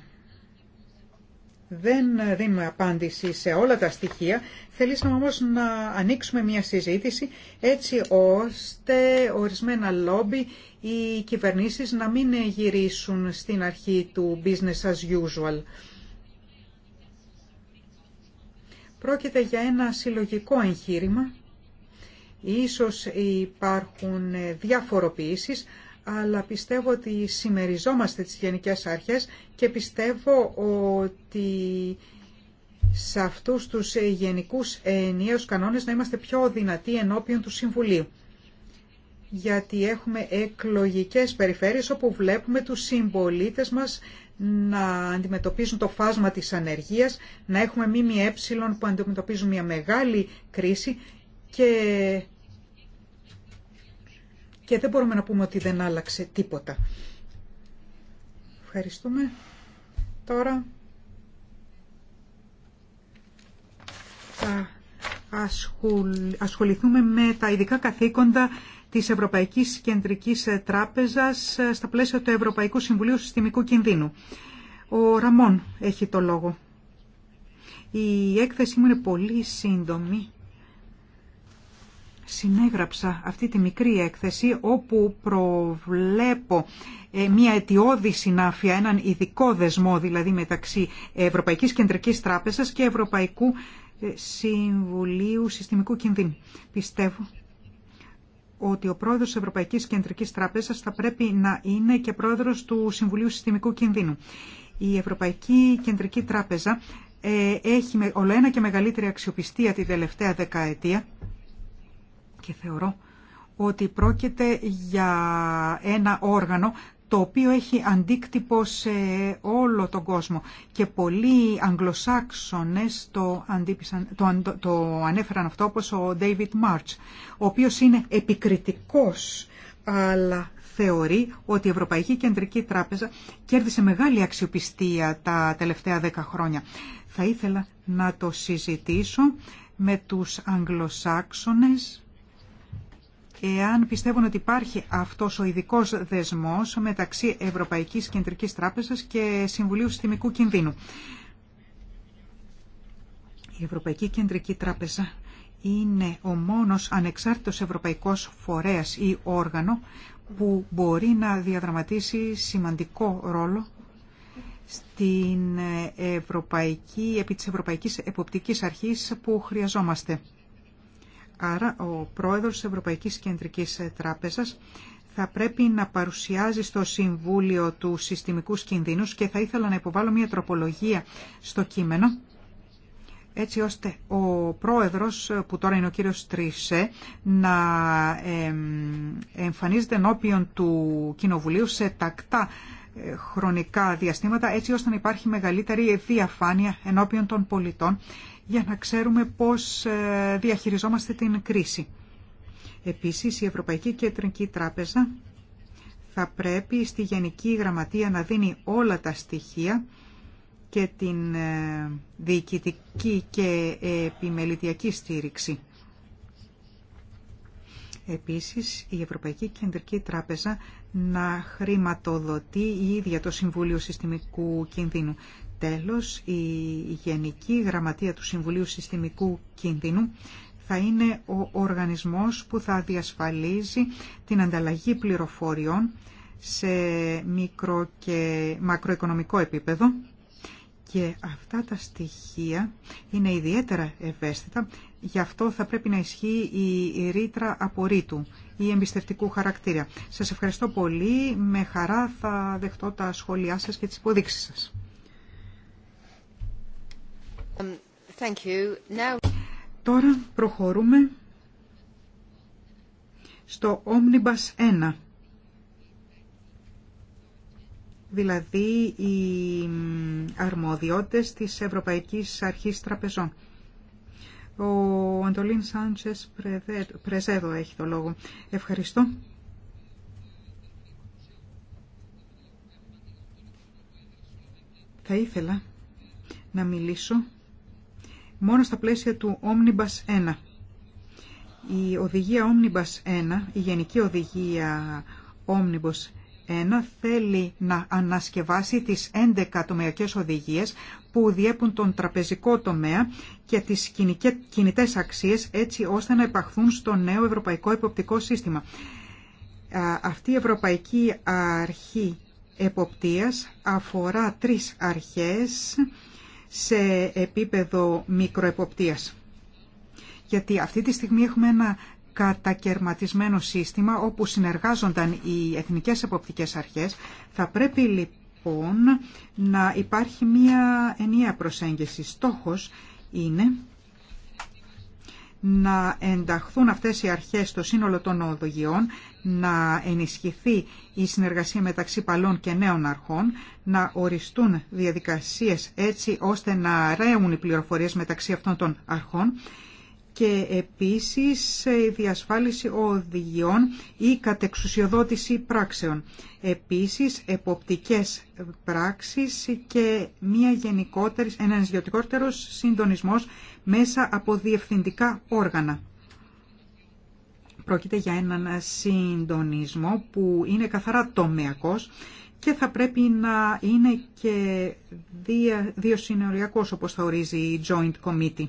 Δεν δίνουμε απάντηση σε όλα τα στοιχεία. Θελήσαμε όμως να ανοίξουμε μια συζήτηση έτσι ώστε ορισμένα λόμπι οι κυβερνήσεις να μην γυρίσουν στην αρχή του business as usual. Πρόκειται για ένα συλλογικό εγχείρημα. Ίσως υπάρχουν διαφοροποιήσεις, αλλά πιστεύω ότι συμμεριζόμαστε τις γενικές αρχές και πιστεύω ότι σε αυτούς τους γενικούς ενιαίους κανόνες να είμαστε πιο δυνατοί ενώπιον του Συμβουλίου. Γιατί έχουμε εκλογικές περιφέρειες όπου βλέπουμε τους συμπολίτε μας να αντιμετωπίζουν το φάσμα της ανεργίας, να έχουμε Ε που αντιμετωπίζουν μια μεγάλη κρίση και και δεν μπορούμε να πούμε ότι δεν άλλαξε τίποτα. Ευχαριστούμε. Τώρα θα ασχοληθούμε με τα ειδικά καθήκοντα της Ευρωπαϊκής Κεντρικής Τράπεζας ε, στα πλαίσια του Ευρωπαϊκού Συμβουλίου Συστημικού Κινδύνου. Ο Ραμόν έχει το λόγο. Η έκθεση μου είναι πολύ σύντομη συνέγραψα αυτή τη μικρή έκθεση όπου προβλέπω ε, μια αιτιώδη συνάφεια, έναν ειδικό δεσμό δηλαδή μεταξύ Ευρωπαϊκής Κεντρικής Τράπεζας και Ευρωπαϊκού ε, Συμβουλίου Συστημικού Κινδύνου. Πιστεύω ότι ο πρόεδρος της Ευρωπαϊκής Κεντρικής Τράπεζας θα πρέπει να είναι και πρόεδρος του Συμβουλίου Συστημικού Κινδύνου. Η Ευρωπαϊκή Κεντρική Τράπεζα ε, έχει ολοένα και μεγαλύτερη αξιοπιστία τη τελευταία δεκαετία και θεωρώ ότι πρόκειται για ένα όργανο το οποίο έχει αντίκτυπο σε όλο τον κόσμο και πολλοί Αγγλοσάξονες το, αντίπισαν, το, ανέφεραν αυτό όπως ο David March ο οποίος είναι επικριτικός αλλά θεωρεί ότι η Ευρωπαϊκή Κεντρική Τράπεζα κέρδισε μεγάλη αξιοπιστία τα τελευταία δέκα χρόνια. Θα ήθελα να το συζητήσω με τους Αγγλοσάξονες εάν πιστεύουν ότι υπάρχει αυτός ο ειδικό δεσμός μεταξύ Ευρωπαϊκής Κεντρικής Τράπεζας και Συμβουλίου Συστημικού Κινδύνου. Η Ευρωπαϊκή Κεντρική Τράπεζα είναι ο μόνος ανεξάρτητος ευρωπαϊκός φορέας ή όργανο που μπορεί να διαδραματίσει σημαντικό ρόλο στην Ευρωπαϊκή, επί της Ευρωπαϊκής Εποπτικής Αρχής που χρειαζόμαστε. Άρα ο πρόεδρος της Ευρωπαϊκής Κεντρικής Τράπεζας θα πρέπει να παρουσιάζει στο Συμβούλιο του Συστημικούς Κινδύνους και θα ήθελα να υποβάλω μια τροπολογία στο κείμενο έτσι ώστε ο πρόεδρος, που τώρα είναι ο κύριος Τρίσε, να εμφανίζεται ενώπιον του Κοινοβουλίου σε τακτά ε, χρονικά διαστήματα, έτσι ώστε να υπάρχει μεγαλύτερη διαφάνεια ενώπιον των πολιτών για να ξέρουμε πώς ε, διαχειριζόμαστε την κρίση. Επίσης, η Ευρωπαϊκή Κεντρική Τράπεζα θα πρέπει στη Γενική Γραμματεία να δίνει όλα τα στοιχεία και την ε, διοικητική και επιμελητιακή στήριξη. Επίσης, η Ευρωπαϊκή Κεντρική Τράπεζα να χρηματοδοτεί η ίδια το Συμβούλιο Συστημικού Κινδύνου. Τέλος, η Γενική Γραμματεία του Συμβουλίου Συστημικού Κίνδυνου θα είναι ο οργανισμός που θα διασφαλίζει την ανταλλαγή πληροφοριών σε μικρο και μακροοικονομικό επίπεδο και αυτά τα στοιχεία είναι ιδιαίτερα ευαίσθητα, γι' αυτό θα πρέπει να ισχύει η ρήτρα απορρίτου ή εμπιστευτικού χαρακτήρα. Σας ευχαριστώ πολύ, με χαρά θα δεχτώ τα σχόλιά σας και τις υποδείξεις σας. Um, Τώρα προχωρούμε στο Omnibus 1. δηλαδή οι αρμοδιότητες της Ευρωπαϊκής Αρχής Τραπεζών. Ο Αντολίν Σάντσες Πρεζέδο έχει το λόγο. Ευχαριστώ. Θα ήθελα να μιλήσω μόνο στα πλαίσια του Omnibus 1. Η οδηγία Omnibus 1, η γενική οδηγία Omnibus 1, θέλει να ανασκευάσει τις 11 τομεακές οδηγίες που διέπουν τον τραπεζικό τομέα και τις κινητές αξίες έτσι ώστε να επαχθούν στο νέο ευρωπαϊκό εποπτικό σύστημα. Αυτή η Ευρωπαϊκή Αρχή Εποπτείας αφορά τρεις αρχές σε επίπεδο μικροεποπτείας. Γιατί αυτή τη στιγμή έχουμε ένα κατακαιρματισμένο σύστημα όπου συνεργάζονταν οι εθνικές εποπτικές αρχές. Θα πρέπει λοιπόν να υπάρχει μία ενιαία προσέγγιση. Στόχος είναι να ενταχθούν αυτές οι αρχές στο σύνολο των οδογιών να ενισχυθεί η συνεργασία μεταξύ παλών και νέων αρχών, να οριστούν διαδικασίες έτσι ώστε να ρέουν οι πληροφορίες μεταξύ αυτών των αρχών και επίσης η διασφάλιση οδηγιών ή κατεξουσιοδότηση πράξεων. Επίσης, εποπτικές πράξεις και μια γενικότερη, ένας γενικότερος συντονισμός μέσα από διευθυντικά όργανα. Πρόκειται για έναν συντονισμό που είναι καθαρά τομεακός και θα πρέπει να είναι και δύο συνοριακός όπως θα ορίζει η Joint Committee.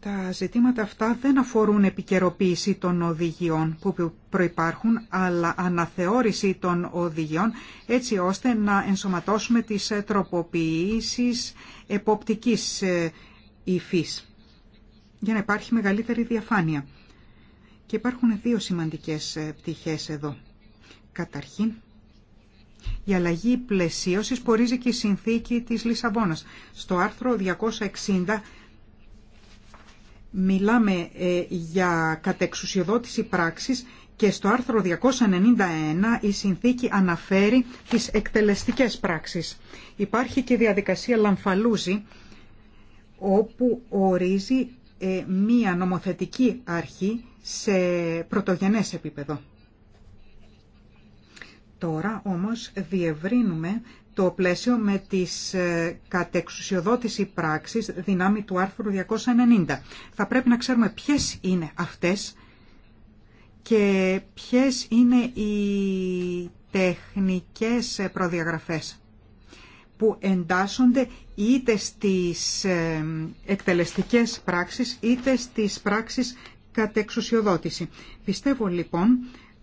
Τα ζητήματα αυτά δεν αφορούν επικαιροποίηση των οδηγιών που προϋπάρχουν, αλλά αναθεώρηση των οδηγιών, έτσι ώστε να ενσωματώσουμε τις τροποποιήσεις εποπτικής ε, υφής για να υπάρχει μεγαλύτερη διαφάνεια. Και υπάρχουν δύο σημαντικές ε, πτυχές εδώ. Καταρχήν, η αλλαγή πλαισίωσης πορίζει και η συνθήκη της Λισαβόνας. Στο άρθρο 260 μιλάμε ε, για κατεξουσιοδότηση πράξης και στο άρθρο 291 η συνθήκη αναφέρει τις εκτελεστικές πράξεις. Υπάρχει και διαδικασία Λαμφαλούζη όπου ορίζει ε, μία νομοθετική αρχή σε πρωτογενές επίπεδο. Τώρα όμως διευρύνουμε το πλαίσιο με τις ε, κατεξουσιοδότηση πράξεις δυνάμει του άρθρου 290. Θα πρέπει να ξέρουμε ποιες είναι αυτές και ποιες είναι οι τεχνικές προδιαγραφές που εντάσσονται είτε στις ε, εκτελεστικές πράξεις είτε στις πράξεις κατεξουσιοδότηση. Πιστεύω λοιπόν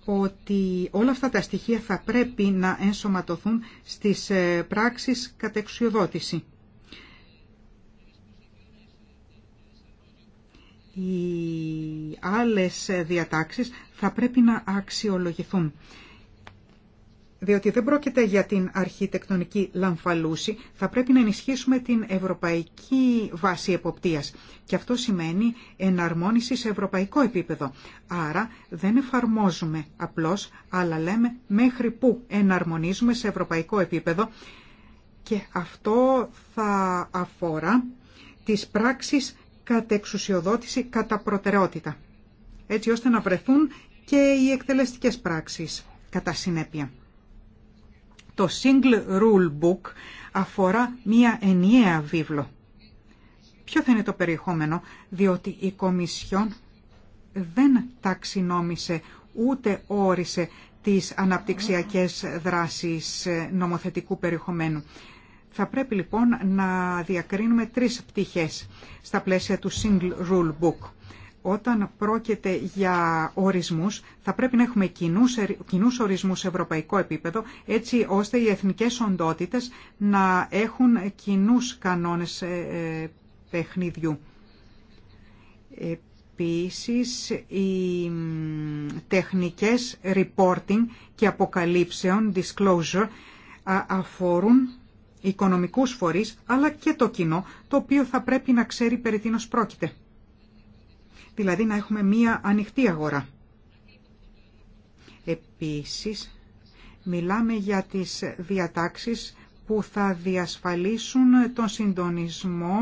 ότι όλα αυτά τα στοιχεία θα πρέπει να ενσωματωθούν στις ε, πράξεις κατεξουσιοδότηση. Οι άλλες ε, διατάξεις θα πρέπει να αξιολογηθούν διότι δεν πρόκειται για την αρχιτεκτονική λαμφαλούση, θα πρέπει να ενισχύσουμε την ευρωπαϊκή βάση εποπτείας. Και αυτό σημαίνει εναρμόνιση σε ευρωπαϊκό επίπεδο. Άρα δεν εφαρμόζουμε απλώς, αλλά λέμε μέχρι που εναρμονίζουμε σε ευρωπαϊκό επίπεδο και αυτό θα αφορά τις πράξεις εξουσιοδότηση κατά προτεραιότητα, έτσι ώστε να βρεθούν και οι εκτελεστικές πράξεις κατά συνέπεια. Το Single Rule Book αφορά μία ενιαία βίβλο. Ποιο θα είναι το περιεχόμενο, διότι η Κομισιόν δεν ταξινόμησε ούτε όρισε τις αναπτυξιακές δράσεις νομοθετικού περιεχομένου. Θα πρέπει λοιπόν να διακρίνουμε τρεις πτυχές στα πλαίσια του Single Rule Book όταν πρόκειται για ορισμούς θα πρέπει να έχουμε κοινού ορισμούς σε ευρωπαϊκό επίπεδο έτσι ώστε οι εθνικές οντότητες να έχουν κοινού κανόνες ε, ε, παιχνιδιού. Επίσης, οι τεχνικές reporting και αποκαλύψεων, disclosure, αφορούν οικονομικούς φορείς αλλά και το κοινό, το οποίο θα πρέπει να ξέρει περί τίνος πρόκειται δηλαδή να έχουμε μία ανοιχτή αγορά. Επίσης, μιλάμε για τις διατάξεις που θα διασφαλίσουν τον συντονισμό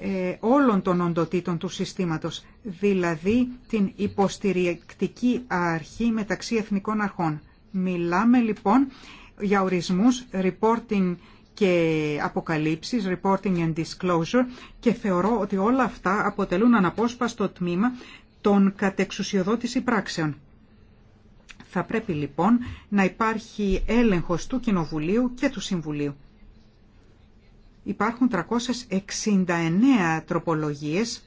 ε, όλων των οντοτήτων του συστήματος, δηλαδή την υποστηρικτική αρχή μεταξύ εθνικών αρχών. Μιλάμε λοιπόν για ορισμούς reporting και αποκαλύψεις, reporting and disclosure και θεωρώ ότι όλα αυτά αποτελούν αναπόσπαστο τμήμα των κατεξουσιοδότηση πράξεων. Θα πρέπει λοιπόν να υπάρχει έλεγχος του Κοινοβουλίου και του Συμβουλίου. Υπάρχουν 369 τροπολογίες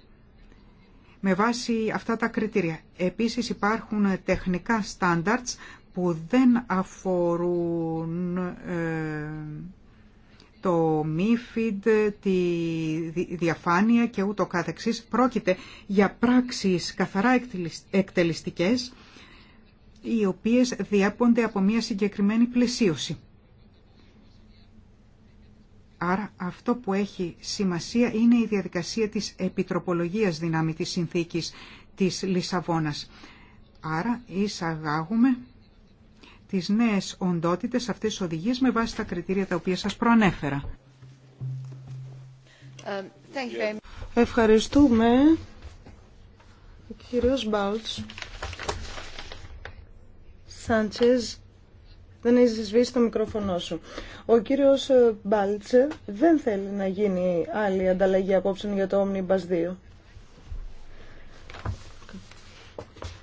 με βάση αυτά τα κριτήρια. Επίσης υπάρχουν τεχνικά standards που δεν αφορούν ε, το MIFID, τη διαφάνεια και ούτω καθεξής. Πρόκειται για πράξεις καθαρά εκτελιστικές, οι οποίες διέπονται από μια συγκεκριμένη πλαισίωση. Άρα αυτό που έχει σημασία είναι η διαδικασία της επιτροπολογίας δυνάμει της συνθήκης της Λισαβόνας. Άρα εισαγάγουμε τις νέες οντότητες αυτές τις οδηγίες με βάση τα κριτήρια τα οποία σας προανέφερα. Ευχαριστούμε. Ο κύριος Μπάλτς. Σάντσες, δεν έχει σβήσει το μικρόφωνο σου. Ο κύριος ε, Μπάλτσε δεν θέλει να γίνει άλλη ανταλλαγή απόψεων για το Omnibus 2.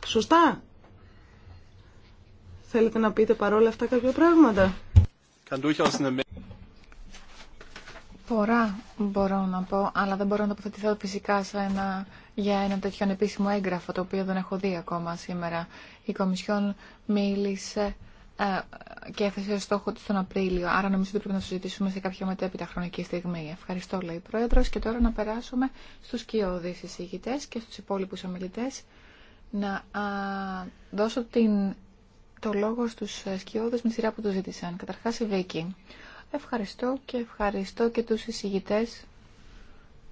Σωστά. Θέλετε να πείτε παρόλα αυτά κάποια πράγματα. Πορά μπορώ να πω, αλλά δεν μπορώ να τοποθετηθώ φυσικά σε ένα, για ένα τέτοιο ανεπίσημο έγγραφο, το οποίο δεν έχω δει ακόμα σήμερα. Η Κομισιόν μίλησε ε, και έθεσε στόχο του τον Απρίλιο, άρα νομίζω ότι πρέπει να συζητήσουμε σε κάποια μετέπειτα χρονική στιγμή. Ευχαριστώ, λέει η Πρόεδρος, και τώρα να περάσουμε στους κοιόδης εισηγητές και στους υπόλοιπου ομιλητέ. να α, δώσω την το λόγο στους σκιώδες με σειρά που το ζήτησαν. Καταρχάς η Βίκη. Ευχαριστώ και ευχαριστώ και τους εισηγητές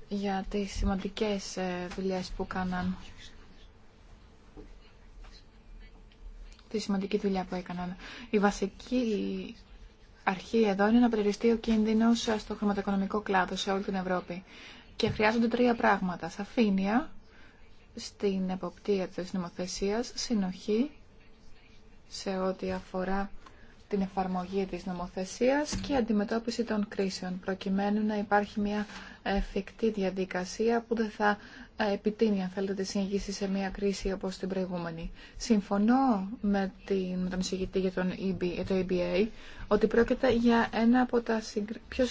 για τις σημαντικές ε, δουλειές που κάναν. Τη σημαντική δουλειά που έκαναν. Η βασική αρχή εδώ είναι να περιοριστεί ο κίνδυνος στο χρηματοοικονομικό κλάδο σε όλη την Ευρώπη. Και χρειάζονται τρία πράγματα. Σαφήνεια στην εποπτεία της νομοθεσίας, συνοχή σε ό,τι αφορά την εφαρμογή της νομοθεσίας και αντιμετώπιση των κρίσεων, προκειμένου να υπάρχει μια εφικτή διαδικασία που δεν θα ε, επιτείνει, αν θέλετε, τη συγγύηση σε μια κρίση όπως την προηγούμενη. Συμφωνώ με, την, με τον εισηγητή για, ε, το EBA ότι πρόκειται για ένα από τα πιο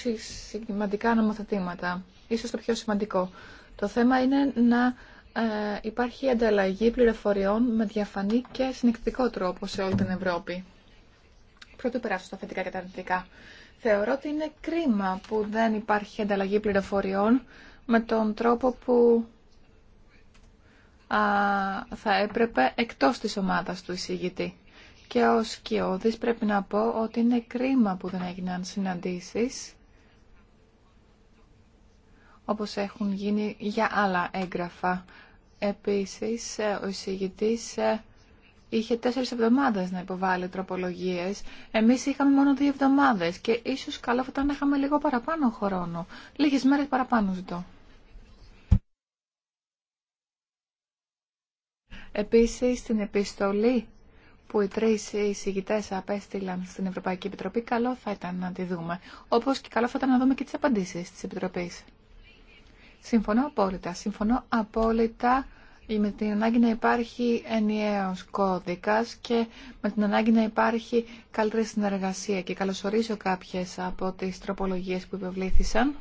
σημαντικά νομοθετήματα, ίσως το πιο σημαντικό. Το θέμα είναι να ε, υπάρχει ανταλλαγή πληροφοριών με διαφανή και συνεκτικό τρόπο σε όλη την Ευρώπη. Πρώτο περάσω στα θετικά και τα αρνητικά. Θεωρώ ότι είναι κρίμα που δεν υπάρχει ανταλλαγή πληροφοριών με τον τρόπο που θα έπρεπε εκτός της ομάδας του εισηγητή. Και ως κοιόδης πρέπει να πω ότι είναι κρίμα που δεν έγιναν συναντήσεις όπως έχουν γίνει για άλλα έγγραφα Επίσης, ε, ο εισηγητής ε, είχε τέσσερις εβδομάδες να υποβάλει τροπολογίες. Εμείς είχαμε μόνο δύο εβδομάδες και ίσως καλό θα ήταν να είχαμε λίγο παραπάνω χρόνο. Λίγες μέρες παραπάνω ζητώ. Επίσης, στην επιστολή που οι τρεις εισηγητές απέστειλαν στην Ευρωπαϊκή Επιτροπή, καλό θα ήταν να τη δούμε. Όπως και καλό θα ήταν να δούμε και τις απαντήσεις της Επιτροπής. Συμφωνώ απόλυτα. Συμφωνώ απόλυτα με την ανάγκη να υπάρχει ενιαίος κώδικας και με την ανάγκη να υπάρχει καλύτερη συνεργασία και καλωσορίζω κάποιες από τις τροπολογίες που υπευλήθησαν.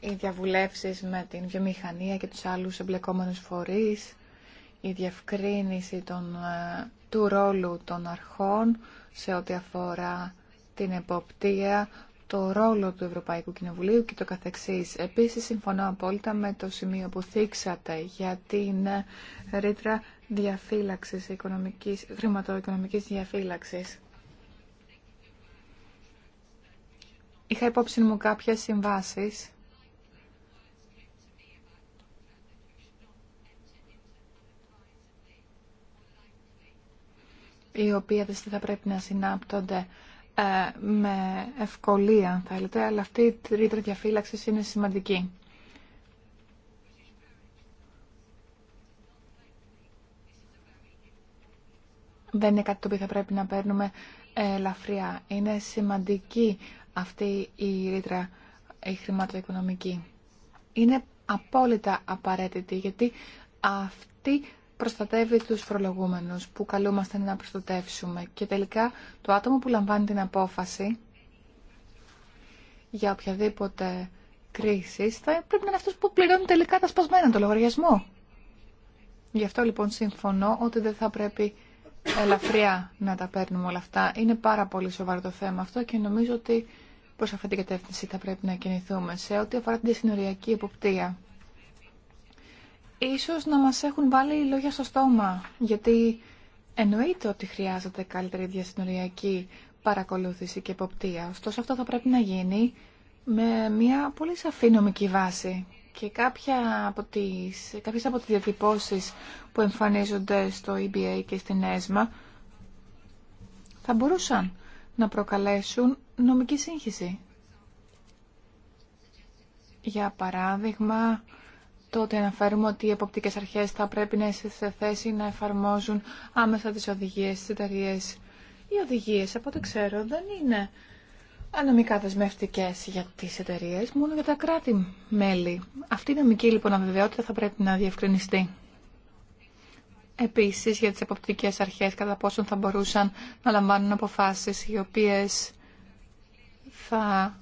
Οι διαβουλεύσεις με την βιομηχανία και τους άλλους εμπλεκόμενους φορείς, η διευκρίνηση των, ε, του ρόλου των αρχών σε ό,τι αφορά την εποπτεία, το ρόλο του Ευρωπαϊκού Κοινοβουλίου και το καθεξής. Επίσης, συμφωνώ απόλυτα με το σημείο που θίξατε για την ε, ρήτρα διαφύλαξης, οικονομικής, χρηματοοικονομικής διαφύλαξης. Είχα υπόψη μου κάποιες συμβάσεις οι οποίες δεν θα πρέπει να συνάπτονται ε, με ευκολία, αν θέλετε, αλλά αυτή η ρήτρα διαφύλαξη είναι σημαντική. Δεν είναι κάτι το οποίο θα πρέπει να παίρνουμε ε, ελαφριά. Είναι σημαντική αυτή η ρήτρα η χρηματοοικονομική. Είναι απόλυτα απαραίτητη γιατί αυτή προστατεύει τους φορολογούμενους που καλούμαστε να προστατεύσουμε και τελικά το άτομο που λαμβάνει την απόφαση για οποιαδήποτε κρίση θα πρέπει να είναι αυτός που πληρώνει τελικά τα σπασμένα, το λογαριασμό. Γι' αυτό λοιπόν συμφωνώ ότι δεν θα πρέπει ελαφριά να τα παίρνουμε όλα αυτά. Είναι πάρα πολύ σοβαρό το θέμα αυτό και νομίζω ότι προς αυτή την κατεύθυνση θα πρέπει να κινηθούμε σε ό,τι αφορά την συνοριακή εποπτεία ίσως να μας έχουν βάλει λόγια στο στόμα, γιατί εννοείται ότι χρειάζεται καλύτερη διασυνοριακή παρακολούθηση και εποπτεία. Ωστόσο αυτό θα πρέπει να γίνει με μια πολύ σαφή νομική βάση και κάποια από τις, κάποιες από τις διατυπώσεις που εμφανίζονται στο EBA και στην ΕΣΜΑ θα μπορούσαν να προκαλέσουν νομική σύγχυση. Για παράδειγμα, τότε αναφέρουμε ότι οι εποπτικές αρχές θα πρέπει να είσαι σε θέση να εφαρμόζουν άμεσα τις οδηγίες της εταιρεία. Οι οδηγίες, από ό,τι ξέρω, δεν είναι ανομικά δεσμευτικέ για τις εταιρείε, μόνο για τα κράτη-μέλη. Αυτή η νομική λοιπόν αβεβαιότητα θα πρέπει να διευκρινιστεί. Επίσης, για τις εποπτικές αρχές, κατά πόσον θα μπορούσαν να λαμβάνουν αποφάσεις οι οποίες θα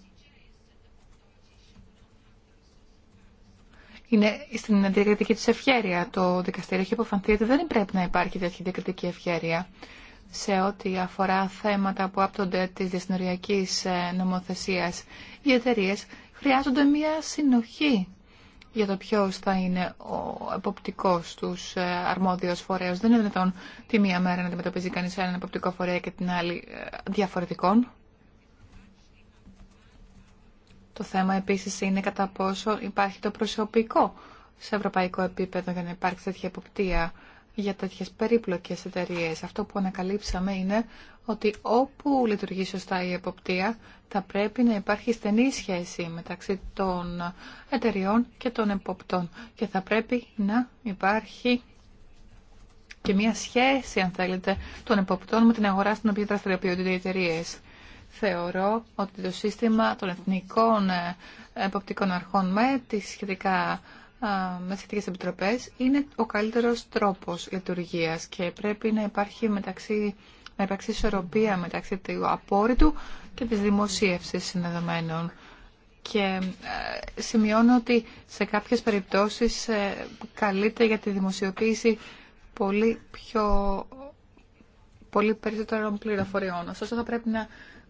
είναι στην διακριτική της ευχέρεια. Το δικαστήριο έχει αποφανθεί ότι δεν πρέπει να υπάρχει τέτοια διακριτική ευχέρεια σε ό,τι αφορά θέματα που άπτονται τη διασυνοριακή ε, νομοθεσία. Οι εταιρείε χρειάζονται μια συνοχή για το ποιο θα είναι ο εποπτικό του ε, αρμόδιο φορέα. Δεν είναι δυνατόν τη μία μέρα να αντιμετωπίζει κανεί έναν εποπτικό φορέα και την άλλη ε, διαφορετικών. Το θέμα επίσης είναι κατά πόσο υπάρχει το προσωπικό σε ευρωπαϊκό επίπεδο για να υπάρξει τέτοια εποπτεία για τέτοιε περίπλοκες εταιρείε. Αυτό που ανακαλύψαμε είναι ότι όπου λειτουργεί σωστά η εποπτεία θα πρέπει να υπάρχει στενή σχέση μεταξύ των εταιριών και των εποπτών και θα πρέπει να υπάρχει και μια σχέση, αν θέλετε, των εποπτών με την αγορά στην οποία δραστηριοποιούνται οι εταιρείε θεωρώ ότι το σύστημα των εθνικών ε, εποπτικών αρχών με τις σχετικά με σχετικές επιτροπές είναι ο καλύτερος τρόπος λειτουργίας και πρέπει να υπάρχει μεταξύ να υπάρξει ισορροπία μεταξύ του απόρριτου και της δημοσίευσης συνδεδομένων. Και ε, σημειώνω ότι σε κάποιες περιπτώσεις ε, καλείται για τη δημοσιοποίηση πολύ πιο πολύ περισσότερων πληροφοριών. Ωστόσο θα πρέπει να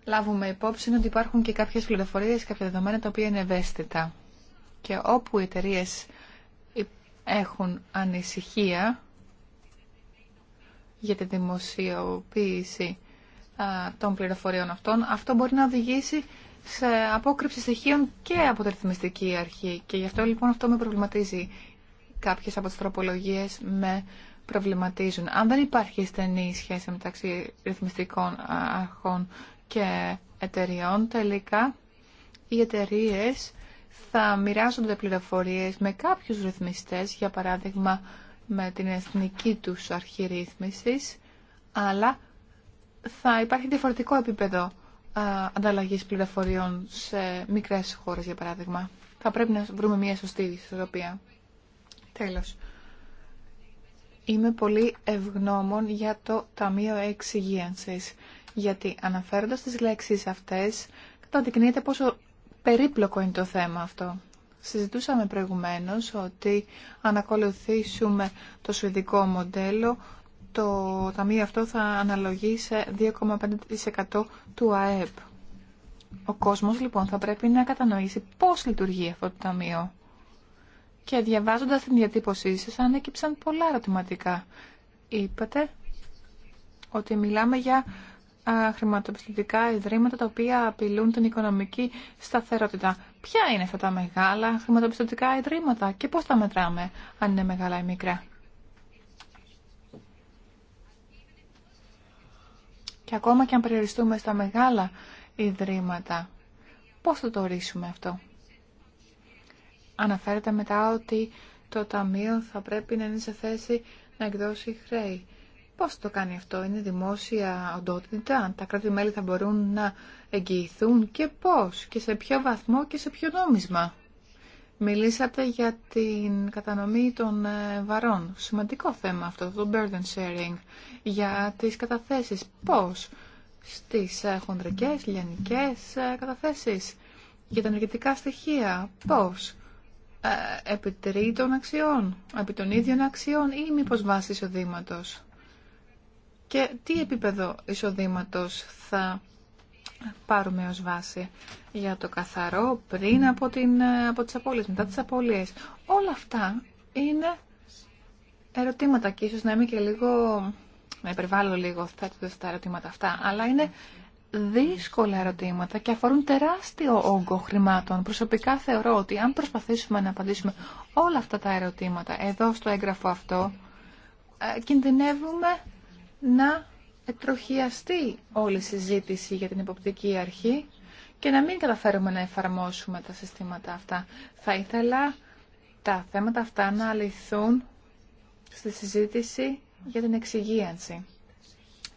λάβουμε υπόψη ότι υπάρχουν και κάποιες πληροφορίες, κάποια δεδομένα τα οποία είναι ευαίσθητα. Και όπου οι εταιρείε έχουν ανησυχία για τη δημοσιοποίηση των πληροφοριών αυτών, αυτό μπορεί να οδηγήσει σε απόκρυψη στοιχείων και από τη ρυθμιστική αρχή. Και γι' αυτό λοιπόν αυτό με προβληματίζει. Κάποιες από τις τροπολογίες με προβληματίζουν. Αν δεν υπάρχει στενή σχέση μεταξύ ρυθμιστικών αρχών και εταιριών, τελικά οι εταιρείε θα μοιράζονται πληροφορίες με κάποιους ρυθμιστές, για παράδειγμα με την εθνική τους αρχή ρύθμισης, αλλά θα υπάρχει διαφορετικό επίπεδο ανταλλαγής πληροφοριών σε μικρές χώρες, για παράδειγμα. Θα πρέπει να βρούμε μια σωστή ισορροπία. Τέλος. Είμαι πολύ ευγνώμων για το Ταμείο Εξυγίανσης γιατί αναφέροντας τις λέξεις αυτές καταδεικνύεται πόσο περίπλοκο είναι το θέμα αυτό. Συζητούσαμε προηγουμένως ότι αν ακολουθήσουμε το σουηδικό μοντέλο, το ταμείο αυτό θα αναλογεί σε 2,5% του ΑΕΠ. Ο κόσμος λοιπόν θα πρέπει να κατανοήσει πώς λειτουργεί αυτό το ταμείο. Και διαβάζοντας την διατύπωσή σας ανέκυψαν πολλά ερωτηματικά. Είπατε ότι μιλάμε για χρηματοπιστωτικά ιδρύματα τα οποία απειλούν την οικονομική σταθερότητα. Ποια είναι αυτά τα μεγάλα χρηματοπιστωτικά ιδρύματα και πώς τα μετράμε αν είναι μεγάλα ή μικρά. Και ακόμα και αν περιοριστούμε στα μεγάλα ιδρύματα, πώς θα το ορίσουμε αυτό. Αναφέρεται μετά ότι το Ταμείο θα πρέπει να είναι σε θέση να εκδώσει χρέη. Πώς το κάνει αυτό, είναι δημόσια οντότητα, τα κράτη-μέλη θα μπορούν να εγγυηθούν και πώς και σε ποιο βαθμό και σε ποιο νόμισμα. Μιλήσατε για την κατανομή των ε, βαρών. Σημαντικό θέμα αυτό, το burden sharing, για τις καταθέσεις. Πώς στις ε, χοντρικές, λιανικές ε, καταθέσεις, για τα ενεργητικά στοιχεία. Πώς επί τρίτων αξιών, επί των ίδιων αξιών ή μήπως βάση εισόδηματο και τι επίπεδο εισοδήματος θα πάρουμε ως βάση για το καθαρό πριν από, την, από τις απώλειες, μετά τις απώλειες. Όλα αυτά είναι ερωτήματα και ίσως να είμαι και λίγο, να υπερβάλλω λίγο θέτοντας τα ερωτήματα αυτά, αλλά είναι δύσκολα ερωτήματα και αφορούν τεράστιο όγκο χρημάτων. Προσωπικά θεωρώ ότι αν προσπαθήσουμε να απαντήσουμε όλα αυτά τα ερωτήματα εδώ στο έγγραφο αυτό, ε, κινδυνεύουμε να ετροχιαστεί όλη η συζήτηση για την υποπτική αρχή και να μην καταφέρουμε να εφαρμόσουμε τα συστήματα αυτά. Θα ήθελα τα θέματα αυτά να αληθούν στη συζήτηση για την εξυγίανση.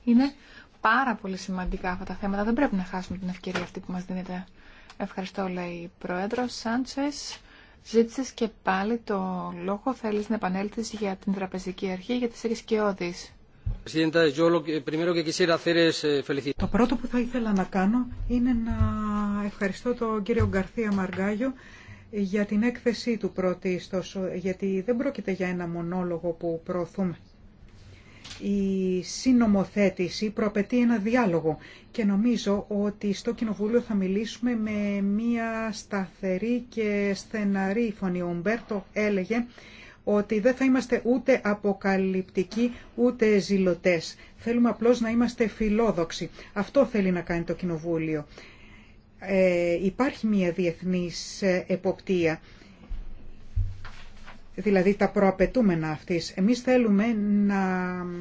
Είναι πάρα πολύ σημαντικά αυτά τα θέματα. Δεν πρέπει να χάσουμε την ευκαιρία αυτή που μας δίνεται. Ευχαριστώ, λέει η Πρόεδρος Σάντσες. Ζήτησε και πάλι το λόγο. Θέλεις να επανέλθεις για την τραπεζική αρχή, για τις Eh, Το πρώτο που θα ήθελα να κάνω είναι να ευχαριστώ τον κύριο Γκαρθία Μαργκάγιο για την έκθεσή του πρωτίστως, γιατί δεν πρόκειται για ένα μονόλογο που προωθούμε. Η συνομοθέτηση προαπαιτεί ένα διάλογο και νομίζω ότι στο Κοινοβούλιο θα μιλήσουμε με μία σταθερή και στεναρή φωνή. Ο Ομπέρτο έλεγε ότι δεν θα είμαστε ούτε αποκαλυπτικοί ούτε ζηλωτές. Θέλουμε απλώς να είμαστε φιλόδοξοι. Αυτό θέλει να κάνει το Κοινοβούλιο. Ε, υπάρχει μια διεθνής ε, εποπτεία δηλαδή τα προαπαιτούμενα αυτής. Εμείς θέλουμε να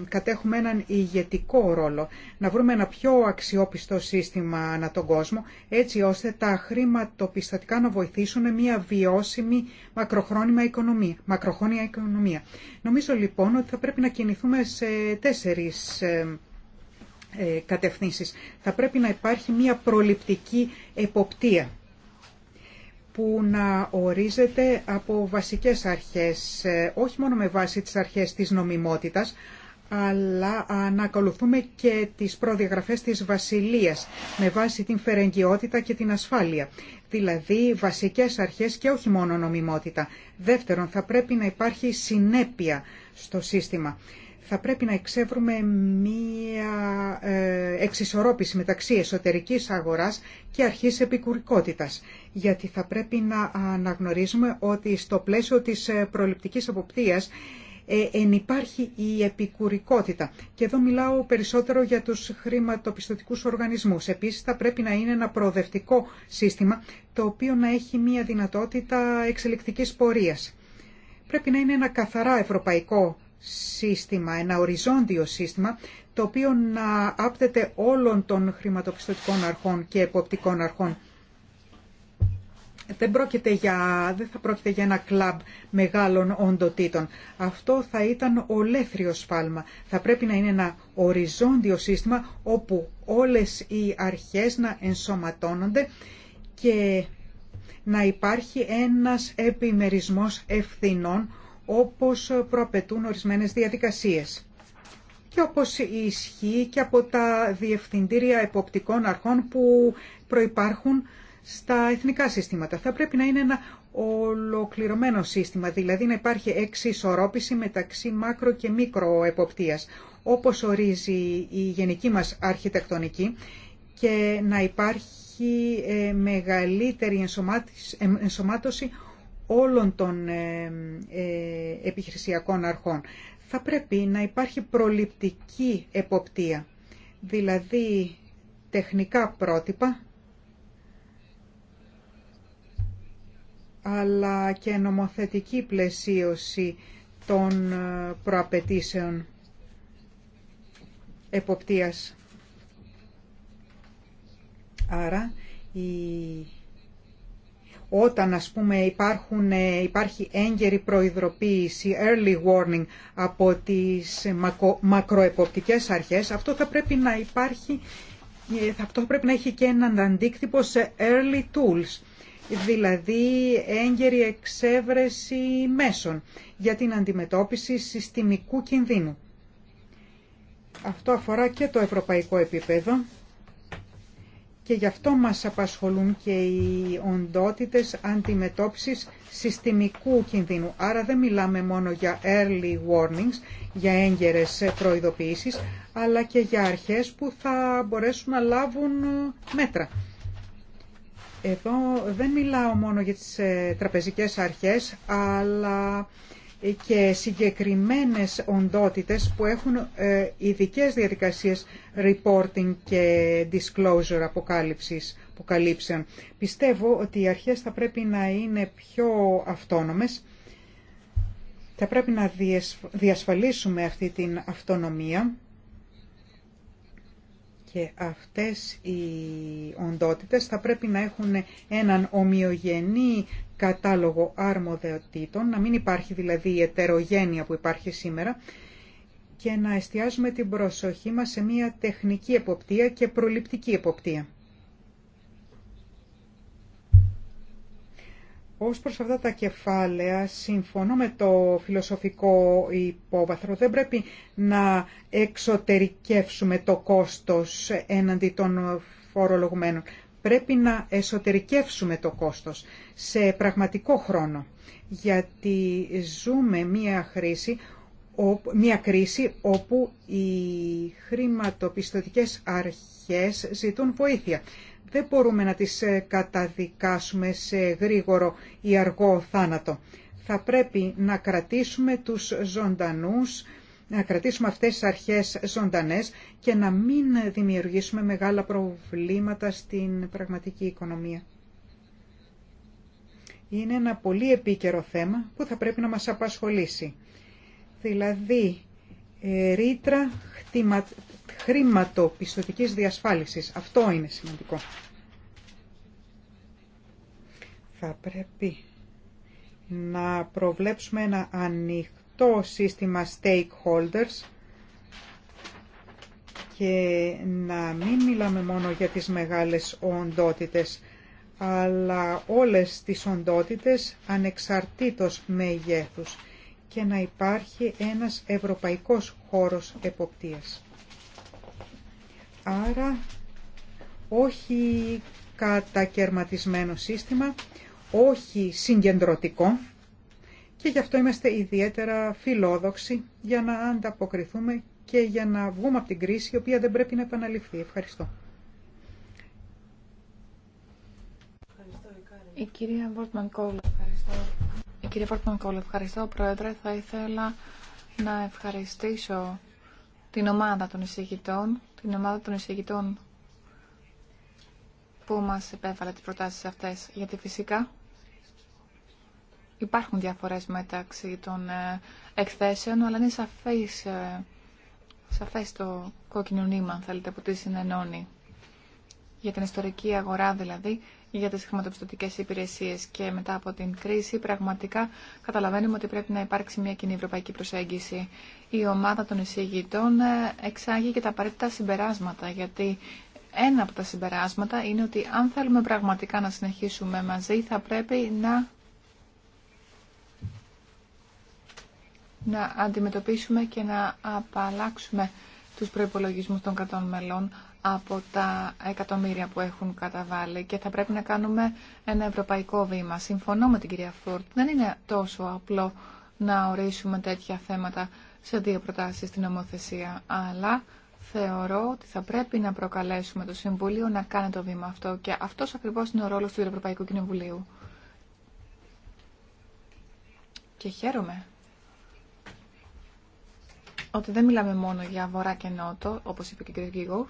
κατέχουμε έναν ηγετικό ρόλο, να βρούμε ένα πιο αξιόπιστο σύστημα ανά τον κόσμο, έτσι ώστε τα χρηματοπιστωτικά να βοηθήσουν μια βιώσιμη μακροχρόνια οικονομία. Μακροχρόνια οικονομία. Νομίζω λοιπόν ότι θα πρέπει να κινηθούμε σε τέσσερις ε, ε, κατευθύνσεις. Θα πρέπει να υπάρχει μια προληπτική εποπτεία που να ορίζεται από βασικές αρχές, ε, όχι μόνο με βάση τις αρχές της νομιμότητας, αλλά να ακολουθούμε και τις προδιαγραφές της Βασιλείας με βάση την φερεγγιότητα και την ασφάλεια, δηλαδή βασικές αρχές και όχι μόνο νομιμότητα. Δεύτερον, θα πρέπει να υπάρχει συνέπεια στο σύστημα θα πρέπει να εξεύρουμε μία ε, εξισορρόπηση μεταξύ εσωτερικής αγοράς και αρχής επικουρικότητας. Γιατί θα πρέπει να αναγνωρίζουμε ότι στο πλαίσιο της ε, προληπτικής αποπτίας ενυπάρχει η επικουρικότητα. Και εδώ μιλάω περισσότερο για τους χρηματοπιστωτικούς οργανισμούς. Επίσης θα πρέπει να είναι ένα προοδευτικό σύστημα το οποίο να έχει μία δυνατότητα εξελικτικής πορείας. Πρέπει να είναι ένα καθαρά ευρωπαϊκό σύστημα, ένα οριζόντιο σύστημα, το οποίο να άπτεται όλων των χρηματοπιστωτικών αρχών και εποπτικών αρχών. Δεν, πρόκειται για, δεν θα πρόκειται για ένα κλαμπ μεγάλων οντοτήτων. Αυτό θα ήταν ολέθριο σφάλμα. Θα πρέπει να είναι ένα οριζόντιο σύστημα όπου όλες οι αρχές να ενσωματώνονται και να υπάρχει ένας επιμερισμός ευθυνών όπως προαπαιτούν ορισμένες διαδικασίες. Και όπως ισχύει και από τα διευθυντήρια εποπτικών αρχών που προϋπάρχουν στα εθνικά συστήματα. Θα πρέπει να είναι ένα ολοκληρωμένο σύστημα, δηλαδή να υπάρχει εξισορρόπηση μεταξύ μάκρο και μικρο εποπτείας, όπως ορίζει η γενική μας αρχιτεκτονική και να υπάρχει ε, μεγαλύτερη ε, ενσωμάτωση όλων των ε, ε, επιχειρησιακών αρχών. Θα πρέπει να υπάρχει προληπτική εποπτεία, δηλαδή τεχνικά πρότυπα, αλλά και νομοθετική πλαισίωση των ε, προαπαιτήσεων εποπτείας. Άρα η όταν, ας πούμε, υπάρχουν, ε, υπάρχει έγκαιρη προειδοποίηση, early warning από τις μακο, μακροεποπτικές αρχές, αυτό θα πρέπει να υπάρχει, ε, αυτό θα πρέπει να έχει και έναν αντίκτυπο σε early tools δηλαδή έγκαιρη εξέβρεση μέσων για την αντιμετώπιση συστημικού κινδύνου. Αυτό αφορά και το ευρωπαϊκό επίπεδο και γι' αυτό μας απασχολούν και οι οντότητες αντιμετώπισης συστημικού κινδύνου. Άρα δεν μιλάμε μόνο για early warnings, για έγκαιρες προειδοποιήσεις, αλλά και για αρχές που θα μπορέσουν να λάβουν μέτρα. Εδώ δεν μιλάω μόνο για τις ε, τραπεζικές αρχές, αλλά και συγκεκριμένες οντότητες που έχουν ε, ειδικέ διαδικασίες reporting και disclosure αποκάλυψης, αποκαλύψεων. Πιστεύω ότι οι αρχές θα πρέπει να είναι πιο αυτόνομες. Θα πρέπει να διασφαλίσουμε αυτή την αυτονομία και αυτές οι οντότητες θα πρέπει να έχουν έναν ομοιογενή κατάλογο αρμοδιοτήτων, να μην υπάρχει δηλαδή η ετερογένεια που υπάρχει σήμερα και να εστιάζουμε την προσοχή μας σε μια τεχνική εποπτεία και προληπτική εποπτεία. Ως προς αυτά τα κεφάλαια, συμφωνώ με το φιλοσοφικό υπόβαθρο, δεν πρέπει να εξωτερικεύσουμε το κόστος έναντι των φορολογουμένων πρέπει να εσωτερικεύσουμε το κόστος σε πραγματικό χρόνο, γιατί ζούμε μία χρήση μια μια όπου οι χρηματοπιστωτικές αρχές ζητούν βοήθεια. Δεν μπορούμε να τις ε, καταδικάσουμε σε γρήγορο ή αργό θάνατο. Θα πρέπει να κρατήσουμε τους ζωντανούς να κρατήσουμε αυτές τις αρχές ζωντανές και να μην δημιουργήσουμε μεγάλα προβλήματα στην πραγματική οικονομία. Είναι ένα πολύ επίκαιρο θέμα που θα πρέπει να μας απασχολήσει. Δηλαδή, ε, ρήτρα χρηματοπιστωτικής διασφάλισης. Αυτό είναι σημαντικό. Θα πρέπει να προβλέψουμε ένα ανοιχτό το σύστημα stakeholders και να μην μιλάμε μόνο για τις μεγάλες οντότητες, αλλά όλες τις οντότητες ανεξαρτήτως μεγέθους και να υπάρχει ένας ευρωπαϊκός χώρος εποπτείας. Άρα, όχι κατακερματισμένο σύστημα, όχι συγκεντρωτικό, και γι' αυτό είμαστε ιδιαίτερα φιλόδοξοι για να ανταποκριθούμε και για να βγούμε από την κρίση η οποία δεν πρέπει να επαναληφθεί. Ευχαριστώ. Η κυρία Βόρτμαν ευχαριστώ. Η κυρία Βόρτμαν ευχαριστώ Πρόεδρε. Θα ήθελα να ευχαριστήσω την ομάδα των εισηγητών, την ομάδα των εισηγητών που μας επέβαλε τις προτάσεις αυτές, γιατί φυσικά Υπάρχουν διαφορές μεταξύ των ε, εκθέσεων, αλλά είναι σαφές, ε, σαφές το κόκκινο νήμα, αν θέλετε, που τι συνενώνει. Για την ιστορική αγορά δηλαδή, για τις χρηματοπιστωτικές υπηρεσίες και μετά από την κρίση, πραγματικά καταλαβαίνουμε ότι πρέπει να υπάρξει μια κοινή ευρωπαϊκή προσέγγιση. Η ομάδα των εισηγητών ε, εξάγει και τα απαραίτητα συμπεράσματα, γιατί ένα από τα συμπεράσματα είναι ότι αν θέλουμε πραγματικά να συνεχίσουμε μαζί, θα πρέπει να να αντιμετωπίσουμε και να απαλλάξουμε τους προϋπολογισμούς των κρατών μελών από τα εκατομμύρια που έχουν καταβάλει και θα πρέπει να κάνουμε ένα ευρωπαϊκό βήμα. Συμφωνώ με την κυρία Φούρτ. Δεν είναι τόσο απλό να ορίσουμε τέτοια θέματα σε δύο προτάσεις στην νομοθεσία, αλλά θεωρώ ότι θα πρέπει να προκαλέσουμε το Συμβούλιο να κάνει το βήμα αυτό και αυτός ακριβώς είναι ο ρόλος του Ευρωπαϊκού Κοινοβουλίου. Και χαίρομαι ότι δεν μιλάμε μόνο για βορρά και νότο, όπως είπε και ο κ. Γκίγο,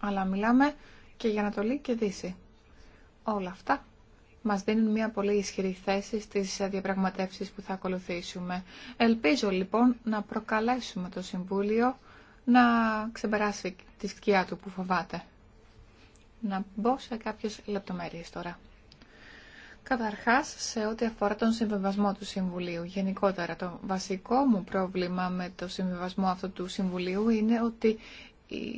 αλλά μιλάμε και για Ανατολή και Δύση. Όλα αυτά μας δίνουν μια πολύ ισχυρή θέση στις διαπραγματεύσεις που θα ακολουθήσουμε. Ελπίζω λοιπόν να προκαλέσουμε το Συμβούλιο να ξεπεράσει τη σκιά του που φοβάται. Να μπω σε κάποιες λεπτομέρειες τώρα. Καταρχάς, σε ό,τι αφορά τον συμβιβασμό του Συμβουλίου, γενικότερα το βασικό μου πρόβλημα με το συμβιβασμό αυτού του Συμβουλίου είναι ότι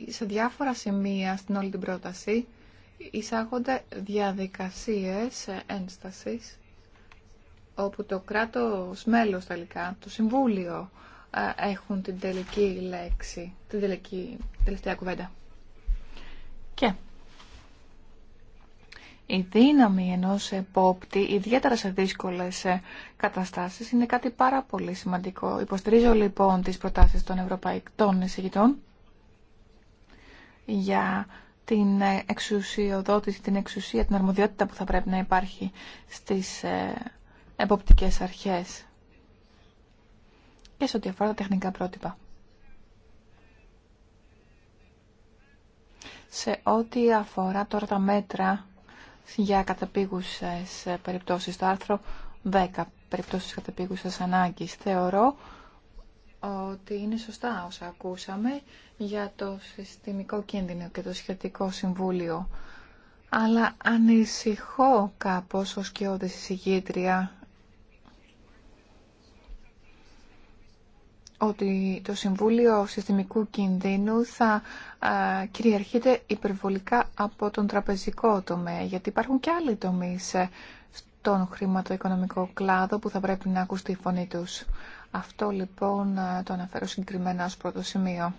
σε διάφορα σημεία στην όλη την πρόταση εισάγονται διαδικασίες ένστασης όπου το κράτος μέλος τελικά, το Συμβούλιο ε, έχουν την τελική λέξη, την τελική, τελευταία κουβέντα. Και η δύναμη ενός επόπτη, ιδιαίτερα σε δύσκολες ε, καταστάσεις, είναι κάτι πάρα πολύ σημαντικό. Υποστηρίζω λοιπόν τις προτάσεις των ευρωπαϊκών εισηγητών για την ε, εξουσιοδότηση, την εξουσία, την αρμοδιότητα που θα πρέπει να υπάρχει στις ε, εποπτικές αρχές και σε ό,τι αφορά τα τεχνικά πρότυπα. Σε ό,τι αφορά τώρα τα μέτρα για καταπήγουσες ε, περιπτώσεις. Το άρθρο 10, περιπτώσεις καταπήγουσες ανάγκης. Θεωρώ ότι είναι σωστά όσα ακούσαμε για το συστημικό κίνδυνο και το σχετικό συμβούλιο. Αλλά ανησυχώ κάπως ως και όδηση ότι το Συμβούλιο Συστημικού Κινδύνου θα κυριαρχείται υπερβολικά από τον τραπεζικό τομέα, γιατί υπάρχουν και άλλοι τομείς στον χρηματοοικονομικό κλάδο που θα πρέπει να ακούσει τη φωνή τους. Αυτό λοιπόν το αναφέρω συγκεκριμένα ως πρώτο σημείο.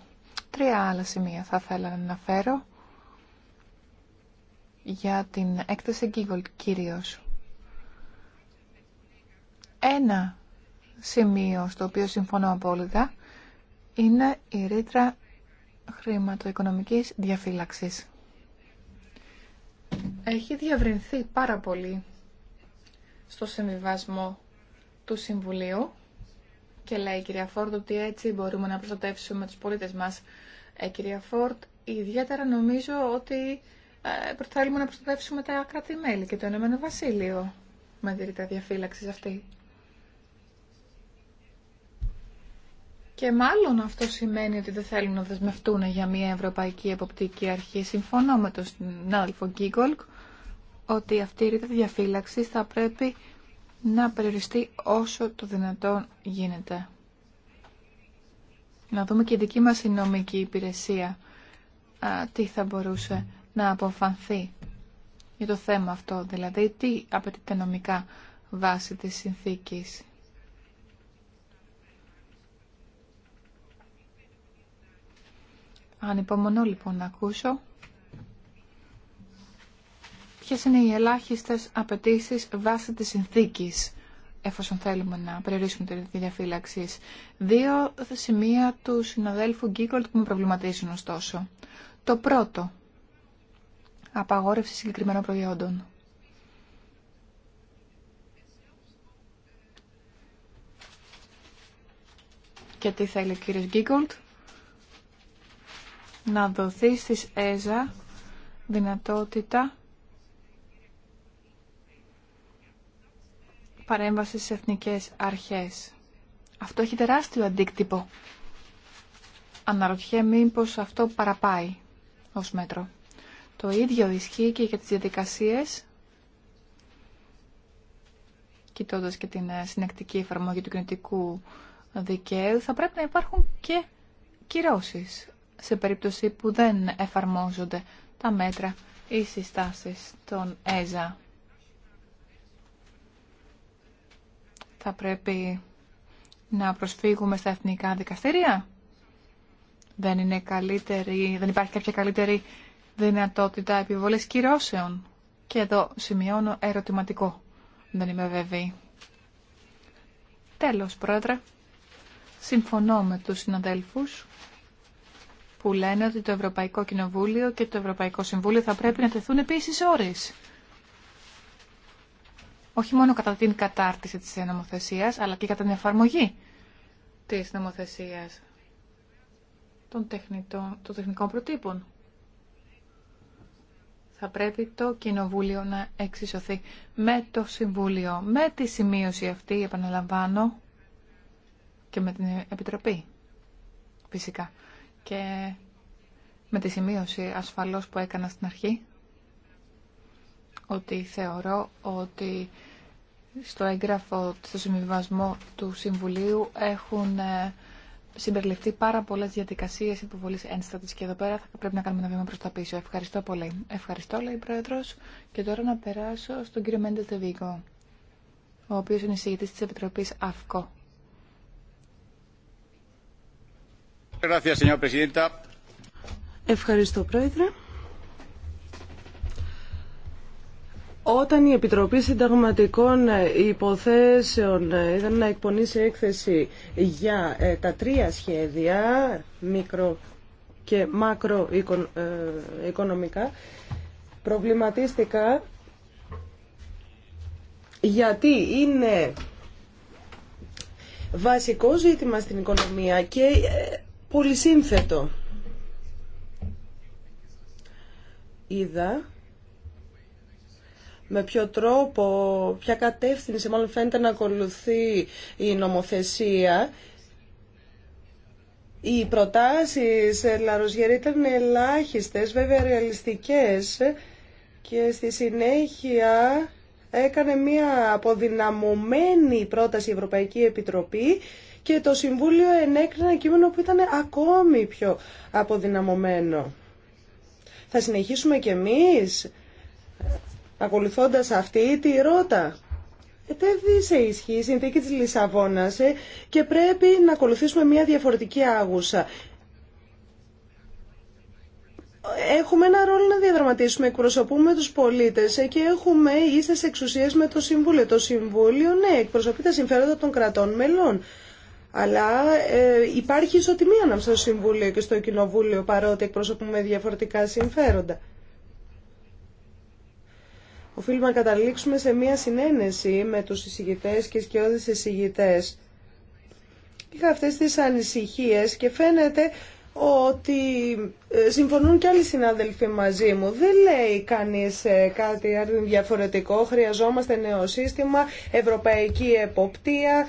Τρία άλλα σημεία θα ήθελα να αναφέρω για την έκθεση Giggle κυρίως. Ένα σημείο στο οποίο συμφωνώ απόλυτα είναι η ρήτρα χρηματοοικονομικής διαφύλαξης. Έχει διαβρινθεί πάρα πολύ στο συμβιβασμό του Συμβουλίου και λέει η κυρία Φόρτ ότι έτσι μπορούμε να προστατεύσουμε τους πολίτες μας. Ε, κυρία Φόρτ, ιδιαίτερα νομίζω ότι ε, θέλουμε να προστατεύσουμε τα κράτη-μέλη και το Ενωμένο Βασίλειο με τη ρήτρα διαφύλαξης αυτή. Και μάλλον αυτό σημαίνει ότι δεν θέλουν να δεσμευτούν για μια ευρωπαϊκή εποπτική αρχή. Συμφωνώ με τον συνάδελφο Γκίγκολκ ότι αυτή η ρήτρα διαφύλαξη θα πρέπει να περιοριστεί όσο το δυνατόν γίνεται. Να δούμε και η δική μας νομική υπηρεσία τι θα μπορούσε να αποφανθεί για το θέμα αυτό. Δηλαδή τι απαιτείται νομικά βάση της συνθήκης. Ανυπομονώ λοιπόν να ακούσω Ποιε είναι οι ελάχιστε απαιτήσει βάσει τη συνθήκη εφόσον θέλουμε να περιορίσουμε τη διαφύλαξη. Δύο σημεία του συναδέλφου Γκίγκολτ που με προβληματίζουν ωστόσο. Το πρώτο, απαγόρευση συγκεκριμένων προϊόντων. Και τι θέλει ο κύριος Γκίγκολτ να δοθεί στις ΕΖΑ δυνατότητα παρέμβαση στις εθνικές αρχές. Αυτό έχει τεράστιο αντίκτυπο. Αναρωτιέμαι μήπως αυτό παραπάει ως μέτρο. Το ίδιο ισχύει και για τις διαδικασίες, κοιτώντας και την ε, συνεκτική εφαρμογή του κριτικού δικαίου, θα πρέπει να υπάρχουν και κυρώσεις σε περίπτωση που δεν εφαρμόζονται τα μέτρα ή συστάσεις των ΕΖΑ. Θα πρέπει να προσφύγουμε στα εθνικά δικαστήρια. Δεν, είναι καλύτερη, δεν υπάρχει κάποια καλύτερη δυνατότητα επιβολής κυρώσεων. Και εδώ σημειώνω ερωτηματικό. Δεν είμαι βέβαιη. Τέλος, Πρόεδρε. Συμφωνώ με τους συναδέλφους που λένε ότι το Ευρωπαϊκό Κοινοβούλιο και το Ευρωπαϊκό Συμβούλιο θα πρέπει να τεθούν επίσης ώρες. Όχι μόνο κατά την κατάρτιση της νομοθεσίας, αλλά και κατά την εφαρμογή της νομοθεσίας των, των τεχνικών προτύπων. Θα πρέπει το Κοινοβούλιο να εξισωθεί με το Συμβούλιο, με τη σημείωση αυτή, επαναλαμβάνω, και με την Επιτροπή, φυσικά και με τη σημείωση ασφαλώς που έκανα στην αρχή ότι θεωρώ ότι στο έγγραφο, στο συμβιβασμό του Συμβουλίου έχουν ε, συμπεριληφθεί πάρα πολλέ διαδικασίε υποβολή ένστατη και εδώ πέρα θα πρέπει να κάνουμε ένα βήμα προ τα πίσω. Ευχαριστώ πολύ. Ευχαριστώ, λέει η Πρόεδρο. Και τώρα να περάσω στον κύριο Μέντε Δεβίγκο, ο οποίο είναι εισηγητή τη Επιτροπή ΑΦΚΟ. Ευχαριστώ, Πρόεδρε. Όταν η Επιτροπή Συνταγματικών Υποθέσεων ήταν να εκπονήσει έκθεση για ε, τα τρία σχέδια, μικρο και μακρο- μακροοικονομικά, ε, προβληματίστηκα γιατί είναι βασικό ζήτημα στην οικονομία και ε, πολυσύνθετο. Είδα με ποιο τρόπο, ποια κατεύθυνση μάλλον φαίνεται να ακολουθεί η νομοθεσία. Οι προτάσεις ε, Λαροζιέρη ήταν ελάχιστες, βέβαια ρεαλιστικές και στη συνέχεια έκανε μια αποδυναμωμένη πρόταση η Ευρωπαϊκή Επιτροπή και το Συμβούλιο ενέκρινε ένα κείμενο που ήταν ακόμη πιο αποδυναμωμένο. Θα συνεχίσουμε κι εμείς ακολουθώντας αυτή τη ρότα. Ετέβη ισχύ η συνθήκη της Λισαβόνας ε, και πρέπει να ακολουθήσουμε μια διαφορετική άγουσα. Έχουμε ένα ρόλο να διαδραματίσουμε, εκπροσωπούμε τους πολίτες ε, και έχουμε ίσες εξουσίες με το Συμβούλιο. Το Συμβούλιο, ναι, εκπροσωπεί τα συμφέροντα των κρατών μελών. Αλλά ε, υπάρχει ισοτιμία ανάμεσα στο Συμβούλιο και στο Κοινοβούλιο παρότι εκπροσωπούμε διαφορετικά συμφέροντα. Οφείλουμε να καταλήξουμε σε μία συνένεση με τους εισηγητές και σκιώδες εισηγητές. Είχα αυτές τις ανησυχίες και φαίνεται ότι ε, συμφωνούν και άλλοι συνάδελφοι μαζί μου. Δεν λέει κανείς ε, κάτι διαφορετικό. Χρειαζόμαστε νέο σύστημα, ευρωπαϊκή εποπτεία.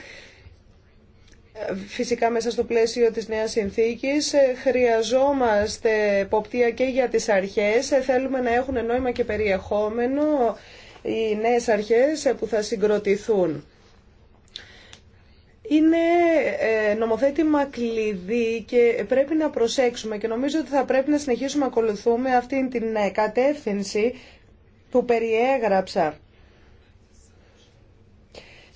Φυσικά μέσα στο πλαίσιο της νέας συνθήκης ε, χρειαζόμαστε ποπτία και για τις αρχές. Ε, θέλουμε να έχουν νόημα και περιεχόμενο οι νέες αρχές ε, που θα συγκροτηθούν. Είναι νομοθέτημα κλειδί και πρέπει να προσέξουμε και νομίζω ότι θα πρέπει να συνεχίσουμε να ακολουθούμε αυτή την κατεύθυνση που περιέγραψα.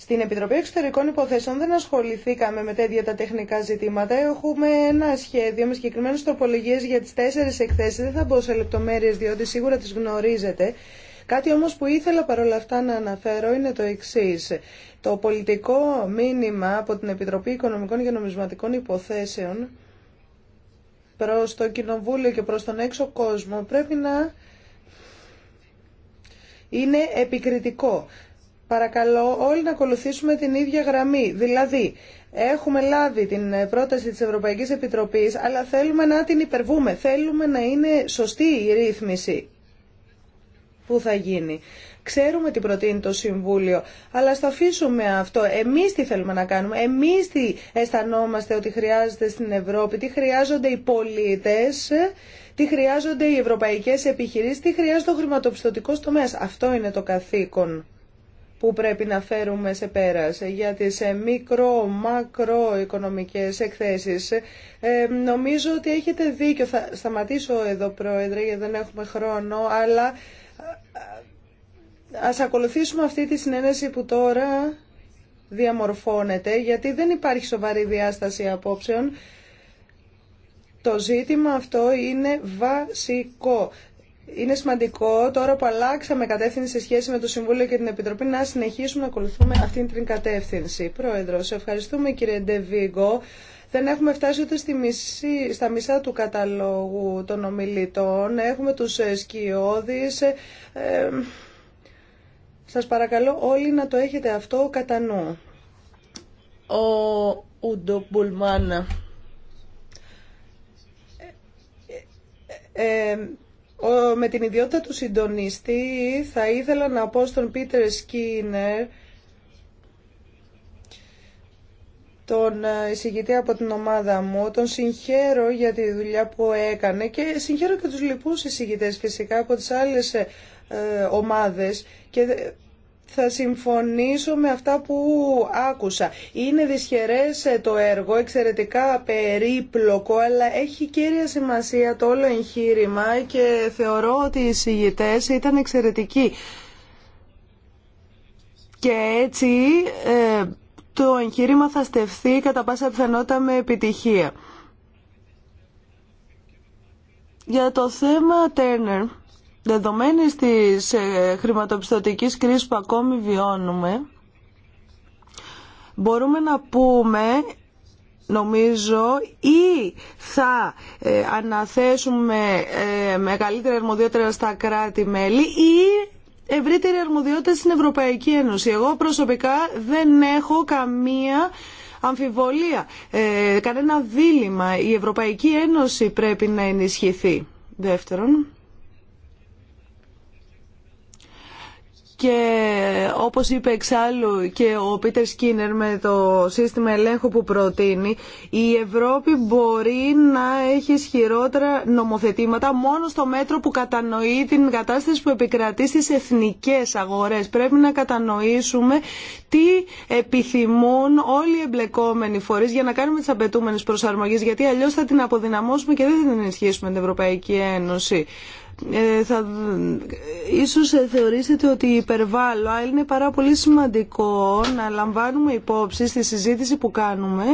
Στην Επιτροπή Εξωτερικών Υποθέσεων δεν ασχοληθήκαμε με τέτοια τα τεχνικά ζητήματα. Έχουμε ένα σχέδιο με συγκεκριμένε τοπολογίε για τι τέσσερι εκθέσει. Δεν θα μπω σε λεπτομέρειε, διότι σίγουρα τι γνωρίζετε. Κάτι όμως που ήθελα παρόλα αυτά να αναφέρω είναι το εξής. Το πολιτικό μήνυμα από την Επιτροπή Οικονομικών και Νομισματικών Υποθέσεων προς το Κοινοβούλιο και προς τον έξω κόσμο πρέπει να είναι επικριτικό παρακαλώ όλοι να ακολουθήσουμε την ίδια γραμμή. Δηλαδή, έχουμε λάβει την πρόταση της Ευρωπαϊκής Επιτροπής, αλλά θέλουμε να την υπερβούμε. Θέλουμε να είναι σωστή η ρύθμιση που θα γίνει. Ξέρουμε τι προτείνει το Συμβούλιο, αλλά ας το αφήσουμε αυτό. Εμείς τι θέλουμε να κάνουμε, εμείς τι αισθανόμαστε ότι χρειάζεται στην Ευρώπη, τι χρειάζονται οι πολίτες, τι χρειάζονται οι ευρωπαϊκές επιχειρήσεις, τι χρειάζεται ο χρηματοπιστωτικός τομέας. Αυτό είναι το καθήκον που πρέπει να φέρουμε σε πέρας για τις ε, μικρο-μακροοικονομικές εκθέσεις. Ε, νομίζω ότι έχετε δίκιο. Θα σταματήσω εδώ, Πρόεδρε, γιατί δεν έχουμε χρόνο, αλλά ε, ας ακολουθήσουμε αυτή τη συνένεση που τώρα διαμορφώνεται, γιατί δεν υπάρχει σοβαρή διάσταση απόψεων. Το ζήτημα αυτό είναι βασικό είναι σημαντικό τώρα που αλλάξαμε κατεύθυνση σε σχέση με το Συμβούλιο και την Επιτροπή να συνεχίσουμε να ακολουθούμε αυτή την κατεύθυνση. Πρόεδρο, σε ευχαριστούμε κύριε Ντεβίγκο. Δεν έχουμε φτάσει ούτε μισή, στα μισά του καταλόγου των ομιλητών. Έχουμε τους ε, σκιώδεις. Ε, σας παρακαλώ όλοι να το έχετε αυτό κατά νου. Ο Ούντο με την ιδιότητα του συντονιστή θα ήθελα να πω στον Πίτερ Σκίνερ τον ε, εισηγητή από την ομάδα μου, τον συγχαίρω για τη δουλειά που έκανε και συγχαίρω και τους λοιπούς εισηγητές φυσικά από τις άλλες ε, ε, ομάδες και θα συμφωνήσω με αυτά που άκουσα. Είναι δυσχερές ε, το έργο, εξαιρετικά περίπλοκο, αλλά έχει κύρια σημασία το όλο εγχείρημα και θεωρώ ότι οι συγητές ήταν εξαιρετικοί. Και έτσι ε, το εγχείρημα θα στεφθεί κατά πάσα πιθανότητα με επιτυχία. Για το θέμα Τέρνερ, δεδομένης της ε, χρηματοπιστωτικής κρίσης που ακόμη βιώνουμε, μπορούμε να πούμε νομίζω ή θα ε, αναθέσουμε ε, μεγαλύτερη αρμοδιότητα στα κράτη-μέλη ή ευρύτερη αρμοδιότητα στην Ευρωπαϊκή Ένωση. Εγώ προσωπικά δεν έχω καμία αμφιβολία, κανένα δίλημα. Η Ευρωπαϊκή Ένωση πρέπει να ενισχυθεί. Δεύτερον, και όπως είπε εξάλλου και ο Πίτερ Σκίνερ με το σύστημα ελέγχου που προτείνει, η Ευρώπη μπορεί να έχει ισχυρότερα νομοθετήματα μόνο στο μέτρο που κατανοεί την κατάσταση που επικρατεί στις εθνικές αγορές. Πρέπει να κατανοήσουμε τι επιθυμούν όλοι οι εμπλεκόμενοι φορείς για να κάνουμε τις απαιτούμενες προσαρμογές, γιατί αλλιώς θα την αποδυναμώσουμε και δεν θα την ενισχύσουμε την Ευρωπαϊκή Ένωση. Ε, θα, ίσως θεωρήσετε ότι υπερβάλλω, αλλά είναι πάρα πολύ σημαντικό να λαμβάνουμε υπόψη στη συζήτηση που κάνουμε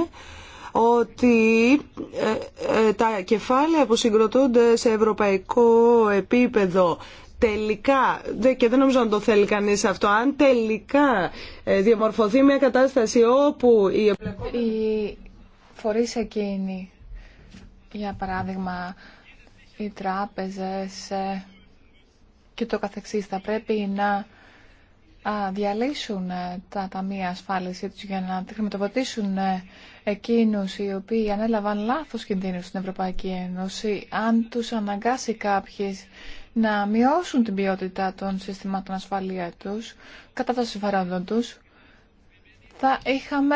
ότι ε, ε, τα κεφάλαια που συγκροτούνται σε ευρωπαϊκό επίπεδο τελικά, και δεν νομίζω να το θέλει κανείς αυτό, αν τελικά διαμορφωθεί μια κατάσταση όπου οι, οι φορείς εκείνοι, για παράδειγμα, οι τράπεζες ε, και το καθεξής θα πρέπει να διαλύσουν ε, τα ταμεία ασφάλιση τους για να χρηματοδοτήσουν ε, εκείνους οι οποίοι ανέλαβαν λάθος κινδύνους στην Ευρωπαϊκή Ένωση αν τους αναγκάσει κάποιες να μειώσουν την ποιότητα των συστημάτων ασφαλεία τους κατά τα συμφερόντων τους θα είχαμε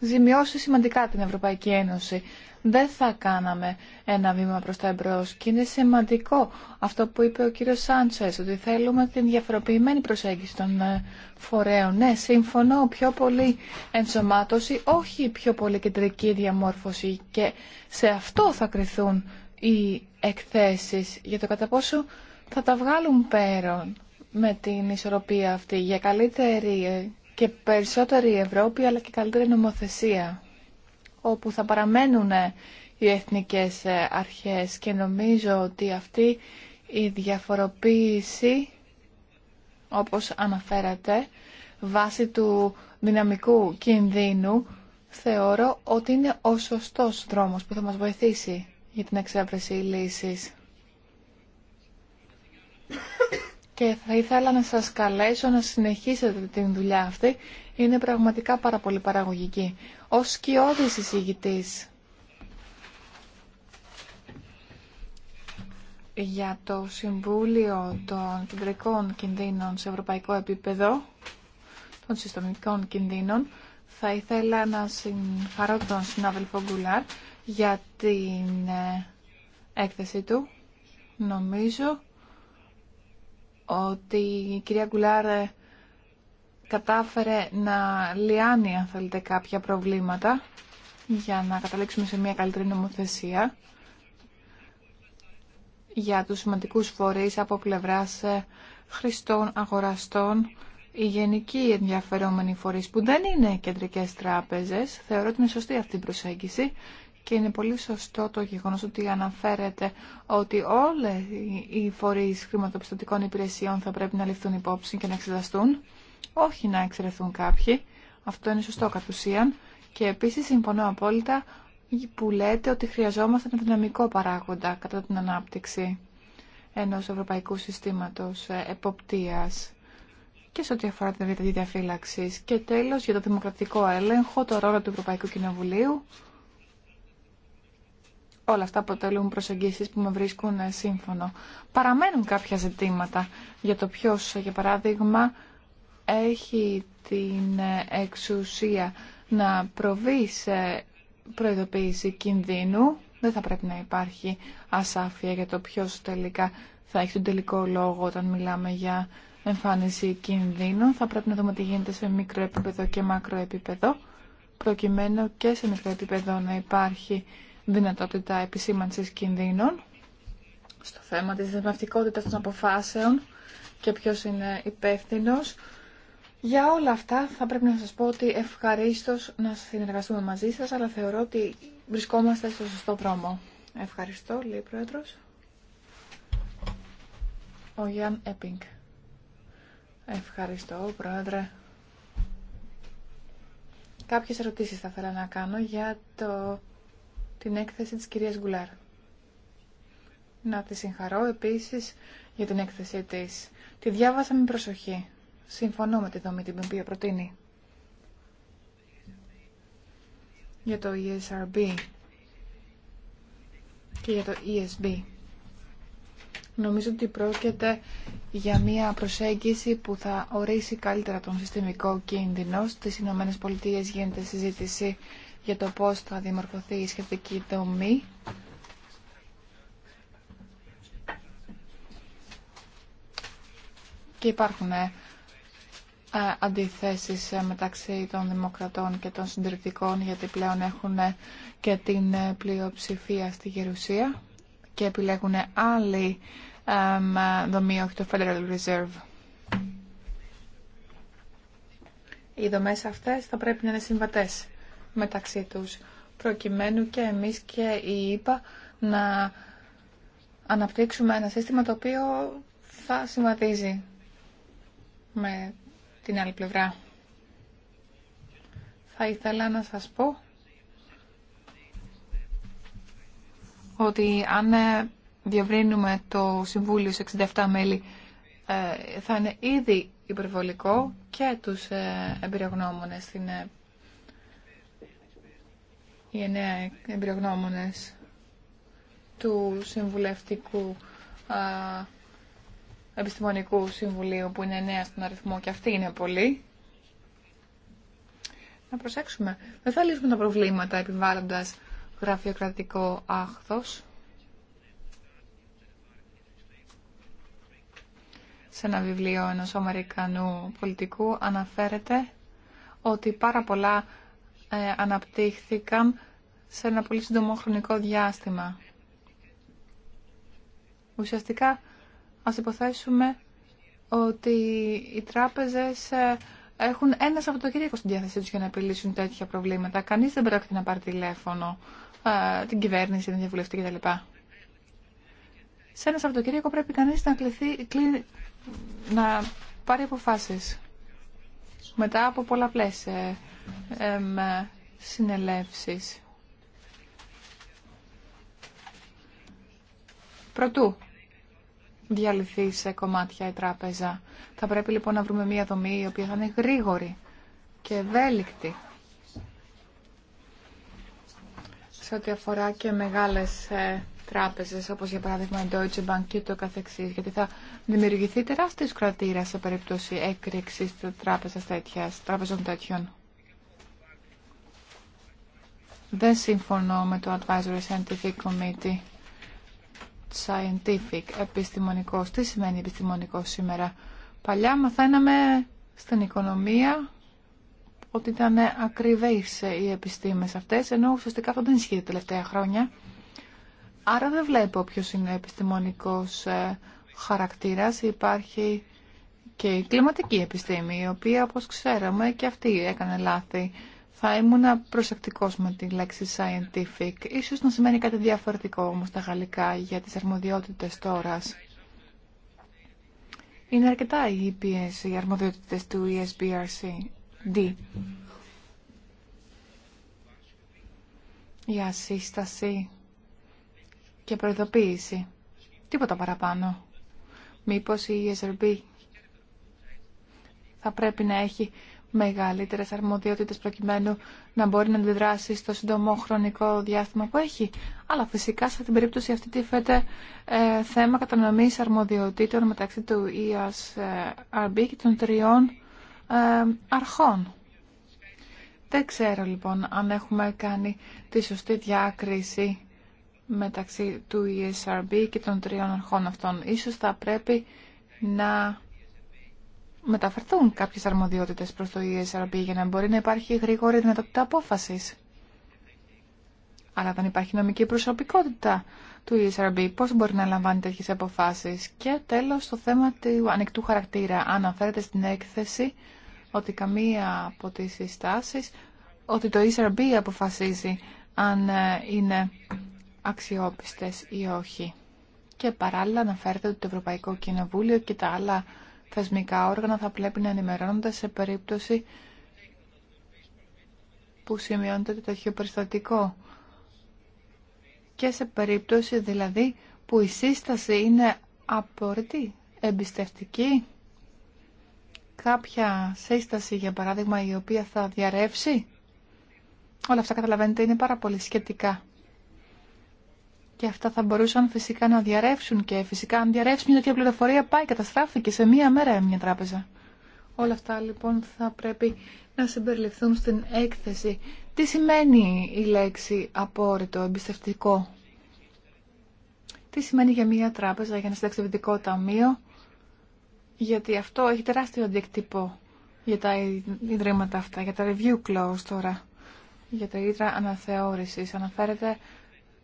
ζημιώσει σημαντικά την Ευρωπαϊκή Ένωση δεν θα κάναμε ένα βήμα προς τα εμπρός. Και είναι σημαντικό αυτό που είπε ο κύριος Σάντσες, ότι θέλουμε την διαφοροποιημένη προσέγγιση των ε, φορέων. Ναι, συμφωνώ, πιο πολύ ενσωμάτωση, όχι πιο πολύ κεντρική διαμόρφωση. Και σε αυτό θα κρυθούν οι εκθέσεις για το κατά πόσο θα τα βγάλουν πέραν με την ισορροπία αυτή για καλύτερη ε, και περισσότερη Ευρώπη αλλά και καλύτερη νομοθεσία όπου θα παραμένουν οι εθνικές αρχές και νομίζω ότι αυτή η διαφοροποίηση, όπως αναφέρατε, βάσει του δυναμικού κινδύνου, θεωρώ ότι είναι ο σωστός δρόμος που θα μας βοηθήσει για την εξέβρεση λύσης. και θα ήθελα να σας καλέσω να συνεχίσετε την δουλειά αυτή. Είναι πραγματικά πάρα πολύ παραγωγική. Ως σκιώδης εισηγητής για το Συμβούλιο των Κεντρικών Κινδύνων σε ευρωπαϊκό επίπεδο, των συστομικών κινδύνων, θα ήθελα να συγχαρώ τον συνάδελφο Γκουλάρ για την ε, έκθεση του. Νομίζω ότι η κυρία Γκουλάρ ε, κατάφερε να λιάνει, αν θέλετε, κάποια προβλήματα για να καταλήξουμε σε μια καλύτερη νομοθεσία για τους σημαντικούς φορείς από πλευράς ε, χρηστών, αγοραστών, οι γενικοί ενδιαφερόμενοι φορείς που δεν είναι κεντρικές τράπεζες. Θεωρώ ότι είναι σωστή αυτή η προσέγγιση και είναι πολύ σωστό το γεγονό ότι αναφέρεται ότι όλε οι φορεί χρηματοπιστωτικών υπηρεσιών θα πρέπει να ληφθούν υπόψη και να εξεταστούν, όχι να εξαιρεθούν κάποιοι. Αυτό είναι σωστό κατ' ουσίαν. Και επίση συμφωνώ απόλυτα που λέτε ότι χρειαζόμαστε ένα δυναμικό παράγοντα κατά την ανάπτυξη ενό ευρωπαϊκού συστήματο ε, εποπτείας και σε ό,τι αφορά την διαφύλαξη. Και τέλο για το δημοκρατικό έλεγχο, το ρόλο του Ευρωπαϊκού Κοινοβουλίου. Όλα αυτά αποτελούν προσεγγίσεις που με βρίσκουν ε, σύμφωνο. Παραμένουν κάποια ζητήματα για το ποιος, ε, για παράδειγμα, έχει την ε, εξουσία να προβεί σε προειδοποίηση κινδύνου. Δεν θα πρέπει να υπάρχει ασάφεια για το ποιος τελικά θα έχει τον τελικό λόγο όταν μιλάμε για εμφάνιση κινδύνου. Θα πρέπει να δούμε τι γίνεται σε μικρό επίπεδο και μακρό επίπεδο, προκειμένου και σε μικρό επίπεδο να υπάρχει δυνατότητα επισήμανσης κινδύνων στο θέμα της δεσμευτικότητας των αποφάσεων και ποιος είναι υπεύθυνο. Για όλα αυτά θα πρέπει να σας πω ότι ευχαρίστω να συνεργαστούμε μαζί σας, αλλά θεωρώ ότι βρισκόμαστε στο σωστό δρόμο. Ευχαριστώ, λέει ο Πρόεδρος. Ο Γιάν Επίνγκ. Ευχαριστώ, Πρόεδρε. Κάποιες ερωτήσεις θα ήθελα να κάνω για το την έκθεση της κυρίας Γκουλάρ. Να τη συγχαρώ επίσης για την έκθεσή της. Τη διάβασα με προσοχή. Συμφωνώ με τη δομή την οποία προτείνει. Για το ESRB και για το ESB. Νομίζω ότι πρόκειται για μια προσέγγιση που θα ορίσει καλύτερα τον συστημικό κίνδυνο. Στις Ηνωμένες Πολιτείες γίνεται συζήτηση για το πώς θα δημορφωθεί η σχετική δομή. Και υπάρχουν ε, ε, αντιθέσεις ε, μεταξύ των δημοκρατών και των συντηρητικών γιατί πλέον έχουν και την πλειοψηφία στη Γερουσία και επιλέγουν άλλη δομή, όχι το Federal Reserve. Οι δομές αυτές θα πρέπει να είναι συμβατές μεταξύ τους, προκειμένου και εμείς και η ΕΕ να αναπτύξουμε ένα σύστημα το οποίο θα συμβαδίζει με την άλλη πλευρά. Θα ήθελα να σας πω ότι αν ε, διαβρύνουμε το Συμβούλιο σε 67 μέλη ε, θα είναι ήδη υπερβολικό και τους ε, εμπειρογνώμονες στην οι εννέα εμπειρογνώμονες του Συμβουλευτικού α, Επιστημονικού Συμβουλίου που είναι εννέα στον αριθμό και αυτοί είναι πολλοί. Να προσέξουμε. Δεν θα λύσουμε τα προβλήματα επιβάλλοντας γραφειοκρατικό άχθος. σε ένα βιβλίο ενός Αμερικανού πολιτικού αναφέρεται ότι πάρα πολλά ε, αναπτύχθηκαν σε ένα πολύ σύντομο χρονικό διάστημα. Ουσιαστικά, ας υποθέσουμε ότι οι τράπεζες ε, έχουν ένα Σαββατοκύριακο στην διάθεσή τους για να επιλύσουν τέτοια προβλήματα. Κανείς δεν πρέπει να πάρει τηλέφωνο, ε, την κυβέρνηση, την διαβουλευτή κτλ. Σε ένα Σαββατοκύριακο πρέπει κανείς να, κληθεί, να πάρει αποφάσεις μετά από πολλά ε, ε, συνελεύσεις. Πρωτού διαλυθεί σε κομμάτια η τράπεζα. Θα πρέπει λοιπόν να βρούμε μια δομή η οποία θα είναι γρήγορη και ευέλικτη. Σε ό,τι αφορά και μεγάλες ε, τράπεζες όπως για παράδειγμα η Deutsche Bank και το καθεξής γιατί θα δημιουργηθεί τεράστια κρατήρα σε περίπτωση έκρηξης τράπεζας τράπεζων τέτοιων. Δεν συμφωνώ με το Advisory Scientific Committee Scientific, επιστημονικό. Τι σημαίνει επιστημονικό σήμερα. Παλιά μαθαίναμε στην οικονομία ότι ήταν ακριβές οι επιστήμες αυτές, ενώ ουσιαστικά αυτό δεν ισχύει τα τελευταία χρόνια. Άρα δεν βλέπω ποιος είναι επιστημονικός ε, χαρακτήρας. Υπάρχει και η κλιματική επιστήμη, η οποία όπως ξέραμε και αυτή έκανε λάθη. Θα ήμουν προσεκτικός με τη λέξη scientific. Ίσως να σημαίνει κάτι διαφορετικό όμως τα γαλλικά για τις αρμοδιότητες τώρα. Είναι αρκετά οι EPS, οι αρμοδιότητες του ESBRC. D. η και προειδοποίηση. Τίποτα παραπάνω. Μήπως η ESRB θα πρέπει να έχει μεγαλύτερες αρμοδιότητες προκειμένου να μπορεί να αντιδράσει στο σύντομο χρονικό διάστημα που έχει. Αλλά φυσικά σε την περίπτωση αυτή τη ε, θέμα κατανομής αρμοδιοτήτων μεταξύ του ESRB και των τριών ε, αρχών. Δεν ξέρω λοιπόν αν έχουμε κάνει τη σωστή διάκριση μεταξύ του ESRB και των τριών αρχών αυτών. Ίσως θα πρέπει να μεταφερθούν κάποιες αρμοδιότητες προς το ESRB για να μπορεί να υπάρχει γρήγορη δυνατότητα απόφαση. Αλλά δεν υπάρχει νομική προσωπικότητα του ESRB. Πώς μπορεί να λαμβάνει τέτοιες αποφάσεις. Και τέλος το θέμα του ανοιχτού χαρακτήρα. Αναφέρεται στην έκθεση ότι καμία από τις συστάσεις, ότι το ESRB αποφασίζει αν ε, είναι αξιόπιστες ή όχι. Και παράλληλα αναφέρεται ότι το Ευρωπαϊκό Κοινοβούλιο και τα άλλα θεσμικά όργανα θα πρέπει να ενημερώνονται σε περίπτωση που σημειώνεται το τέτοιο περιστατικό. Και σε περίπτωση δηλαδή που η σύσταση είναι απορριτή, εμπιστευτική, κάποια σύσταση για παράδειγμα η οποία θα διαρρεύσει. Όλα αυτά καταλαβαίνετε είναι πάρα πολύ σχετικά. Και αυτά θα μπορούσαν φυσικά να διαρρεύσουν και φυσικά αν διαρρεύσουν μια η πληροφορία πάει, καταστράφηκε σε μία μέρα μια τράπεζα. Όλα αυτά λοιπόν θα πρέπει να συμπεριληφθούν στην έκθεση. Τι σημαίνει η λέξη απόρριτο, εμπιστευτικό. Τι σημαίνει για μια τράπεζα, για ένα συνταξιδευτικό ταμείο. Γιατί αυτό έχει τεράστιο αντίκτυπο για τα ιδρύματα αυτά, για τα review clause τώρα, για τα ίδρα αναθεώρησης. Αναφέρεται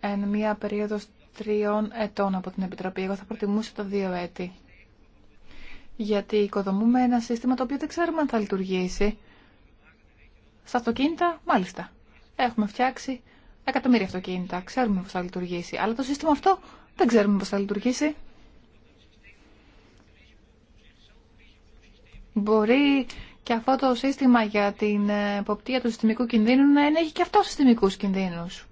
εν μία περίοδος τριών ετών από την Επιτροπή. Εγώ θα προτιμούσα το δύο έτη. Γιατί οικοδομούμε ένα σύστημα το οποίο δεν ξέρουμε αν θα λειτουργήσει. Στα αυτοκίνητα, μάλιστα. Έχουμε φτιάξει εκατομμύρια αυτοκίνητα. Ξέρουμε πώς θα λειτουργήσει. Αλλά το σύστημα αυτό δεν ξέρουμε πώς θα λειτουργήσει. Μπορεί και αυτό το σύστημα για την εποπτεία του συστημικού κινδύνου να έχει και αυτό συστημικούς κινδύνους.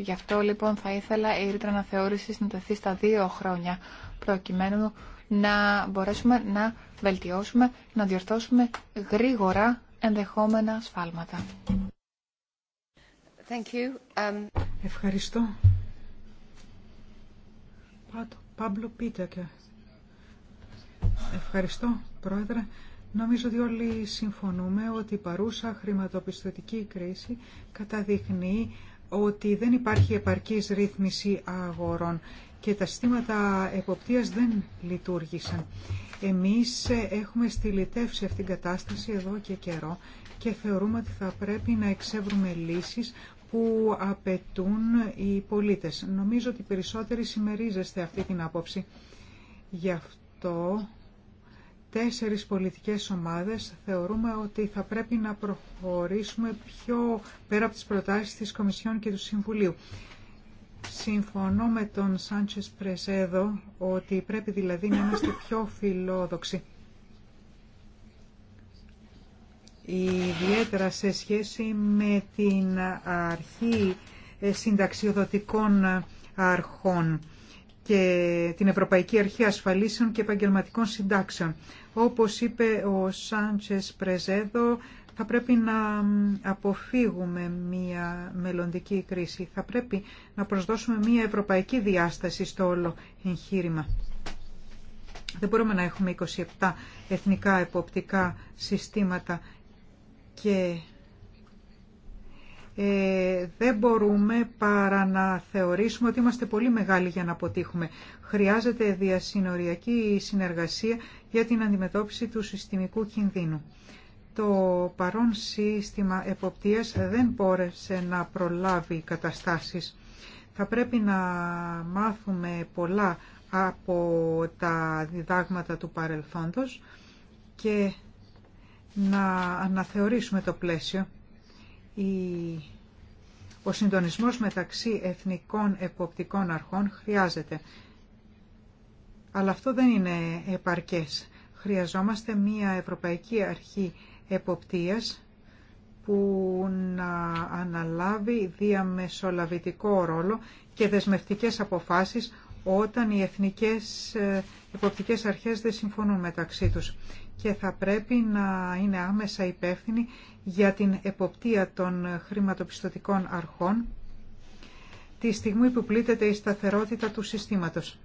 Γι' αυτό λοιπόν θα ήθελα η ρήτρα αναθεώρησης να τεθεί στα δύο χρόνια προκειμένου να μπορέσουμε να βελτιώσουμε, να διορθώσουμε γρήγορα ενδεχόμενα σφάλματα. Thank you. Um... Ευχαριστώ. Ευχαριστώ, Πρόεδρε. Νομίζω ότι όλοι συμφωνούμε ότι η παρούσα χρηματοπιστωτική κρίση καταδεικνύει ότι δεν υπάρχει επαρκής ρύθμιση αγορών και τα συστήματα εποπτείας δεν λειτουργήσαν. Εμείς έχουμε στυλιτεύσει αυτήν την κατάσταση εδώ και καιρό και θεωρούμε ότι θα πρέπει να εξεύρουμε λύσεις που απαιτούν οι πολίτες. Νομίζω ότι περισσότεροι συμμερίζεστε αυτή την άποψη. Γι' αυτό τέσσερις πολιτικές ομάδες θεωρούμε ότι θα πρέπει να προχωρήσουμε πιο πέρα από τις προτάσεις της Κομισιόν και του Συμβουλίου. Συμφωνώ με τον Σάντσες Πρεσέδο ότι πρέπει δηλαδή να είμαστε πιο φιλόδοξοι. Ιδιαίτερα σε σχέση με την αρχή συνταξιοδοτικών αρχών και την Ευρωπαϊκή Αρχή Ασφαλίσεων και Επαγγελματικών Συντάξεων. Όπως είπε ο Σάντσες Πρεζέδο, θα πρέπει να αποφύγουμε μία μελλοντική κρίση. Θα πρέπει να προσδώσουμε μία ευρωπαϊκή διάσταση στο όλο εγχείρημα. Δεν μπορούμε να έχουμε 27 εθνικά εποπτικά συστήματα και ε, δεν μπορούμε παρά να θεωρήσουμε ότι είμαστε πολύ μεγάλοι για να αποτύχουμε. Χρειάζεται διασυνοριακή συνεργασία για την αντιμετώπιση του συστημικού κινδύνου. Το παρόν σύστημα εποπτείας δεν μπόρεσε να προλάβει καταστάσεις. Θα πρέπει να μάθουμε πολλά από τα διδάγματα του παρελθόντος και να αναθεωρήσουμε το πλαίσιο ο συντονισμός μεταξύ εθνικών εποπτικών αρχών χρειάζεται. Αλλά αυτό δεν είναι επαρκές. Χρειαζόμαστε μία Ευρωπαϊκή Αρχή Εποπτείας που να αναλάβει διαμεσολαβητικό ρόλο και δεσμευτικές αποφάσεις όταν οι εθνικές ε, εποπτικές αρχές δεν συμφωνούν μεταξύ τους και θα πρέπει να είναι άμεσα υπεύθυνη για την εποπτεία των χρηματοπιστωτικών αρχών τη στιγμή που πλήττεται η σταθερότητα του συστήματος.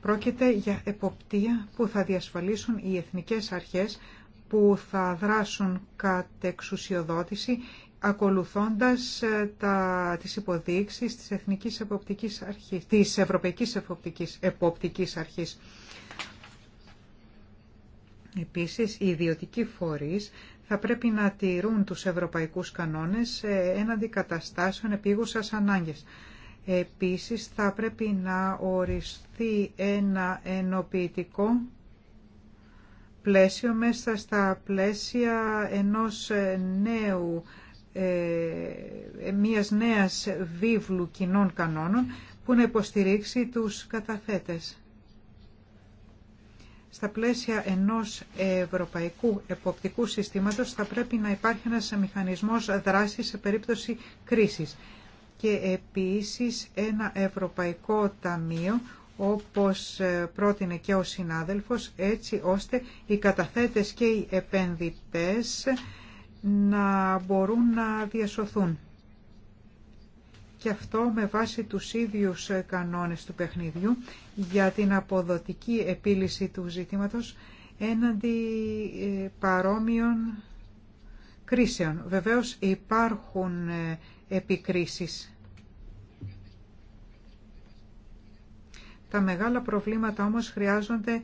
Πρόκειται για εποπτεία που θα διασφαλίσουν οι εθνικές αρχές που θα δράσουν κατ' εξουσιοδότηση ακολουθώντας ε, τα, τις υποδείξεις της, Εθνικής Εποπτικής Αρχής, της Ευρωπαϊκής Εποπτικής, Εποπτικής Αρχής. Επίσης, οι ιδιωτικοί φορείς θα πρέπει να τηρούν τους ευρωπαϊκούς κανόνες έναντι καταστάσεων επίγουσας ανάγκες. Επίσης, θα πρέπει να οριστεί ένα ενοποιητικό πλαίσιο μέσα στα πλαίσια ενός νέου, ε, μιας νέας βίβλου κοινών κανόνων που να υποστηρίξει τους καταθέτες στα πλαίσια ενός ευρωπαϊκού εποπτικού συστήματος θα πρέπει να υπάρχει ένας μηχανισμός δράσης σε περίπτωση κρίσης και επίσης ένα ευρωπαϊκό ταμείο όπως πρότεινε και ο συνάδελφος έτσι ώστε οι καταθέτες και οι επενδυτές να μπορούν να διασωθούν και αυτό με βάση τους ίδιους ε, κανόνες του παιχνιδιού για την αποδοτική επίλυση του ζητήματος έναντι ε, παρόμοιων κρίσεων. Βεβαίως υπάρχουν ε, επικρίσεις. Τα μεγάλα προβλήματα όμως χρειάζονται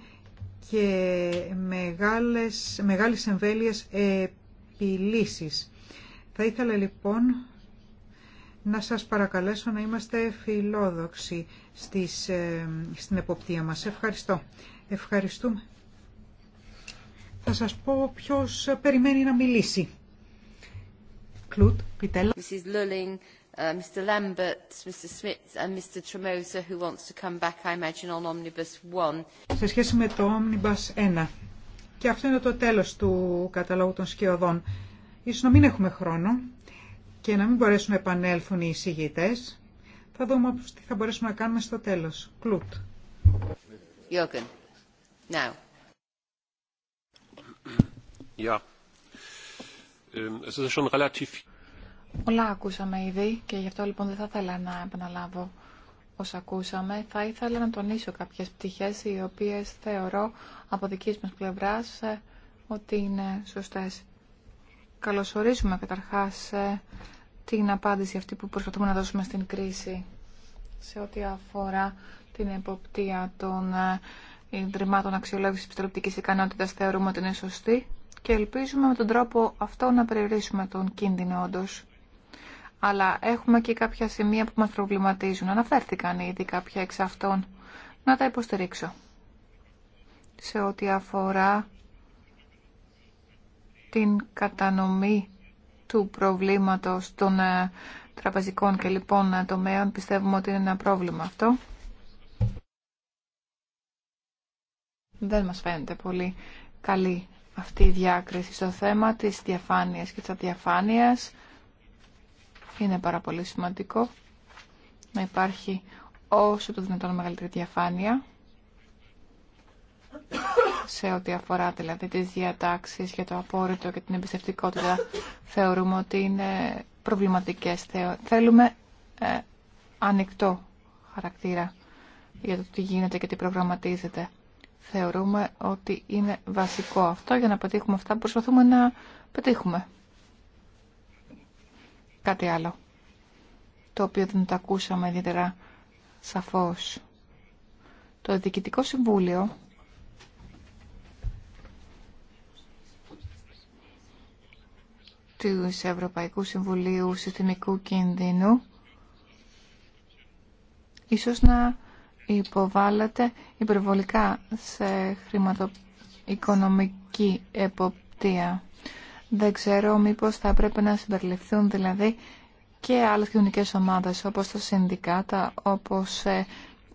και μεγάλες, μεγάλες εμβέλειες επιλύσεις. Θα ήθελα λοιπόν να σας παρακαλέσω να είμαστε φιλόδοξοι στις, ε, στην εποπτεία μας. Ευχαριστώ. Ευχαριστούμε. Θα σας πω ποιος περιμένει να μιλήσει. Κλουτ, Πιτέλα. Mrs. Lulling, uh, Mr. Lambert, Mr. Smith and Mr. Tremosa who wants to come back, I imagine, on Omnibus 1. Σε σχέση με το Omnibus 1. Και αυτό είναι το τέλος του καταλόγου των σκιωδών. Ίσως να μην έχουμε χρόνο και να μην μπορέσουν να επανέλθουν οι εισηγητέ. Θα δούμε τι θα μπορέσουμε να κάνουμε στο τέλος. Κλουτ. Ähm, Now. ακούσαμε ήδη και γι' αυτό λοιπόν δεν θα ήθελα να επαναλάβω όσα ακούσαμε. Θα ήθελα να τονίσω κάποιες πτυχές οι οποίες θεωρώ από δικής μας πλευράς ε, ότι είναι σωστές. Καλωσορίζουμε καταρχάς ε, την απάντηση αυτή που προσπαθούμε να δώσουμε στην κρίση σε ό,τι αφορά την εποπτεία των ε, Ιδρυμάτων Αξιολόγησης Πιστοληπτικής ικανότητα θεωρούμε ότι είναι σωστή και ελπίζουμε με τον τρόπο αυτό να περιορίσουμε τον κίνδυνο όντω. Αλλά έχουμε και κάποια σημεία που μας προβληματίζουν. Αναφέρθηκαν ήδη κάποια εξ αυτών. Να τα υποστηρίξω. Σε ό,τι αφορά την κατανομή του προβλήματος των ε, τραπεζικών και λοιπόν ε, τομέων. Πιστεύουμε ότι είναι ένα πρόβλημα αυτό. Δεν μας φαίνεται πολύ καλή αυτή η διάκριση στο θέμα της διαφάνειας και της αδιαφάνειας. Είναι πάρα πολύ σημαντικό να υπάρχει όσο το δυνατόν μεγαλύτερη διαφάνεια σε ό,τι αφορά δηλαδή τις διατάξεις για το απόρριτο και την εμπιστευτικότητα θεωρούμε ότι είναι προβληματικές. Θέλουμε ε, ανοιχτό χαρακτήρα για το τι γίνεται και τι προγραμματίζεται. Θεωρούμε ότι είναι βασικό αυτό για να πετύχουμε αυτά που προσπαθούμε να πετύχουμε. Κάτι άλλο, το οποίο δεν το ακούσαμε ιδιαίτερα σαφώς. Το Διοικητικό Συμβούλιο του Ευρωπαϊκού Συμβουλίου Συστημικού Κινδύνου ίσως να υποβάλλεται υπερβολικά σε χρηματοοικονομική εποπτεία. Δεν ξέρω μήπως θα πρέπει να συμπεριληφθούν δηλαδή και άλλες κοινωνικέ ομάδες όπως τα συνδικάτα, όπως ε,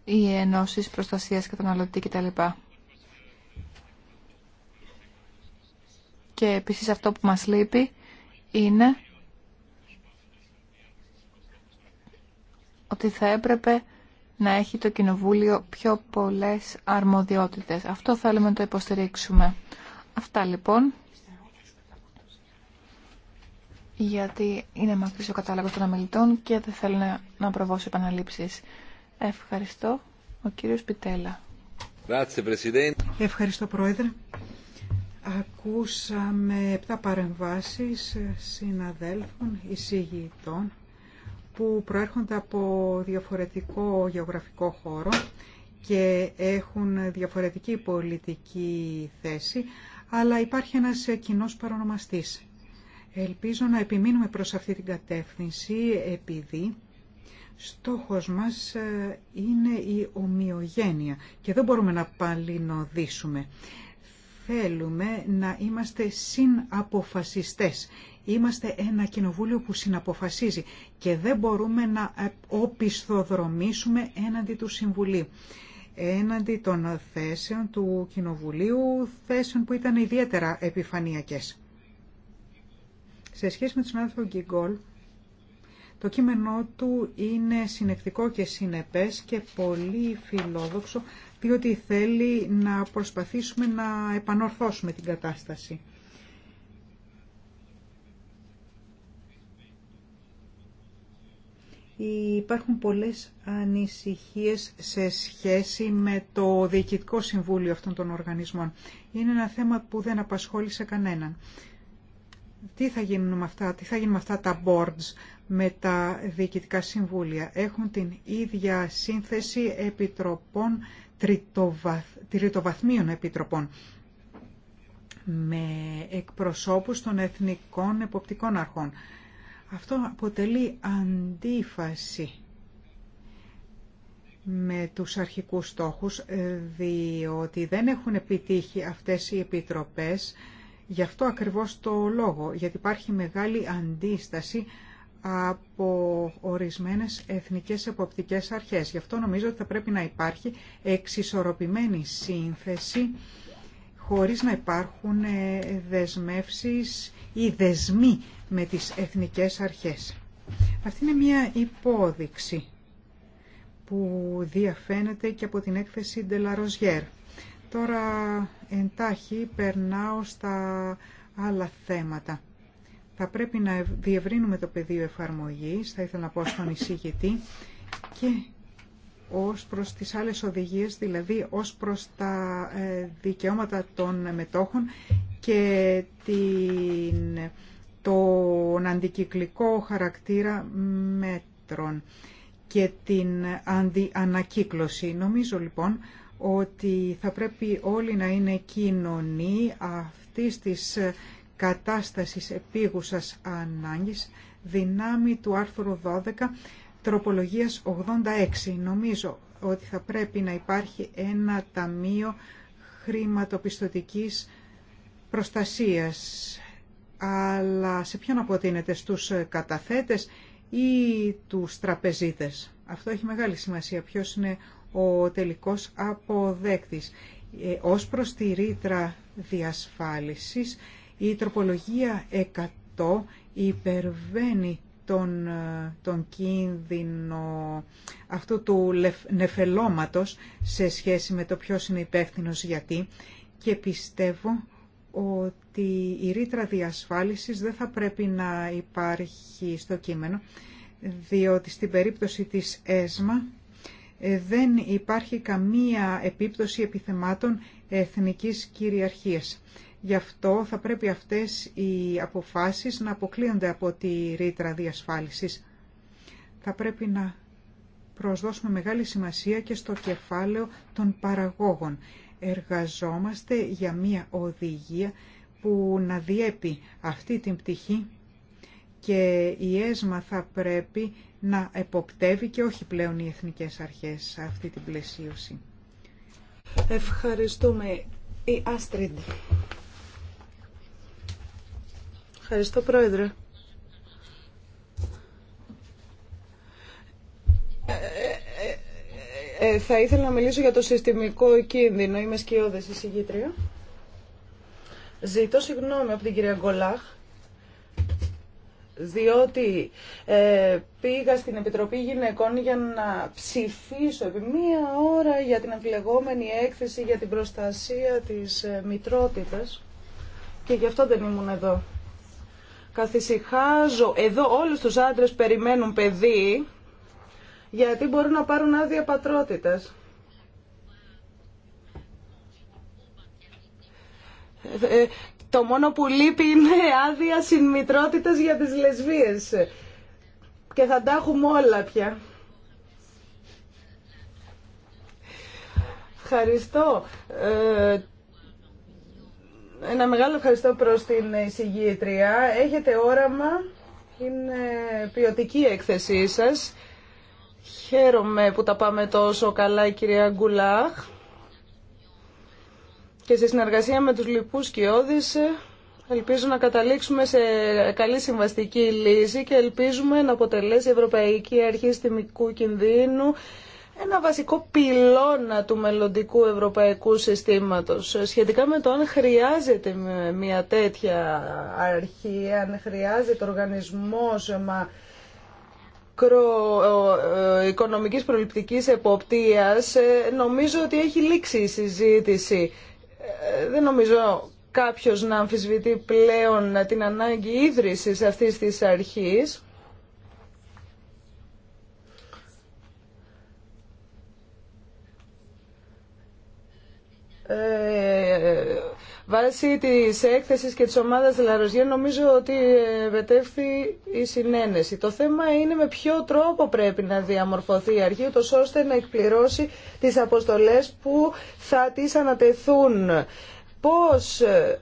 οι ενώσεις προστασίας καταναλωτή κτλ. Και επίσης αυτό που μας λείπει είναι ότι θα έπρεπε να έχει το Κοινοβούλιο πιο πολλές αρμοδιότητες. Αυτό θέλουμε να το υποστηρίξουμε. Αυτά λοιπόν, γιατί είναι μακρύς ο κατάλογος των αμελητών και δεν θέλω να, να προβώσω επαναλήψεις. Ευχαριστώ. Ο κύριος Πιτέλα. Ευχαριστώ Πρόεδρε. Ακούσαμε επτά παρεμβάσεις συναδέλφων εισηγητών που προέρχονται από διαφορετικό γεωγραφικό χώρο και έχουν διαφορετική πολιτική θέση, αλλά υπάρχει ένας κοινό παρονομαστής. Ελπίζω να επιμείνουμε προς αυτή την κατεύθυνση επειδή στόχος μας ε, είναι η ομοιογένεια και δεν μπορούμε να παλινοδίσουμε θέλουμε να είμαστε συναποφασιστές. Είμαστε ένα κοινοβούλιο που συναποφασίζει και δεν μπορούμε να οπισθοδρομήσουμε έναντι του Συμβουλίου. Έναντι των θέσεων του Κοινοβουλίου, θέσεων που ήταν ιδιαίτερα επιφανειακές. Σε σχέση με τον άνθρωπο Γκίγκολ, το κείμενό του είναι συνεκτικό και συνεπές και πολύ φιλόδοξο διότι θέλει να προσπαθήσουμε να επανορθώσουμε την κατάσταση. Υπάρχουν πολλές ανησυχίες σε σχέση με το Διοικητικό Συμβούλιο αυτών των οργανισμών. Είναι ένα θέμα που δεν απασχόλησε κανέναν. Τι θα γίνουν με αυτά, τι θα γίνουν με αυτά τα boards, με τα διοικητικά συμβούλια. Έχουν την ίδια σύνθεση επιτροπών τριτοβαθ, τριτοβαθμίων επιτροπών με εκπροσώπους των εθνικών εποπτικών αρχών. Αυτό αποτελεί αντίφαση με τους αρχικούς στόχους, ε, διότι δεν έχουν επιτύχει αυτές οι επιτροπές, γι' αυτό ακριβώς το λόγο, γιατί υπάρχει μεγάλη αντίσταση από ορισμένες εθνικές εποπτικές αρχές. Γι' αυτό νομίζω ότι θα πρέπει να υπάρχει εξισορροπημένη σύνθεση χωρίς να υπάρχουν ε, δεσμεύσεις ή δεσμοί με τις εθνικές αρχές. Αυτή είναι μια υπόδειξη που διαφαίνεται και από την έκθεση de Rozier. Τώρα εντάχει περνάω στα άλλα θέματα. Θα πρέπει να διευρύνουμε το πεδίο εφαρμογής, θα ήθελα να πω στον εισηγητή, και ως προς τις άλλες οδηγίες, δηλαδή ως προς τα ε, δικαιώματα των μετόχων και την, τον αντικυκλικό χαρακτήρα μέτρων και την ανακύκλωση. Νομίζω λοιπόν ότι θα πρέπει όλοι να είναι κοινωνοί αυτής της κατάστασης επίγουσας ανάγκης δυνάμει του άρθρου 12 τροπολογίας 86. Νομίζω ότι θα πρέπει να υπάρχει ένα ταμείο χρηματοπιστωτικής προστασίας. Αλλά σε ποιον αποτείνεται, στους καταθέτες ή τους τραπεζίτες. Αυτό έχει μεγάλη σημασία, ποιος είναι ο τελικός αποδέκτης. Ε, ως προς τη ρήτρα διασφάλισης η τροπολογία 100 υπερβαίνει τον, ε, τον κίνδυνο αυτού του νεφελώματος σε σχέση με το ποιος είναι υπεύθυνος γιατί και πιστεύω ότι η ρήτρα διασφάλισης δεν θα πρέπει να υπάρχει στο κείμενο διότι στην περίπτωση της ΕΣΜΑ ε, δεν υπάρχει καμία επίπτωση επιθεμάτων εθνικής κυριαρχίας. Γι' αυτό θα πρέπει αυτές οι αποφάσεις να αποκλείονται από τη ρήτρα διασφάλισης. Θα πρέπει να προσδώσουμε μεγάλη σημασία και στο κεφάλαιο των παραγόγων. Εργαζόμαστε για μία οδηγία που να διέπει αυτή την πτυχή και η ΕΣΜΑ θα πρέπει να εποπτεύει και όχι πλέον οι εθνικές αρχές σε αυτή την πλαισίωση. Ευχαριστούμε. Η Άστριντ. Ευχαριστώ, Πρόεδρε. Ε, ε, ε, ε, θα ήθελα να μιλήσω για το συστημικό κίνδυνο. Είμαι σκιώδες εισηγήτρια. Ζητώ συγγνώμη από την κυρία Γκολάχ, διότι ε, πήγα στην Επιτροπή Γυναικών για να ψηφίσω επί μία ώρα για την αμφιλεγόμενη έκθεση για την προστασία της ε, μητρότητας και γι' αυτό δεν ήμουν εδώ. Καθησυχάζω. Εδώ όλους τους άντρες περιμένουν παιδί γιατί μπορούν να πάρουν άδεια πατρότητας. Ε, το μόνο που λείπει είναι άδεια συνμητρότητας για τις λεσβίες. Και θα τα έχουμε όλα πια. Ευχαριστώ. Ε, ένα μεγάλο ευχαριστώ προς την εισηγήτρια. Έχετε όραμα, είναι ποιοτική η έκθεσή σας. Χαίρομαι που τα πάμε τόσο καλά η κυρία Γκουλάχ. Και σε συνεργασία με τους λοιπούς όδης, ελπίζω να καταλήξουμε σε καλή συμβαστική λύση και ελπίζουμε να αποτελέσει η Ευρωπαϊκή Αρχή Στιμικού Κινδύνου ένα βασικό πυλώνα του μελλοντικού ευρωπαϊκού συστήματος ε, σχετικά με το αν χρειάζεται μια τέτοια αρχή, αν χρειάζεται οργανισμός ε, μα ε, οικονομικής προληπτικής εποπτείας νομίζω ότι έχει λήξει η συζήτηση. Δεν νομίζω κάποιος να αμφισβητεί πλέον την ανάγκη ίδρυσης αυτής της αρχής. Ε, βάσει της έκθεση και της ομάδας Λαροζιέ νομίζω ότι βετεύθη η συνένεση. Το θέμα είναι με ποιο τρόπο πρέπει να διαμορφωθεί η αρχή, ούτω ώστε να εκπληρώσει τις αποστολέ που θα τις ανατεθούν. Πώς ε,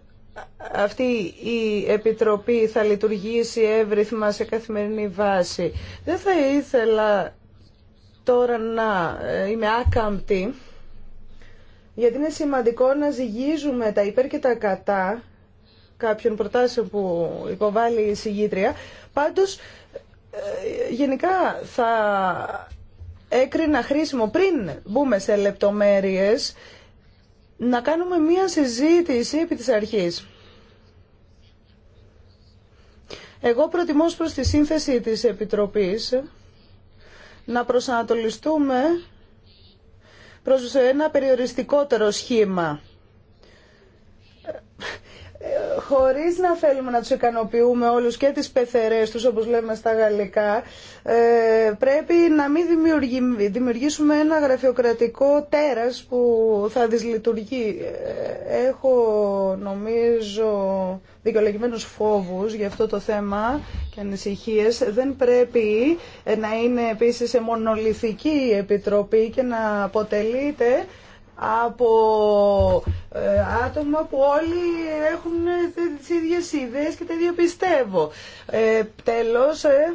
αυτή η Επιτροπή θα λειτουργήσει εύρυθμα σε καθημερινή βάση. Δεν θα ήθελα τώρα να ε, είμαι άκαμπτη γιατί είναι σημαντικό να ζυγίζουμε τα υπέρ και τα κατά κάποιων προτάσεων που υποβάλλει η συγγήτρια. Πάντως, ε, γενικά θα έκρινα χρήσιμο πριν μπούμε σε λεπτομέρειες να κάνουμε μία συζήτηση επί της αρχής. Εγώ προτιμώ προς τη σύνθεση της Επιτροπής να προσανατολιστούμε προς ένα περιοριστικότερο σχήμα χωρίς να θέλουμε να τους ικανοποιούμε όλους και τις πεθερές τους όπως λέμε στα γαλλικά ε, πρέπει να μην δημιουργήσουμε ένα γραφειοκρατικό τέρας που θα δυσλειτουργεί. Ε, έχω νομίζω δικαιολογημένους φόβους για αυτό το θέμα και ανησυχίες. Δεν πρέπει ε, να είναι επίσης μονολυθική η Επιτροπή και να αποτελείται από ε, άτομα που όλοι έχουν τις ίδιες ιδέες και τα ίδια πιστεύω. Ε, τέλος, ε,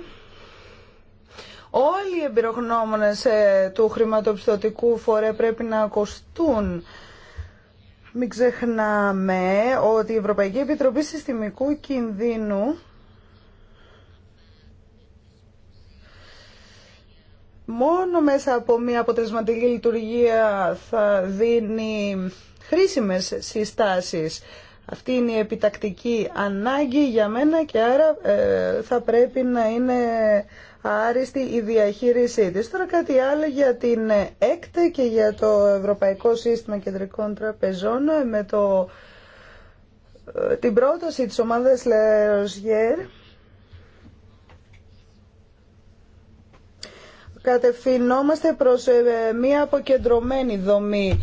όλοι οι εμπειρογνώμονες ε, του χρηματοπιστωτικού φορέ πρέπει να ακουστούν. Μην ξεχνάμε ότι η Ευρωπαϊκή Επιτροπή Συστημικού Κινδύνου μόνο μέσα από μια αποτελεσματική λειτουργία θα δίνει χρήσιμες συστάσεις. Αυτή είναι η επιτακτική ανάγκη για μένα και άρα ε, θα πρέπει να είναι άριστη η διαχείρισή της. Τώρα κάτι άλλο για την ΕΚΤΕ και για το Ευρωπαϊκό Σύστημα Κεντρικών Τραπεζών με το, ε, την πρόταση της ομάδας Λεροζιέρ κατευθυνόμαστε προς ε, μία αποκεντρωμένη δομή.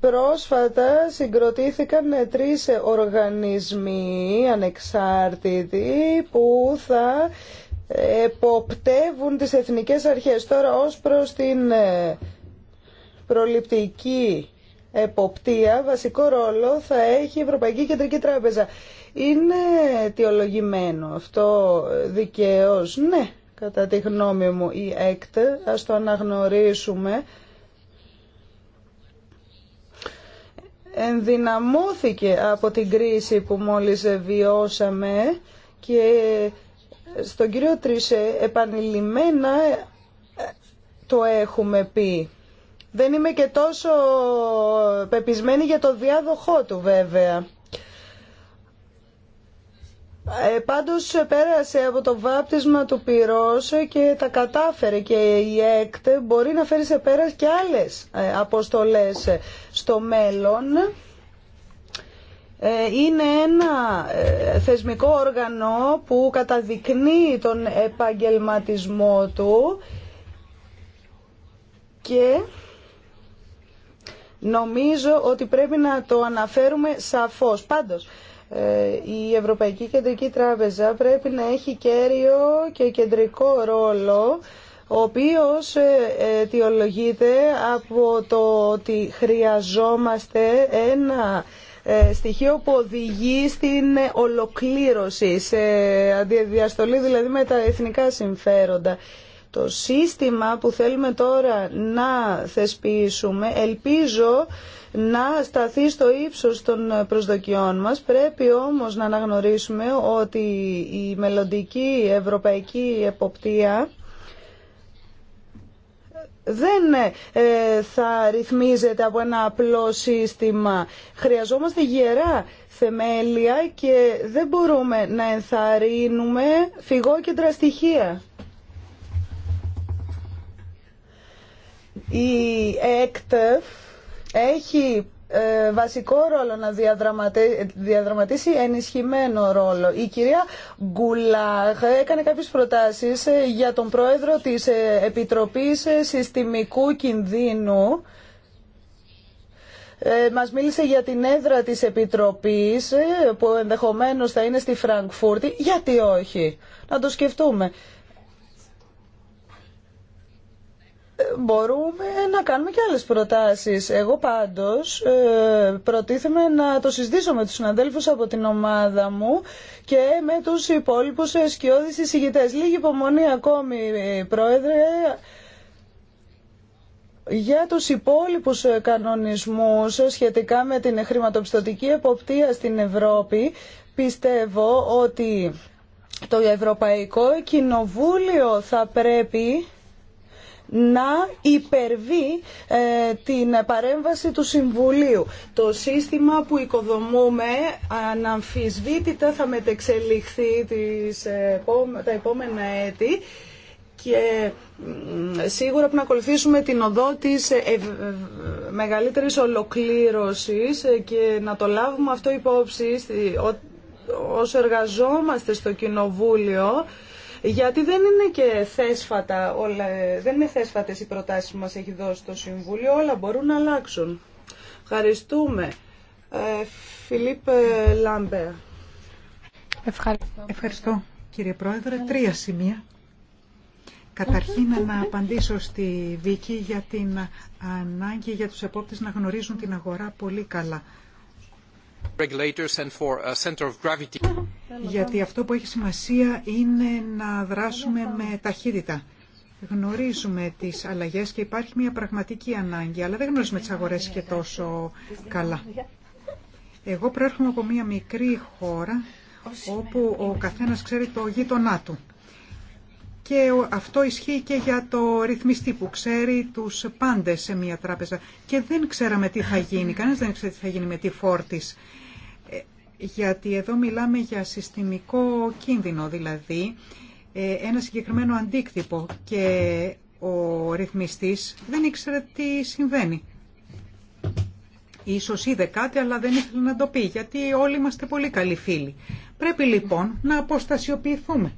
Πρόσφατα συγκροτήθηκαν ε, τρεις ε, οργανισμοί ανεξάρτητοι που θα εποπτεύουν τις εθνικές αρχές. Τώρα ως προς την προληπτική εποπτεία βασικό ρόλο θα έχει η Ευρωπαϊκή Κεντρική Τράπεζα. Είναι αιτιολογημένο αυτό δικαίως. Ναι, κατά τη γνώμη μου, η ΕΚΤ. Ας το αναγνωρίσουμε. Ενδυναμώθηκε από την κρίση που μόλις βιώσαμε και στον κύριο Τρίσε επανειλημμένα το έχουμε πει. Δεν είμαι και τόσο πεπισμένη για το διάδοχό του βέβαια. Ε, πάντως πέρασε από το βάπτισμα του πυρός και τα κατάφερε και η ΕΚΤ μπορεί να φέρει σε πέρας και άλλες ε, αποστολές στο μέλλον. Ε, είναι ένα ε, θεσμικό όργανο που καταδεικνύει τον επαγγελματισμό του και νομίζω ότι πρέπει να το αναφέρουμε σαφώς. Πάντως, ε, η Ευρωπαϊκή Κεντρική Τράπεζα πρέπει να έχει κέριο και κεντρικό ρόλο ο οποίος ε, αιτιολογείται από το ότι χρειαζόμαστε ένα ε, στοιχείο που οδηγεί στην ολοκλήρωση, σε αντιδιαστολή δηλαδή με τα εθνικά συμφέροντα. Το σύστημα που θέλουμε τώρα να θεσπίσουμε ελπίζω να σταθεί στο ύψος των προσδοκιών μας. Πρέπει όμως να αναγνωρίσουμε ότι η μελλοντική ευρωπαϊκή εποπτεία δεν ε, θα ρυθμίζεται από ένα απλό σύστημα. Χρειαζόμαστε γερά θεμέλια και δεν μπορούμε να ενθαρρύνουμε και στοιχεία. Η ΕΚΤΕΦ έχει ε, βασικό ρόλο να διαδραματίσει, διαδραματίσει ενισχυμένο ρόλο. Η κυρία Γκουλάχ έκανε κάποιες προτάσεις ε, για τον πρόεδρο της ε, Επιτροπής Συστημικού Κινδύνου. Ε, μας μίλησε για την έδρα της Επιτροπής που ενδεχομένως θα είναι στη Φραγκφούρτη. Γιατί όχι. Να το σκεφτούμε. Ε, μπορούμε να κάνουμε και άλλες προτάσεις. Εγώ πάντως ε, προτίθεμαι να το συζητήσω με τους συναδέλφους από την ομάδα μου και με τους υπόλοιπους σκιώδεις εισηγητές. Λίγη υπομονή ακόμη, ε, Πρόεδρε, για τους υπόλοιπους κανονισμούς σχετικά με την χρηματοπιστωτική εποπτεία στην Ευρώπη. Πιστεύω ότι το Ευρωπαϊκό Κοινοβούλιο θα πρέπει να υπερβεί ε, την παρέμβαση του Συμβουλίου. Το σύστημα που οικοδομούμε αναμφισβήτητα θα μετεξελιχθεί τις, ε, τα επόμενα έτη και σίγουρα που να ακολουθήσουμε την οδό της ε, μεγαλύτερης ολοκλήρωσης και να το λάβουμε αυτό υπόψη όσο εργαζόμαστε στο Κοινοβούλιο γιατί δεν είναι και θέσφατα, όλα, δεν είναι θέσφατες οι προτάσεις που μας έχει δώσει το Συμβούλιο, όλα μπορούν να αλλάξουν. Ευχαριστούμε. Ε, Φιλίπ Λάμπερ. Ευχαριστώ. Ευχαριστώ κύριε Πρόεδρε. Τρία σημεία. Καταρχήν να απαντήσω στη Βίκη για την ανάγκη για τους επόπτες να γνωρίζουν την αγορά πολύ καλά. Γιατί αυτό που έχει σημασία είναι να δράσουμε με ταχύτητα. Γνωρίζουμε τις αλλαγές και υπάρχει μια πραγματική ανάγκη, αλλά δεν γνωρίζουμε τις αγορές και τόσο καλά. Εγώ προέρχομαι από μια μικρή χώρα όπου ο καθένας ξέρει το γείτονά του. Και αυτό ισχύει και για το ρυθμιστή που ξέρει τους πάντες σε μια τράπεζα. Και δεν ξέραμε τι θα γίνει, κανένας δεν ξέρει τι θα γίνει με τη φόρτις γιατί εδώ μιλάμε για συστημικό κίνδυνο, δηλαδή ε, ένα συγκεκριμένο αντίκτυπο και ο ρυθμιστής δεν ήξερε τι συμβαίνει. Ίσως είδε κάτι αλλά δεν ήθελε να το πει γιατί όλοι είμαστε πολύ καλοί φίλοι. Πρέπει λοιπόν να αποστασιοποιηθούμε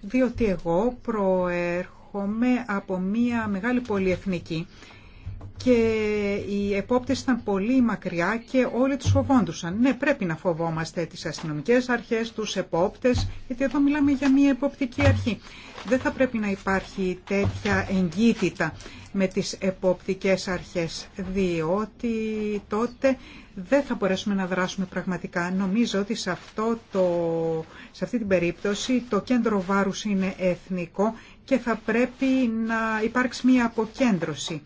διότι εγώ προέρχομαι από μία μεγάλη πολυεθνική και οι επόπτες ήταν πολύ μακριά και όλοι τους φοβόντουσαν. Ναι, πρέπει να φοβόμαστε τις αστυνομικές αρχές, τους επόπτες, γιατί εδώ μιλάμε για μια εποπτική αρχή. Δεν θα πρέπει να υπάρχει τέτοια εγκύτητα με τις εποπτικές αρχές, διότι τότε δεν θα μπορέσουμε να δράσουμε πραγματικά. Νομίζω ότι σε, αυτό το, σε αυτή την περίπτωση το κέντρο βάρους είναι εθνικό και θα πρέπει να υπάρξει μια αποκέντρωση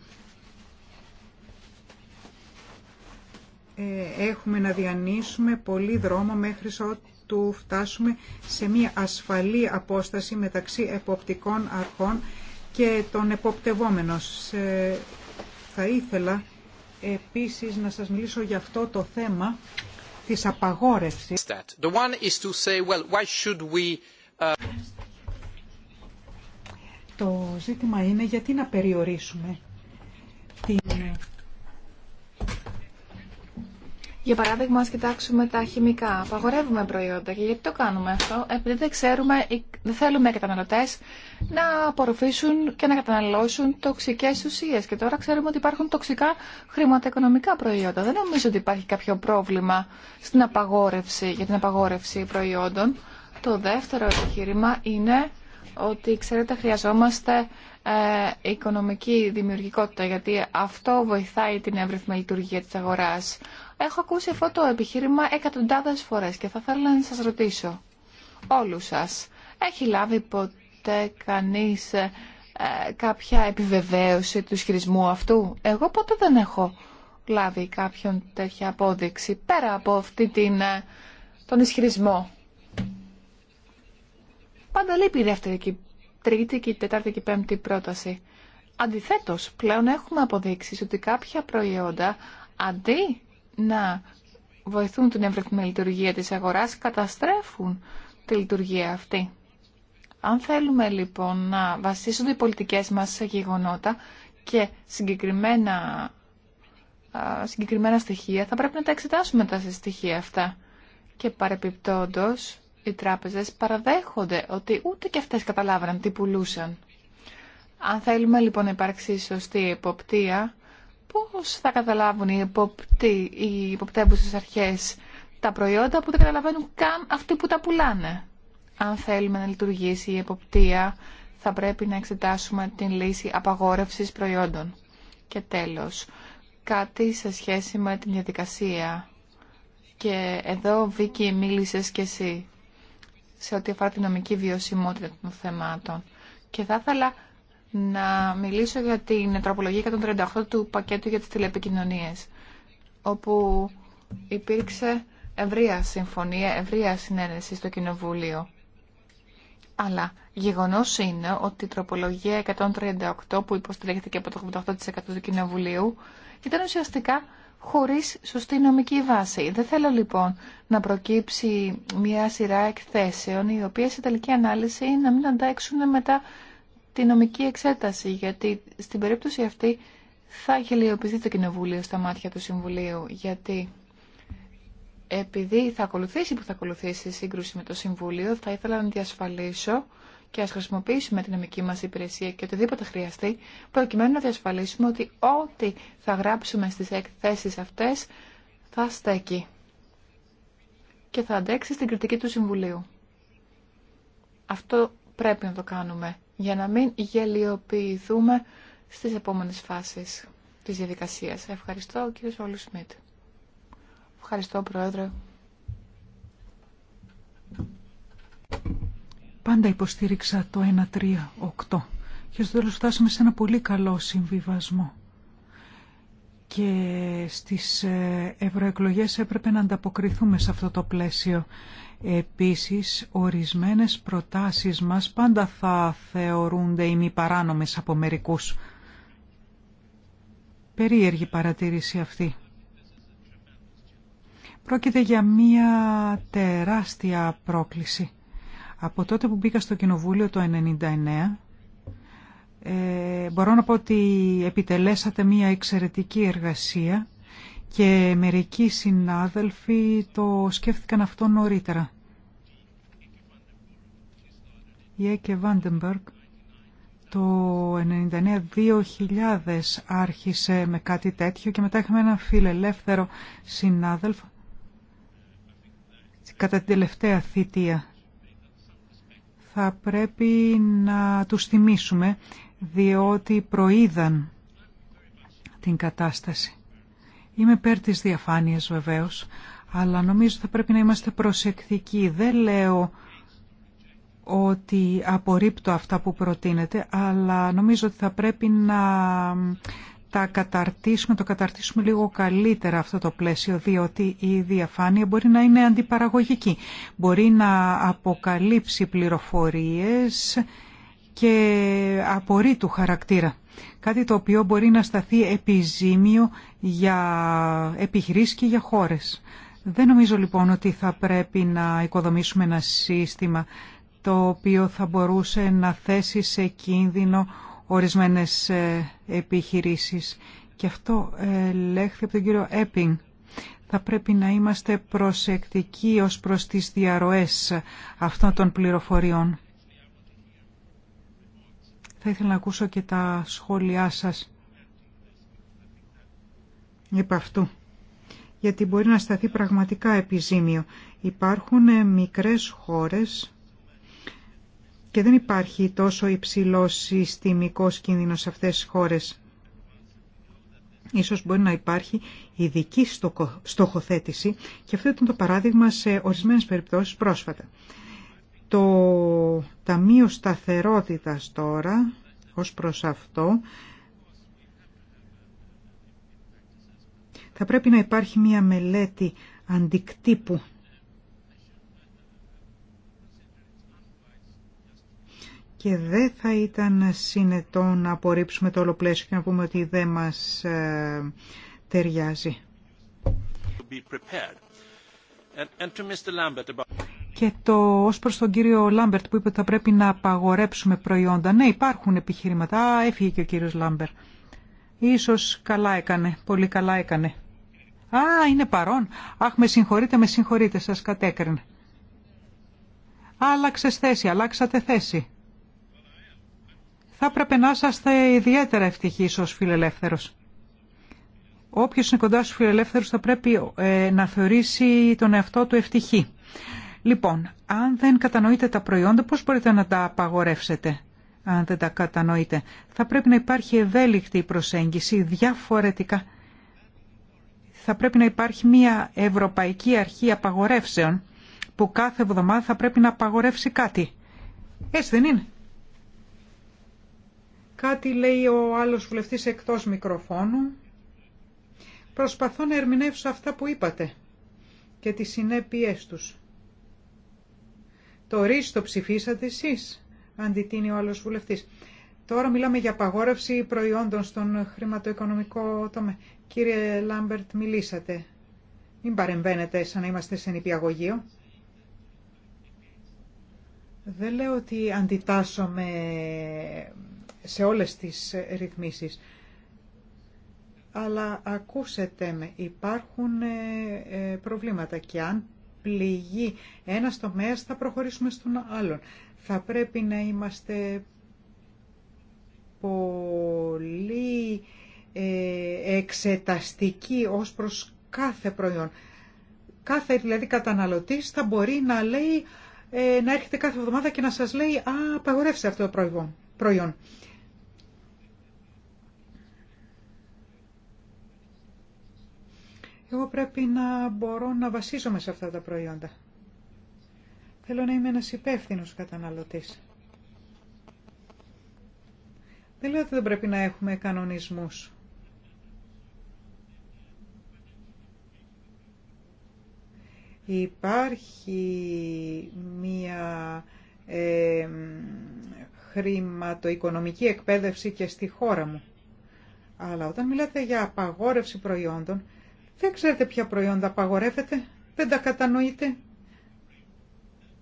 Ε, έχουμε να διανύσουμε πολύ δρόμο μέχρι ότου φτάσουμε σε μια ασφαλή απόσταση μεταξύ εποπτικών αρχών και των εποπτευόμενων. Θα ήθελα επίσης να σας μιλήσω για αυτό το θέμα της απαγόρευσης. Το ζήτημα είναι γιατί να περιορίσουμε την για παράδειγμα, α κοιτάξουμε τα χημικά. Απαγορεύουμε προϊόντα. Και γιατί το κάνουμε αυτό. Επειδή δεν ξέρουμε, δεν θέλουμε οι καταναλωτέ να απορροφήσουν και να καταναλώσουν τοξικέ ουσίε. Και τώρα ξέρουμε ότι υπάρχουν τοξικά χρηματοοικονομικά προϊόντα. Δεν νομίζω ότι υπάρχει κάποιο πρόβλημα στην απαγόρευση, για την απαγόρευση προϊόντων. Το δεύτερο επιχείρημα είναι ότι, ξέρετε, χρειαζόμαστε ε, οικονομική δημιουργικότητα, γιατί αυτό βοηθάει την εύρυθμη λειτουργία τη αγορά. Έχω ακούσει αυτό το επιχείρημα εκατοντάδες φορές και θα ήθελα να σας ρωτήσω όλους σας. Έχει λάβει ποτέ κανείς ε, κάποια επιβεβαίωση του ισχυρισμού αυτού. Εγώ ποτέ δεν έχω λάβει κάποιον τέτοια απόδειξη πέρα από αυτή την, ε, τον ισχυρισμό. Πάντα λείπει η δεύτερη και η τρίτη και η τετάρτη και η πέμπτη πρόταση. Αντιθέτως, πλέον έχουμε αποδείξει ότι κάποια προϊόντα αντί να βοηθούν την εύρεθμη λειτουργία της αγοράς, καταστρέφουν τη λειτουργία αυτή. Αν θέλουμε λοιπόν να βασίσονται οι πολιτικές μας σε γεγονότα και συγκεκριμένα, συγκεκριμένα στοιχεία, θα πρέπει να τα εξετάσουμε τα στοιχεία αυτά. Και παρεπιπτόντως, οι τράπεζες παραδέχονται ότι ούτε και αυτές καταλάβραν, τι πουλούσαν. Αν θέλουμε λοιπόν να υπάρξει σωστή εποπτεία, πώς θα καταλάβουν οι, υποπτή, οι αρχές τα προϊόντα που δεν καταλαβαίνουν καν αυτοί που τα πουλάνε. Αν θέλουμε να λειτουργήσει η εποπτεία, θα πρέπει να εξετάσουμε την λύση απαγόρευσης προϊόντων. Και τέλος, κάτι σε σχέση με την διαδικασία. Και εδώ, Βίκυ, μίλησες και εσύ σε ό,τι αφορά την νομική βιωσιμότητα των θεμάτων. Και θα ήθελα να μιλήσω για την τροπολογία 138 του πακέτου για τις τηλεπικοινωνίες, όπου υπήρξε ευρεία συμφωνία, ευρεία συνένεση στο Κοινοβούλιο. Αλλά γεγονός είναι ότι η τροπολογία 138 που υποστηρίχθηκε από το 88% του Κοινοβουλίου ήταν ουσιαστικά χωρίς σωστή νομική βάση. Δεν θέλω λοιπόν να προκύψει μια σειρά εκθέσεων οι οποίες σε τελική ανάλυση να μην αντέξουν μετά τη νομική εξέταση, γιατί στην περίπτωση αυτή θα γελιοποιηθεί το Κοινοβούλιο στα μάτια του Συμβουλίου, γιατί επειδή θα ακολουθήσει που θα ακολουθήσει η σύγκρουση με το Συμβούλιο, θα ήθελα να διασφαλίσω και ας χρησιμοποιήσουμε την νομική μας υπηρεσία και οτιδήποτε χρειαστεί, προκειμένου να διασφαλίσουμε ότι ό,τι θα γράψουμε στις εκθέσεις αυτές θα στέκει και θα αντέξει στην κριτική του Συμβουλίου. Αυτό πρέπει να το κάνουμε για να μην γελιοποιηθούμε στις επόμενες φάσεις της διαδικασίας. Ευχαριστώ, κύριε Σόλου Σμιτ. Ευχαριστώ, Πρόεδρε. Πάντα υποστήριξα το 1 3 και στο τέλος φτάσαμε σε ένα πολύ καλό συμβιβασμό. Και στις ε, ευρωεκλογές έπρεπε να ανταποκριθούμε σε αυτό το πλαίσιο. Επίσης, ορισμένες προτάσεις μας πάντα θα θεωρούνται οι μη παράνομες από μερικούς. Περίεργη παρατήρηση αυτή. Πρόκειται για μία τεράστια πρόκληση. Από τότε που μπήκα στο Κοινοβούλιο το 1999, ε, μπορώ να πω ότι επιτελέσατε μία εξαιρετική εργασία και μερικοί συνάδελφοι το σκέφτηκαν αυτό νωρίτερα. Η Έκε Βάντεμπεργκ το 99-2000 άρχισε με κάτι τέτοιο και μετά είχαμε ένα φιλελεύθερο συνάδελφο κατά την τελευταία θητεία. Θα πρέπει να τους θυμίσουμε διότι προείδαν την κατάσταση. Είμαι υπέρ της διαφάνειας βεβαίως, αλλά νομίζω θα πρέπει να είμαστε προσεκτικοί. Δεν λέω ότι απορρίπτω αυτά που προτείνεται, αλλά νομίζω ότι θα πρέπει να τα καταρτήσουμε, το καταρτήσουμε λίγο καλύτερα αυτό το πλαίσιο, διότι η διαφάνεια μπορεί να είναι αντιπαραγωγική. Μπορεί να αποκαλύψει πληροφορίες και απορρίτου χαρακτήρα. Κάτι το οποίο μπορεί να σταθεί επιζήμιο για επιχειρήσεις και για χώρες. Δεν νομίζω λοιπόν ότι θα πρέπει να οικοδομήσουμε ένα σύστημα το οποίο θα μπορούσε να θέσει σε κίνδυνο ορισμένες ε, επιχειρήσεις. Και αυτό ε, λέχθη από τον κύριο Έπινγκ. Θα πρέπει να είμαστε προσεκτικοί ως προς τις διαρροές αυτών των πληροφοριών. Θα ήθελα να ακούσω και τα σχόλιά σας επ' αυτού. Γιατί μπορεί να σταθεί πραγματικά επιζήμιο. Υπάρχουν ε, μικρές χώρες και δεν υπάρχει τόσο υψηλό συστημικός κίνδυνος σε αυτές τις χώρες. Ίσως μπορεί να υπάρχει ειδική στοχοθέτηση και αυτό ήταν το παράδειγμα σε ορισμένες περιπτώσεις πρόσφατα. Το Ταμείο Σταθερότητας τώρα, ως προς αυτό, θα πρέπει να υπάρχει μια μελέτη αντικτύπου και δεν θα ήταν συνετό να απορρίψουμε το όλο πλαίσιο και να πούμε ότι δεν μας ε, ταιριάζει. Και το ως προς τον κύριο Λάμπερτ που είπε ότι θα πρέπει να απαγορέψουμε προϊόντα. Ναι, υπάρχουν επιχειρήματα. Α, έφυγε και ο κύριο Λάμπερτ. Σω καλά έκανε, πολύ καλά έκανε. Α, είναι παρόν. Αχ, με συγχωρείτε, με συγχωρείτε, σα κατέκρινε. Άλλαξε θέση, αλλάξατε θέση. Θα έπρεπε να είσαστε ιδιαίτερα ευτυχεί ω φιλελεύθερο. Όποιο είναι κοντά στου φιλελεύθερου θα πρέπει ε, να θεωρήσει τον εαυτό του ευτυχή. Λοιπόν, αν δεν κατανοείτε τα προϊόντα, πώς μπορείτε να τα απαγορεύσετε, αν δεν τα κατανοείτε. Θα πρέπει να υπάρχει ευέλικτη προσέγγιση διαφορετικά. Θα πρέπει να υπάρχει μια Ευρωπαϊκή Αρχή Απαγορεύσεων που κάθε εβδομάδα θα πρέπει να απαγορεύσει κάτι. Έτσι δεν είναι. Κάτι λέει ο άλλος βουλευτής εκτός μικροφώνου. Προσπαθώ να ερμηνεύσω αυτά που είπατε και τις συνέπειές τους. Το ρίστο το ψηφίσατε εσείς, αντιτείνει ο άλλο βουλευτής. Τώρα μιλάμε για απαγόρευση προϊόντων στον χρηματοοικονομικό τομέα. Κύριε Λάμπερτ, μιλήσατε. Μην παρεμβαίνετε σαν να είμαστε σε νηπιαγωγείο. Δεν λέω ότι αντιτάσσομαι σε όλες τις ρυθμίσεις. Αλλά ακούσετε με, υπάρχουν ε, ε, προβλήματα και αν πληγεί ένα τομέα, θα προχωρήσουμε στον άλλον. Θα πρέπει να είμαστε πολύ ε, εξεταστικοί ως προς κάθε προϊόν. Κάθε δηλαδή καταναλωτής θα μπορεί να λέει, ε, να έρχεται κάθε εβδομάδα και να σας λέει «Α, απαγορεύσε αυτό το προϊόν». Εγώ πρέπει να μπορώ να βασίζομαι σε αυτά τα προϊόντα. Θέλω να είμαι ένας υπεύθυνο καταναλωτής. Δεν λέω ότι δεν πρέπει να έχουμε κανονισμούς. Υπάρχει μία ε, χρηματοοικονομική εκπαίδευση και στη χώρα μου. Αλλά όταν μιλάτε για απαγόρευση προϊόντων, δεν ξέρετε ποια προϊόντα απαγορεύεται, δεν τα κατανοείτε.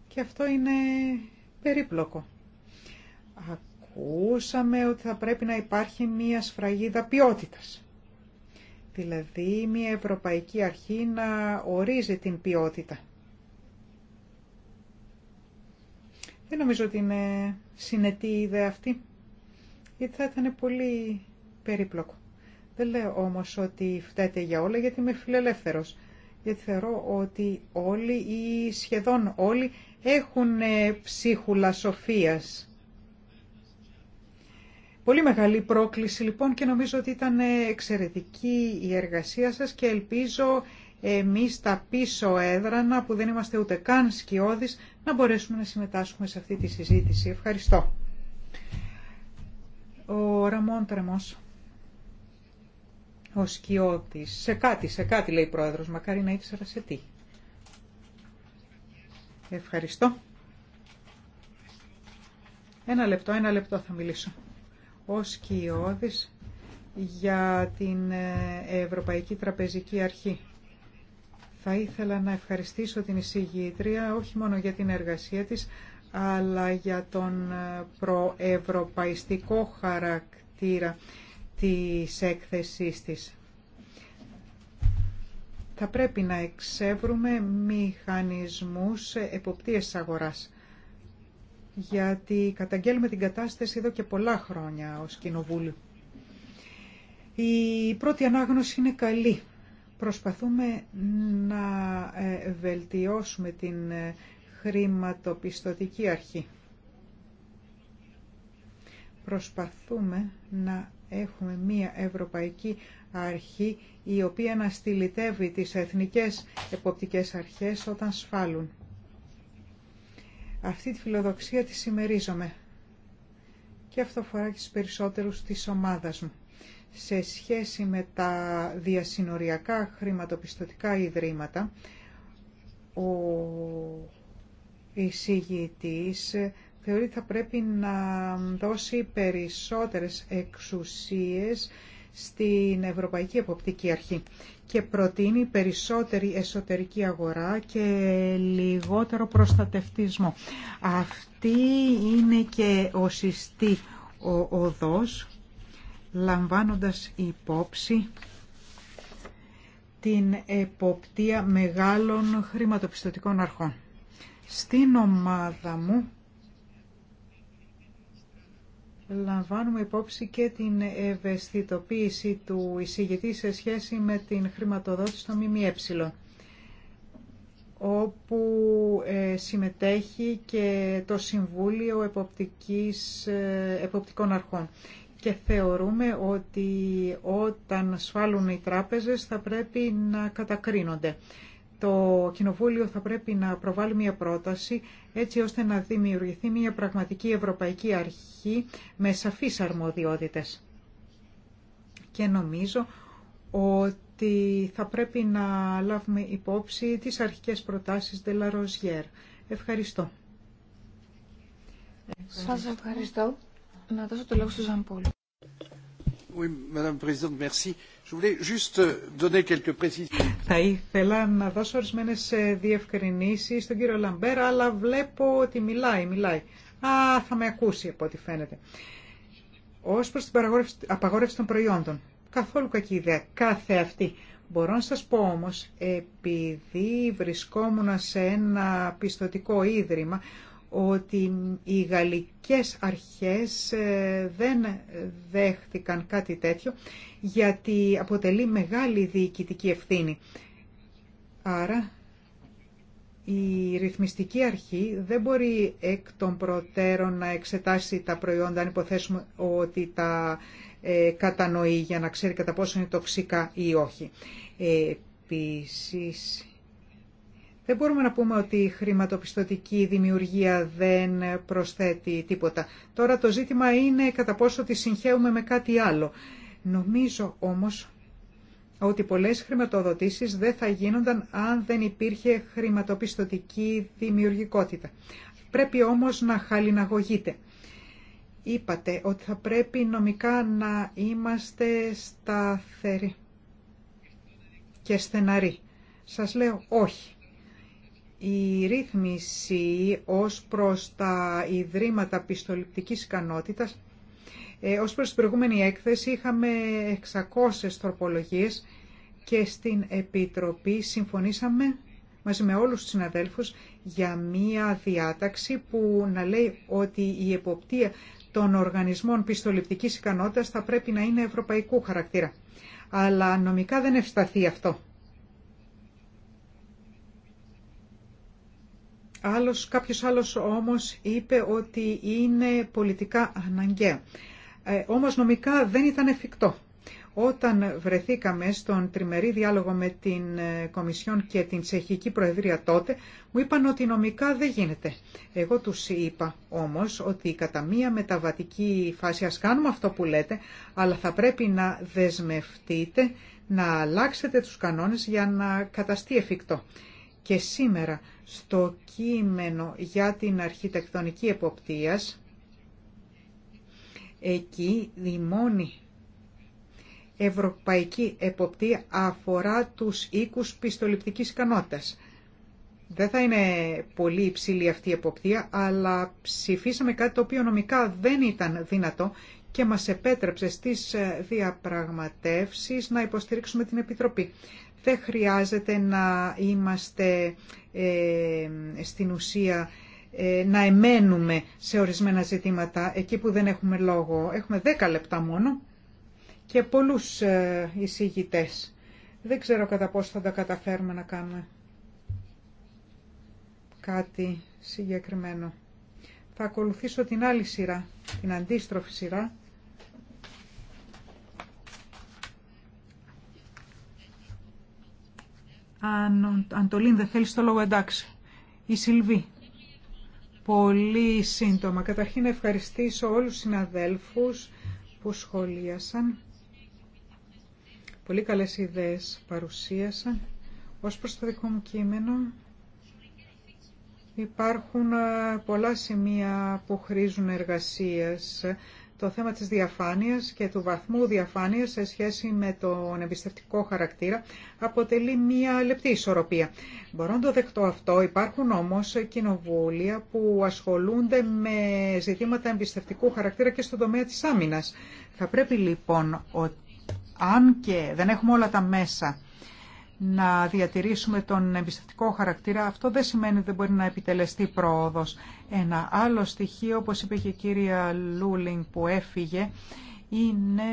Και αυτό είναι περίπλοκο. Ακούσαμε ότι θα πρέπει να υπάρχει μία σφραγίδα ποιότητας. Δηλαδή μία Ευρωπαϊκή Αρχή να ορίζει την ποιότητα. Δεν νομίζω ότι είναι συνετή η ιδέα αυτή, γιατί θα ήταν πολύ περίπλοκο. Δεν λέω όμως ότι φταίτε για όλα γιατί είμαι φιλελεύθερος. Γιατί θεωρώ ότι όλοι ή σχεδόν όλοι έχουν ε, ψίχουλα σοφίας. Πολύ μεγάλη πρόκληση λοιπόν και νομίζω ότι ήταν ε, εξαιρετική η εργασία σας και ελπίζω ε, εμείς τα πίσω έδρανα που δεν είμαστε ούτε καν σκιώδεις να μπορέσουμε να συμμετάσχουμε σε αυτή τη συζήτηση. Ευχαριστώ. Ο ο Σε κάτι, σε κάτι λέει η πρόεδρος. Μακάρι να ήξερα σε τι. Ευχαριστώ. Ένα λεπτό, ένα λεπτό θα μιλήσω. Ο Σκιώδης για την ε, Ευρωπαϊκή Τραπεζική Αρχή. Θα ήθελα να ευχαριστήσω την εισηγήτρια όχι μόνο για την εργασία της, αλλά για τον ε, προευρωπαϊστικό χαρακτήρα της έκθεσής της. Θα πρέπει να εξεύρουμε μηχανισμούς εποπτείας αγοράς, γιατί καταγγέλουμε την κατάσταση εδώ και πολλά χρόνια ως Κοινοβούλιο. Η πρώτη ανάγνωση είναι καλή. Προσπαθούμε να ε, βελτιώσουμε την ε, χρηματοπιστωτική αρχή. Προσπαθούμε να έχουμε μία ευρωπαϊκή αρχή η οποία να στυλιτεύει τις εθνικές εποπτικές αρχές όταν σφάλουν. Αυτή τη φιλοδοξία τη συμμερίζομαι και αυτό αφορά και περισσότερους της ομάδας μου. Σε σχέση με τα διασυνοριακά χρηματοπιστωτικά ιδρύματα, ο εισηγητής θεωρεί θα πρέπει να δώσει περισσότερες εξουσίες στην Ευρωπαϊκή Εποπτική Αρχή και προτείνει περισσότερη εσωτερική αγορά και λιγότερο προστατευτισμό. Αυτή είναι και ο συστή ο οδός, λαμβάνοντας υπόψη την εποπτεία μεγάλων χρηματοπιστωτικών αρχών. Στην ομάδα μου λαμβάνουμε υπόψη και την ευαισθητοποίηση του εισηγητή σε σχέση με την χρηματοδότηση των ΜΜΕ όπου ε, συμμετέχει και το Συμβούλιο Εποπτικής, ε, Εποπτικών Αρχών. Και θεωρούμε ότι όταν σφάλουν οι τράπεζες θα πρέπει να κατακρίνονται το Κοινοβούλιο θα πρέπει να προβάλλει μια πρόταση έτσι ώστε να δημιουργηθεί μια πραγματική ευρωπαϊκή αρχή με σαφείς αρμοδιότητες. Και νομίζω ότι θα πρέπει να λάβουμε υπόψη τις αρχικές προτάσεις de la Ευχαριστώ. Σας ευχαριστώ. Να δώσω το λόγο στον Oui, Madame merci. Euh, θα ήθελα να δώσω ορισμένε διευκρινήσει στον κύριο Λαμπέρα, αλλά βλέπω ότι μιλάει, μιλάει. Α, θα με ακούσει από ό,τι φαίνεται. Ω προ την απαγόρευση των προϊόντων. Καθόλου κακή ιδέα. Κάθε αυτή. Μπορώ να σας πω όμως, επειδή βρισκόμουν σε ένα πιστοτικό ίδρυμα, ότι οι γαλλικές αρχές ε, δεν δέχτηκαν κάτι τέτοιο γιατί αποτελεί μεγάλη διοικητική ευθύνη. Άρα η ρυθμιστική αρχή δεν μπορεί εκ των προτέρων να εξετάσει τα προϊόντα αν υποθέσουμε ότι τα ε, κατανοεί για να ξέρει κατά πόσο είναι τοξικά ή όχι. Επίσης, δεν μπορούμε να πούμε ότι η χρηματοπιστωτική δημιουργία δεν προσθέτει τίποτα. Τώρα το ζήτημα είναι κατά πόσο τη συγχαίουμε με κάτι άλλο. Νομίζω όμως ότι πολλές χρηματοδοτήσεις δεν θα γίνονταν αν δεν υπήρχε χρηματοπιστωτική δημιουργικότητα. Πρέπει όμως να χαλιναγωγείτε. Είπατε ότι θα πρέπει νομικά να είμαστε σταθεροί και στεναροί. Σας λέω όχι η ρύθμιση ως προς τα ιδρύματα πιστοληπτικής ικανότητας, ε, ως προς την προηγούμενη έκθεση είχαμε 600 τροπολογίες και στην Επιτροπή συμφωνήσαμε μαζί με όλους τους συναδέλφους για μία διάταξη που να λέει ότι η εποπτεία των οργανισμών πιστοληπτικής ικανότητας θα πρέπει να είναι ευρωπαϊκού χαρακτήρα. Αλλά νομικά δεν ευσταθεί αυτό. Άλλος, κάποιος άλλος όμως είπε ότι είναι πολιτικά αναγκαία. Ε, όμως νομικά δεν ήταν εφικτό. Όταν βρεθήκαμε στον τριμερή διάλογο με την ε, Κομισιόν και την Τσεχική Προεδρία τότε, μου είπαν ότι νομικά δεν γίνεται. Εγώ τους είπα όμως ότι κατά μία μεταβατική φάση, ας κάνουμε αυτό που λέτε, αλλά θα πρέπει να δεσμευτείτε να αλλάξετε τους κανόνες για να καταστεί εφικτό και σήμερα στο κείμενο για την αρχιτεκτονική εποπτείας, εκεί η μόνη ευρωπαϊκή εποπτεία αφορά τους οίκους πιστοληπτικής ικανότητας. Δεν θα είναι πολύ υψηλή αυτή η εποπτεία, αλλά ψηφίσαμε κάτι το οποίο νομικά δεν ήταν δυνατό και μας επέτρεψε στις ε, διαπραγματεύσεις να υποστηρίξουμε την Επιτροπή. Δεν χρειάζεται να είμαστε ε, στην ουσία ε, να εμένουμε σε ορισμένα ζητήματα εκεί που δεν έχουμε λόγο. Έχουμε 10 λεπτά μόνο και πολλούς ε, εισηγητές. Δεν ξέρω κατά πώς θα τα καταφέρουμε να κάνουμε κάτι συγκεκριμένο. Θα ακολουθήσω την άλλη σειρά, την αντίστροφη σειρά Αν, αν το δεν θέλει το λόγο εντάξει. Η Σιλβή. Πολύ σύντομα. Καταρχήν να ευχαριστήσω όλους τους συναδέλφους που σχολίασαν. Πολύ καλές ιδέες παρουσίασαν. Ως προς το δικό μου κείμενο υπάρχουν ε, πολλά σημεία που χρήζουν εργασίας το θέμα της διαφάνειας και του βαθμού διαφάνειας σε σχέση με τον εμπιστευτικό χαρακτήρα αποτελεί μία λεπτή ισορροπία. Μπορώ να το δεχτώ αυτό, υπάρχουν όμως κοινοβούλια που ασχολούνται με ζητήματα εμπιστευτικού χαρακτήρα και στον τομέα της άμυνας. Θα πρέπει λοιπόν, αν και δεν έχουμε όλα τα μέσα να διατηρήσουμε τον εμπιστευτικό χαρακτήρα, αυτό δεν σημαίνει ότι δεν μπορεί να επιτελεστεί πρόοδος. Ένα άλλο στοιχείο, όπως είπε και η κυρία Λούλινγκ που έφυγε, είναι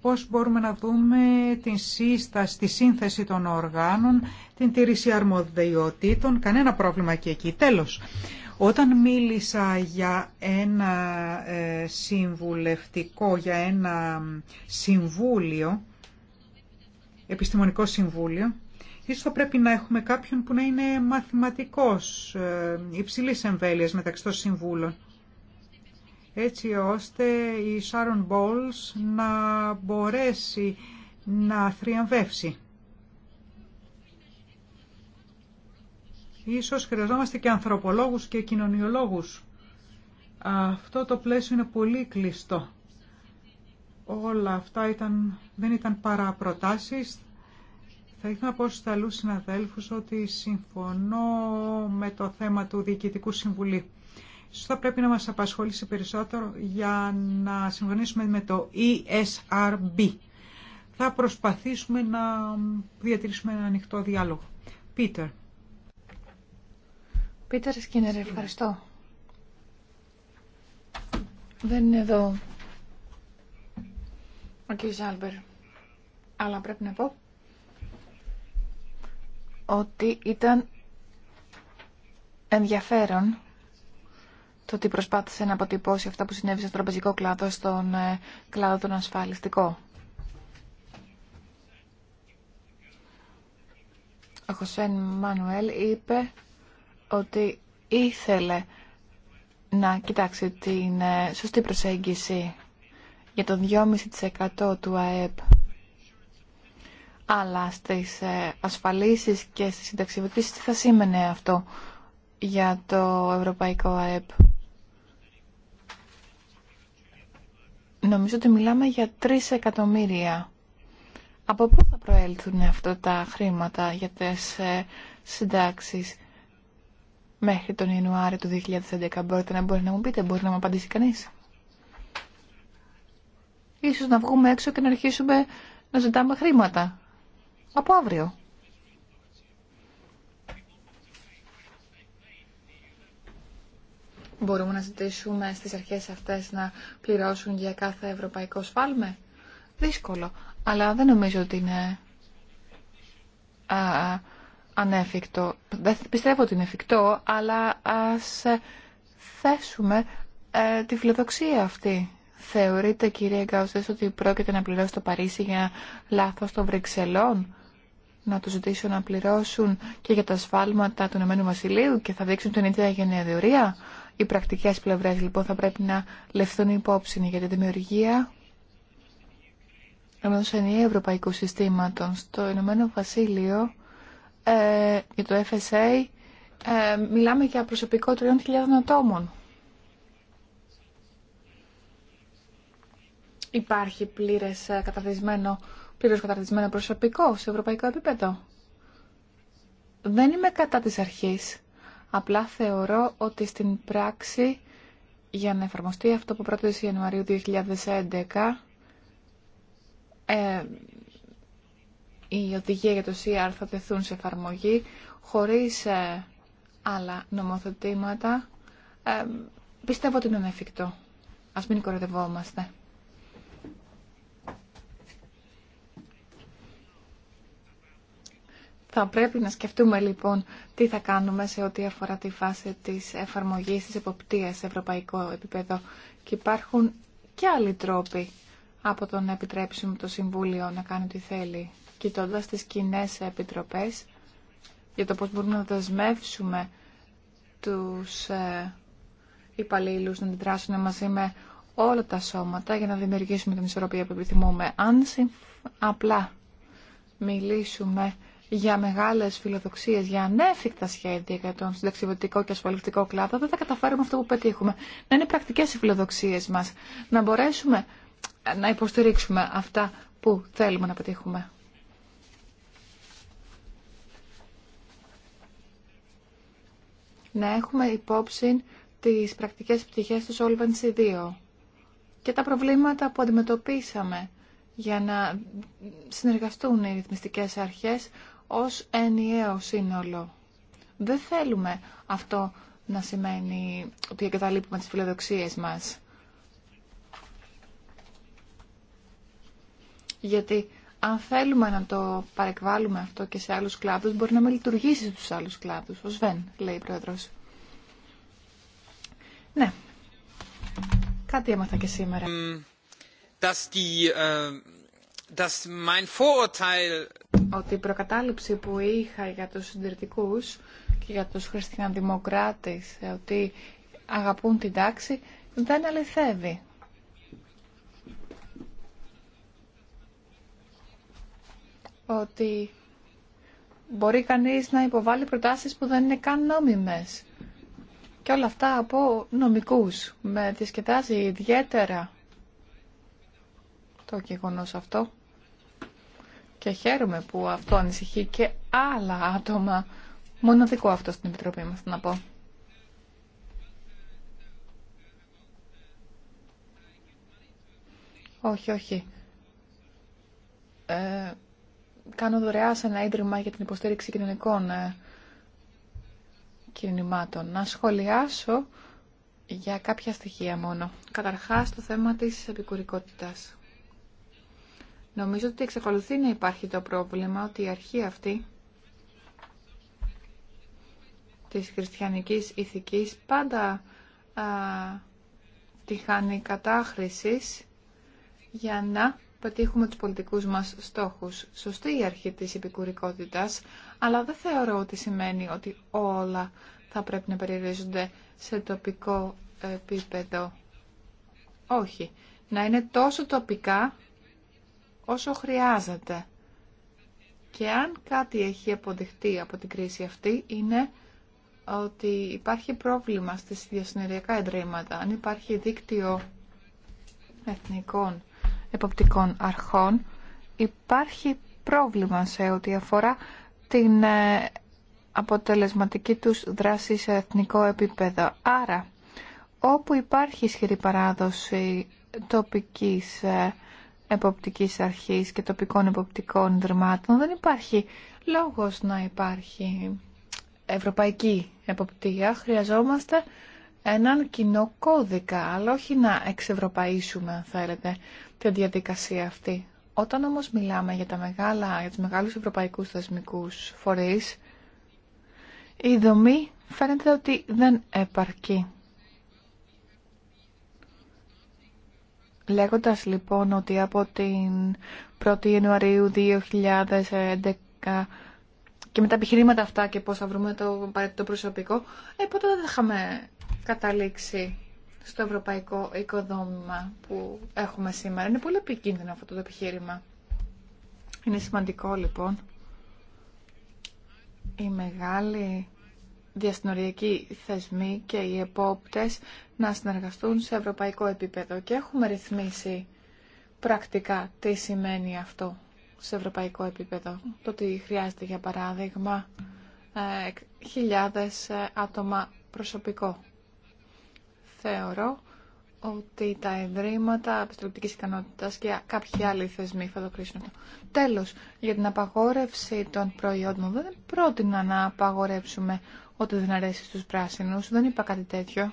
πώς μπορούμε να δούμε την σύσταση, τη σύνθεση των οργάνων, την τήρηση αρμοδιοτήτων, κανένα πρόβλημα και εκεί. Τέλος, όταν μίλησα για ένα ε, συμβουλευτικό, για ένα συμβούλιο, Επιστημονικό Συμβούλιο, ίσως θα πρέπει να έχουμε κάποιον που να είναι μαθηματικός, ε, υψηλής εμβέλειας μεταξύ των συμβούλων, έτσι ώστε η Sharon Bowles να μπορέσει να θριαμβεύσει. Ίσως χρειαζόμαστε και ανθρωπολόγους και κοινωνιολόγους. Αυτό το πλαίσιο είναι πολύ κλειστό όλα αυτά ήταν, δεν ήταν παρά προτάσεις. Θα ήθελα να πω στους αλλούς συναδέλφους ότι συμφωνώ με το θέμα του Διοικητικού Συμβουλίου. Ίσως θα πρέπει να μας απασχόλησει περισσότερο για να συμφωνήσουμε με το ESRB. Θα προσπαθήσουμε να διατηρήσουμε ένα ανοιχτό διάλογο. Πίτερ. Πίτερ Σκίνερ, ευχαριστώ. Δεν είναι εδώ ο κ. Ζάλμπερ. Αλλά πρέπει να πω ότι ήταν ενδιαφέρον το ότι προσπάθησε να αποτυπώσει αυτά που συνέβησαν στο τραπεζικό κλάδο, στον ε, κλάδο τον ασφαλιστικό. Ο Χωσέν Μανουέλ είπε ότι ήθελε να κοιτάξει την ε, σωστή προσέγγιση για το 2,5% του ΑΕΠ αλλά στις ε, ασφαλίσεις και στις συνταξιοδοτήσεις τι θα σήμαινε αυτό για το ευρωπαϊκό ΑΕΠ. Νομίζω ότι μιλάμε για 3 εκατομμύρια. Από πού θα προέλθουν αυτά τα χρήματα για τις ε, συντάξεις μέχρι τον Ιανουάριο του 2011. Μπορείτε να, μπορεί να μου πείτε, μπορεί να μου απαντήσει κανείς. Ίσως να βγούμε έξω και να αρχίσουμε να ζητάμε χρήματα. Από αύριο. Μπορούμε να ζητήσουμε στις αρχές αυτές να πληρώσουν για κάθε ευρωπαϊκό σφάλμε. Δύσκολο. Αλλά δεν νομίζω ότι είναι ανέφικτο. Δεν πιστεύω ότι είναι εφικτό, αλλά ας ε, θέσουμε ε, τη φιλοδοξία αυτή Θεωρείτε, κυρία Γκάουσες, ότι πρόκειται να πληρώσει το Παρίσι για λάθος των Βρυξελών, να του ζητήσουν να πληρώσουν και για τα σφάλματα του Ηνωμένου Βασιλείου και θα δείξουν την ίδια διορία. Οι πρακτικές πλευρές λοιπόν θα πρέπει να λεφθούν υπόψη για τη δημιουργία ενό ενιαίου ευρωπαϊκού συστήματος. Στο Ηνωμένο Βασίλειο ε, για το FSA ε, μιλάμε για προσωπικό 3.000 ατόμων. Υπάρχει πλήρες ε, καταρτισμένο, πλήρως καταρτισμένο προσωπικό σε ευρωπαϊκό επίπεδο. Δεν είμαι κατά της αρχής. Απλά θεωρώ ότι στην πράξη, για να εφαρμοστεί που από Ιανουαρίου 2011, ε, η οδηγία για το CR θα τεθούν σε εφαρμογή χωρίς ε, άλλα νομοθετήματα. Ε, πιστεύω ότι είναι εφικτό. Ας μην κοροδευόμαστε. Θα πρέπει να σκεφτούμε λοιπόν τι θα κάνουμε σε ό,τι αφορά τη φάση της εφαρμογής της εποπτείας σε ευρωπαϊκό επίπεδο και υπάρχουν και άλλοι τρόποι από το να επιτρέψουμε το Συμβούλιο να κάνει τι θέλει, κοιτώντα τις κοινέ επιτροπές για το πώς μπορούμε να δεσμεύσουμε τους ε, υπαλλήλους να αντιδράσουν μαζί με όλα τα σώματα για να δημιουργήσουμε την ισορροπία που επιθυμούμε. Αν απλά μιλήσουμε για μεγάλες φιλοδοξίες, για ανέφικτα σχέδια για τον συνταξιδοτικό και ασφαλιστικό κλάδο, δεν θα καταφέρουμε αυτό που πετύχουμε. Να είναι πρακτικές οι φιλοδοξίες μας, να μπορέσουμε να υποστηρίξουμε αυτά που θέλουμε να πετύχουμε. Να έχουμε υπόψη τις πρακτικές πτυχές του Solvency 2 και τα προβλήματα που αντιμετωπίσαμε για να συνεργαστούν οι ρυθμιστικές αρχές ως ενιαίο σύνολο. Δεν θέλουμε αυτό να σημαίνει ότι εγκαταλείπουμε τις φιλοδοξίες μας. Γιατί αν θέλουμε να το παρεκβάλλουμε αυτό και σε άλλους κλάδους, μπορεί να με λειτουργήσει στους άλλους κλάδους. Ο Σβέν, λέει η Πρόεδρος. Ναι. Κάτι έμαθα και σήμερα. Dass die, ε, dass mein Vorurteil ότι η προκατάληψη που είχα για τους συντηρητικούς και για τους χριστιανοδημοκράτες ε, ότι αγαπούν την τάξη δεν αληθεύει. Ότι μπορεί κανείς να υποβάλει προτάσεις που δεν είναι καν νόμιμες. Και όλα αυτά από νομικούς. Με δισκετάζει ιδιαίτερα το γεγονό αυτό. Και χαίρομαι που αυτό ανησυχεί και άλλα άτομα. Μοναδικό αυτό στην Επιτροπή μας, να πω. Όχι, όχι. Ε, κάνω δωρεά σε ένα ίδρυμα για την υποστήριξη κοινωνικών ε, κινημάτων. Να σχολιάσω για κάποια στοιχεία μόνο. Καταρχάς, το θέμα της επικουρικότητας. Νομίζω ότι εξακολουθεί να υπάρχει το πρόβλημα ότι η αρχή αυτή της χριστιανικής ηθικής πάντα α, τη χάνει κατάχρησης για να πετύχουμε τους πολιτικούς μας στόχους. Σωστή η αρχή της επικουρικότητας, αλλά δεν θεωρώ ότι σημαίνει ότι όλα θα πρέπει να περιορίζονται σε τοπικό επίπεδο. Όχι. Να είναι τόσο τοπικά όσο χρειάζεται. Και αν κάτι έχει αποδειχτεί από την κρίση αυτή είναι ότι υπάρχει πρόβλημα στις διασυνεριακά εντρήματα. Αν υπάρχει δίκτυο εθνικών εποπτικών αρχών, υπάρχει πρόβλημα σε ό,τι αφορά την ε, αποτελεσματική τους δράση σε εθνικό επίπεδο. Άρα, όπου υπάρχει ισχυρή παράδοση τοπικής ε, εποπτικής αρχής και τοπικών εποπτικών δερμάτων δεν υπάρχει λόγος να υπάρχει ευρωπαϊκή εποπτεία. Χρειαζόμαστε έναν κοινό κώδικα, αλλά όχι να εξευρωπαίσουμε, αν θέλετε, τη διαδικασία αυτή. Όταν όμως μιλάμε για, τα μεγάλα, για τους μεγάλους ευρωπαϊκούς θεσμικούς φορείς, η δομή φαίνεται ότι δεν επαρκεί. Λέγοντας λοιπόν ότι από την 1η Ιανουαρίου 2011 και με τα επιχειρήματα αυτά και πώς θα βρούμε το, το προσωπικό, ε, ποτέ δεν θα είχαμε καταλήξει στο ευρωπαϊκό οικοδόμημα που έχουμε σήμερα. Είναι πολύ επικίνδυνο αυτό το επιχείρημα. Είναι σημαντικό λοιπόν η μεγάλη διασυνοριακοί θεσμοί και οι επόπτες να συνεργαστούν σε ευρωπαϊκό επίπεδο και έχουμε ρυθμίσει πρακτικά τι σημαίνει αυτό σε ευρωπαϊκό επίπεδο. Το ότι χρειάζεται για παράδειγμα ε, χιλιάδες ε, άτομα προσωπικό. Θεωρώ ότι τα ευρήματα απεστροπτικής ικανότητα και κάποιοι άλλοι θεσμοί θα το κρίσουν αυτό. Τέλο, για την απαγόρευση των προϊόντων, δεν πρότεινα να απαγορέψουμε ό,τι δεν αρέσει στου πράσινου. Δεν είπα κάτι τέτοιο.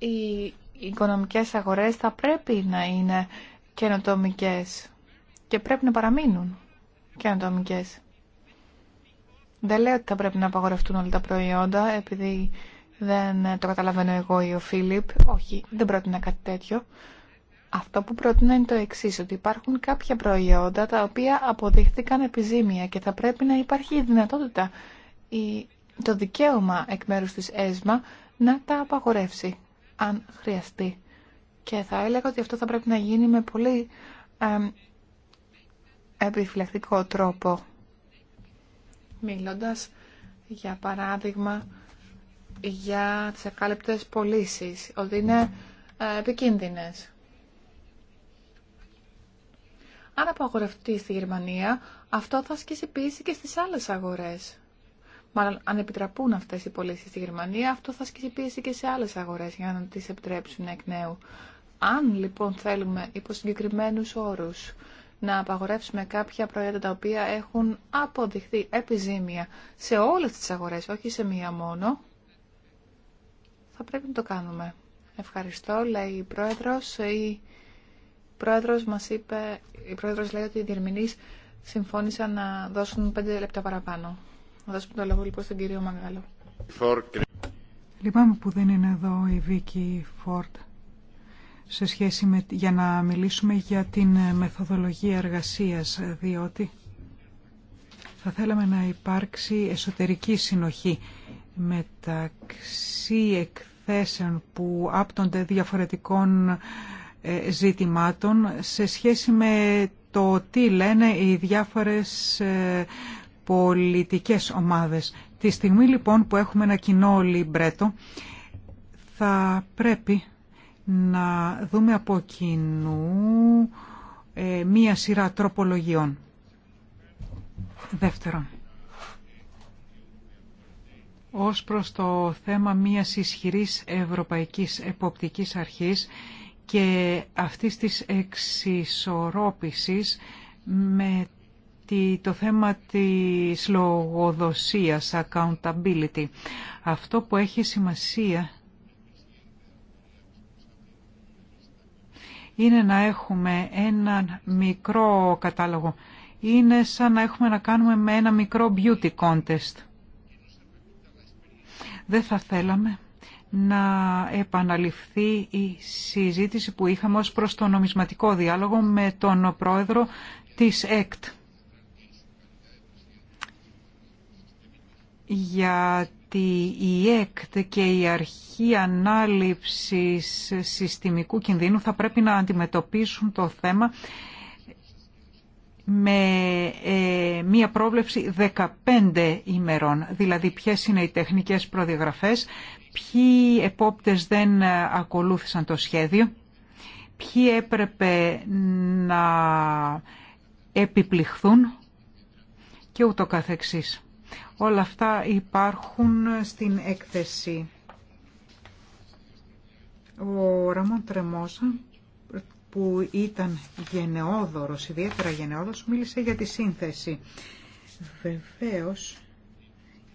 Οι οικονομικές αγορές θα πρέπει να είναι καινοτομικές και πρέπει να παραμείνουν καινοτομικές. Δεν λέω ότι θα πρέπει να απαγορευτούν όλα τα προϊόντα, επειδή δεν το καταλαβαίνω εγώ ή ο Φίλιπ. Όχι, δεν πρότεινα κάτι τέτοιο. Αυτό που πρότεινα είναι το εξή, ότι υπάρχουν κάποια προϊόντα τα οποία αποδείχθηκαν επιζήμια και θα πρέπει να υπάρχει η δυνατότητα, το δικαίωμα εκ μέρους της ΕΣΜΑ να τα απαγορεύσει, αν χρειαστεί. Και θα έλεγα ότι αυτό θα πρέπει να γίνει με πολύ επιφυλακτικό τρόπο μιλώντας για παράδειγμα για τις ακάλυπτες πωλήσει, ότι είναι ε, επικίνδυνες. Αν απαγορευτεί στη Γερμανία, αυτό θα ασκήσει και στις άλλες αγορές. Μάλλον, αν επιτραπούν αυτές οι πωλήσει στη Γερμανία, αυτό θα ασκήσει και σε άλλες αγορές για να τις επιτρέψουν εκ νέου. Αν λοιπόν θέλουμε υπό συγκεκριμένου όρους να απαγορεύσουμε κάποια προϊόντα τα οποία έχουν αποδειχθεί επιζήμια σε όλες τις αγορές, όχι σε μία μόνο, θα πρέπει να το κάνουμε. Ευχαριστώ, λέει η Πρόεδρος. Η Πρόεδρος μας είπε, η Πρόεδρος λέει ότι οι διερμηνείς συμφώνησαν να δώσουν πέντε λεπτά παραπάνω. Να δώσουμε το λόγο λοιπόν στον κύριο Μαγκάλο. Λυπάμαι που δεν είναι εδώ η Βίκη Φόρτ σε σχέση με, για να μιλήσουμε για την μεθοδολογία εργασίας, διότι θα θέλαμε να υπάρξει εσωτερική συνοχή μεταξύ εκθέσεων που άπτονται διαφορετικών ε, ζητημάτων σε σχέση με το τι λένε οι διάφορες ε, πολιτικές ομάδες. Τη στιγμή λοιπόν που έχουμε ένα κοινό λιμπρέτο θα πρέπει να δούμε από κοινού ε, μία σειρά τροπολογιών. Δεύτερον, ως προς το θέμα μίας ισχυρής ευρωπαϊκής εποπτικής αρχής και αυτής της εξισορρόπησης με το θέμα της λογοδοσίας, accountability. Αυτό που έχει σημασία είναι να έχουμε έναν μικρό κατάλογο. Είναι σαν να έχουμε να κάνουμε με ένα μικρό beauty contest. Δεν θα θέλαμε να επαναληφθεί η συζήτηση που είχαμε ως προς το νομισματικό διάλογο με τον πρόεδρο της ΕΚΤ. για ότι η ΕΚΤ και η Αρχή Ανάληψης Συστημικού Κινδύνου θα πρέπει να αντιμετωπίσουν το θέμα με ε, μία πρόβλεψη 15 ημερών, δηλαδή ποιες είναι οι τεχνικές προδιαγραφές, ποιοι επόπτες δεν ακολούθησαν το σχέδιο, ποιοι έπρεπε να επιπληχθούν και ούτω καθεξής. Όλα αυτά υπάρχουν στην έκθεση. Ο Ραμόν Τρεμόσα που ήταν γενναιόδωρος, ιδιαίτερα γενναιόδωρος, μίλησε για τη σύνθεση. Βεβαίως,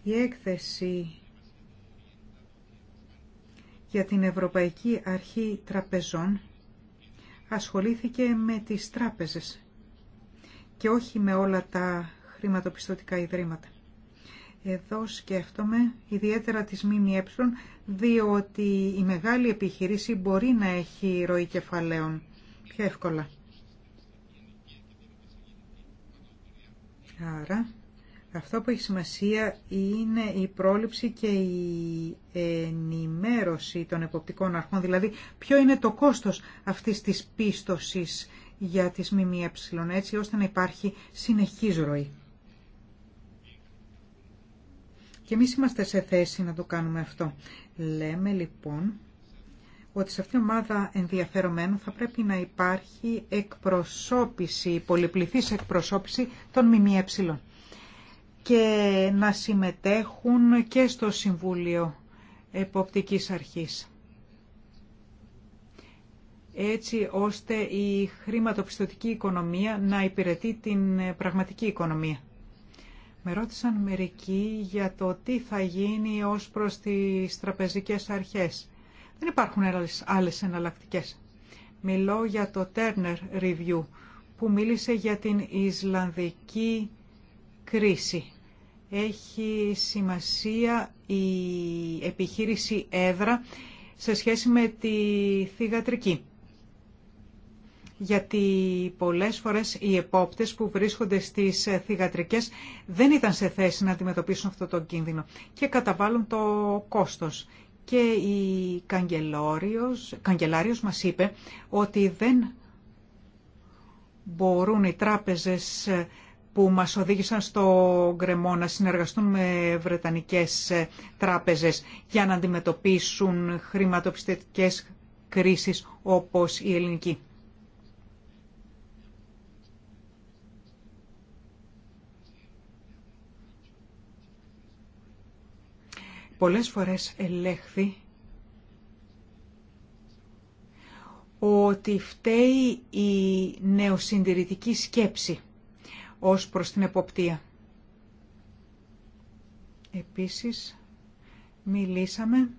η έκθεση για την Ευρωπαϊκή Αρχή Τραπεζών ασχολήθηκε με τις τράπεζες και όχι με όλα τα χρηματοπιστωτικά ιδρύματα. Εδώ σκέφτομαι ιδιαίτερα τις ΜΜΕ, διότι η μεγάλη επιχειρήση μπορεί να έχει ροή κεφαλαίων πιο εύκολα. Άρα, αυτό που έχει σημασία είναι η πρόληψη και η ενημέρωση των εποπτικών αρχών, δηλαδή ποιο είναι το κόστος αυτής της πίστοσης για τις ΜΜΕ, έτσι ώστε να υπάρχει συνεχής ροή. Και εμείς είμαστε σε θέση να το κάνουμε αυτό. Λέμε λοιπόν ότι σε αυτήν την ομάδα ενδιαφερομένων θα πρέπει να υπάρχει εκπροσώπηση, πολυπληθής εκπροσώπηση των ΜΜΕ και να συμμετέχουν και στο Συμβούλιο Εποπτικής Αρχής έτσι ώστε η χρηματοπιστωτική οικονομία να υπηρετεί την πραγματική οικονομία. Με ρώτησαν μερικοί για το τι θα γίνει ως προς τις τραπεζικές αρχές. Δεν υπάρχουν άλλες εναλλακτικέ. Μιλώ για το Turner Review που μίλησε για την Ισλανδική κρίση. Έχει σημασία η επιχείρηση έδρα σε σχέση με τη θηγατρική γιατί πολλές φορές οι επόπτες που βρίσκονται στις θηγατρικές δεν ήταν σε θέση να αντιμετωπίσουν αυτό το κίνδυνο και καταβάλουν το κόστος. Και η καγκελάριος, καγκελάριος μας είπε ότι δεν μπορούν οι τράπεζες που μας οδήγησαν στο γκρεμό να συνεργαστούν με βρετανικές τράπεζες για να αντιμετωπίσουν χρηματοπιστωτικές κρίσεις όπως η ελληνική. Πολλές φορές ελέγχθη ότι φταίει η νεοσυντηρητική σκέψη ως προς την εποπτεία. Επίσης, μιλήσαμε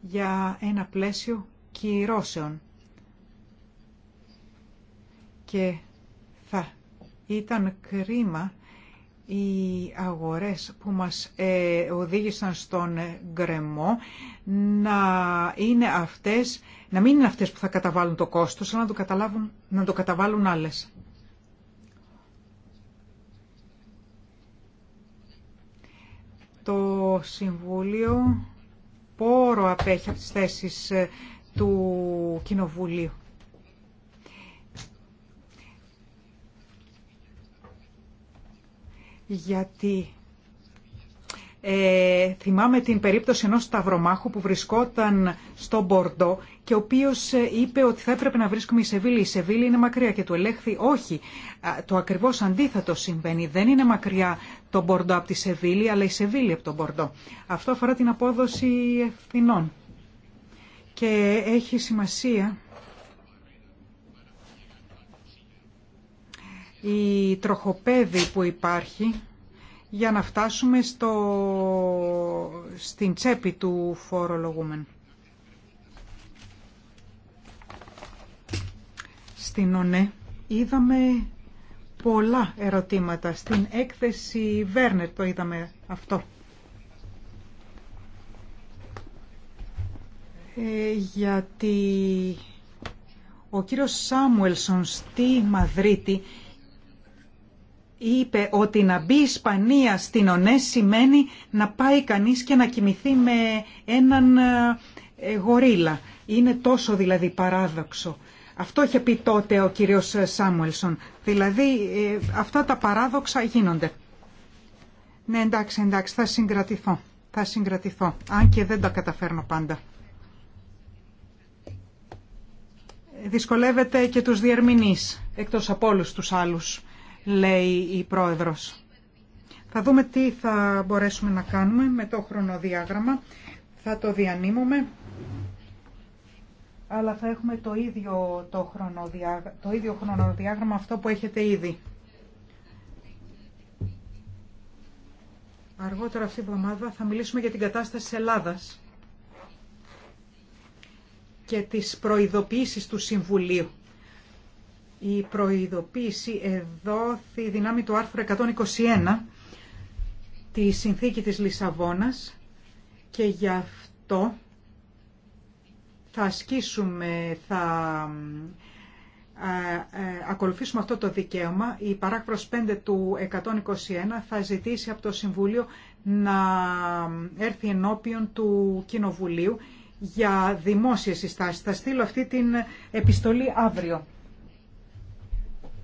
για ένα πλαίσιο κυρώσεων και θα ήταν κρίμα οι αγορές που μας ε, οδήγησαν στον ε, γκρεμό να, είναι αυτές, να μην είναι αυτές που θα καταβάλουν το κόστος, αλλά να το, καταλάβουν, να το καταβάλουν άλλες. Το Συμβούλιο πόρο απέχει από τις θέσεις ε, του Κοινοβουλίου. γιατί ε, θυμάμαι την περίπτωση ενός σταυρομάχου που βρισκόταν στο Μπορντό και ο οποίος ε, είπε ότι θα έπρεπε να βρίσκουμε η Σεβίλη. Η Σεβίλη είναι μακριά και του ελέγχθη όχι. Το ακριβώς αντίθετο συμβαίνει. Δεν είναι μακριά το Μπορντό από τη Σεβίλη, αλλά η Σεβίλη από τον Μπορντό. Αυτό αφορά την απόδοση ευθυνών. Και έχει σημασία η τροχοπέδη που υπάρχει για να φτάσουμε στο, στην τσέπη του φορολογούμενου. Στην ΟΝΕ είδαμε πολλά ερωτήματα. Στην έκθεση Βέρνερ το είδαμε αυτό. Ε, γιατί ο κύριος Σάμουελσον στη Μαδρίτη είπε ότι να μπει η Ισπανία στην ΟΝΕ σημαίνει να πάει κανείς και να κοιμηθεί με έναν ε, ε, γορίλα. Είναι τόσο δηλαδή παράδοξο. Αυτό είχε πει τότε ο κύριος Σάμουελσον. Δηλαδή ε, αυτά τα παράδοξα γίνονται. Ναι εντάξει, εντάξει, θα συγκρατηθώ. Θα συγκρατηθώ, αν και δεν τα καταφέρνω πάντα. Δυσκολεύεται και τους διερμηνείς, εκτός από όλους τους άλλους λέει η πρόεδρος. Θα δούμε τι θα μπορέσουμε να κάνουμε με το χρονοδιάγραμμα. Θα το διανύμουμε, αλλά θα έχουμε το ίδιο, το, το ίδιο χρονοδιάγραμμα αυτό που έχετε ήδη. Αργότερα αυτή η εβδομάδα θα μιλήσουμε για την κατάσταση της Ελλάδας και τις προειδοποιήσεις του Συμβουλίου. Η προειδοποίηση εδόθη δυνάμει του άρθρου 121 τη συνθήκη της Λισαβόνας και γι' αυτό θα ασκήσουμε, θα ε, ακολουθήσουμε αυτό το δικαίωμα. Η παράγραφος 5 του 121 θα ζητήσει από το Συμβούλιο να έρθει ενώπιον του Κοινοβουλίου για δημόσια συστάσεις. Θα στείλω αυτή την επιστολή αύριο.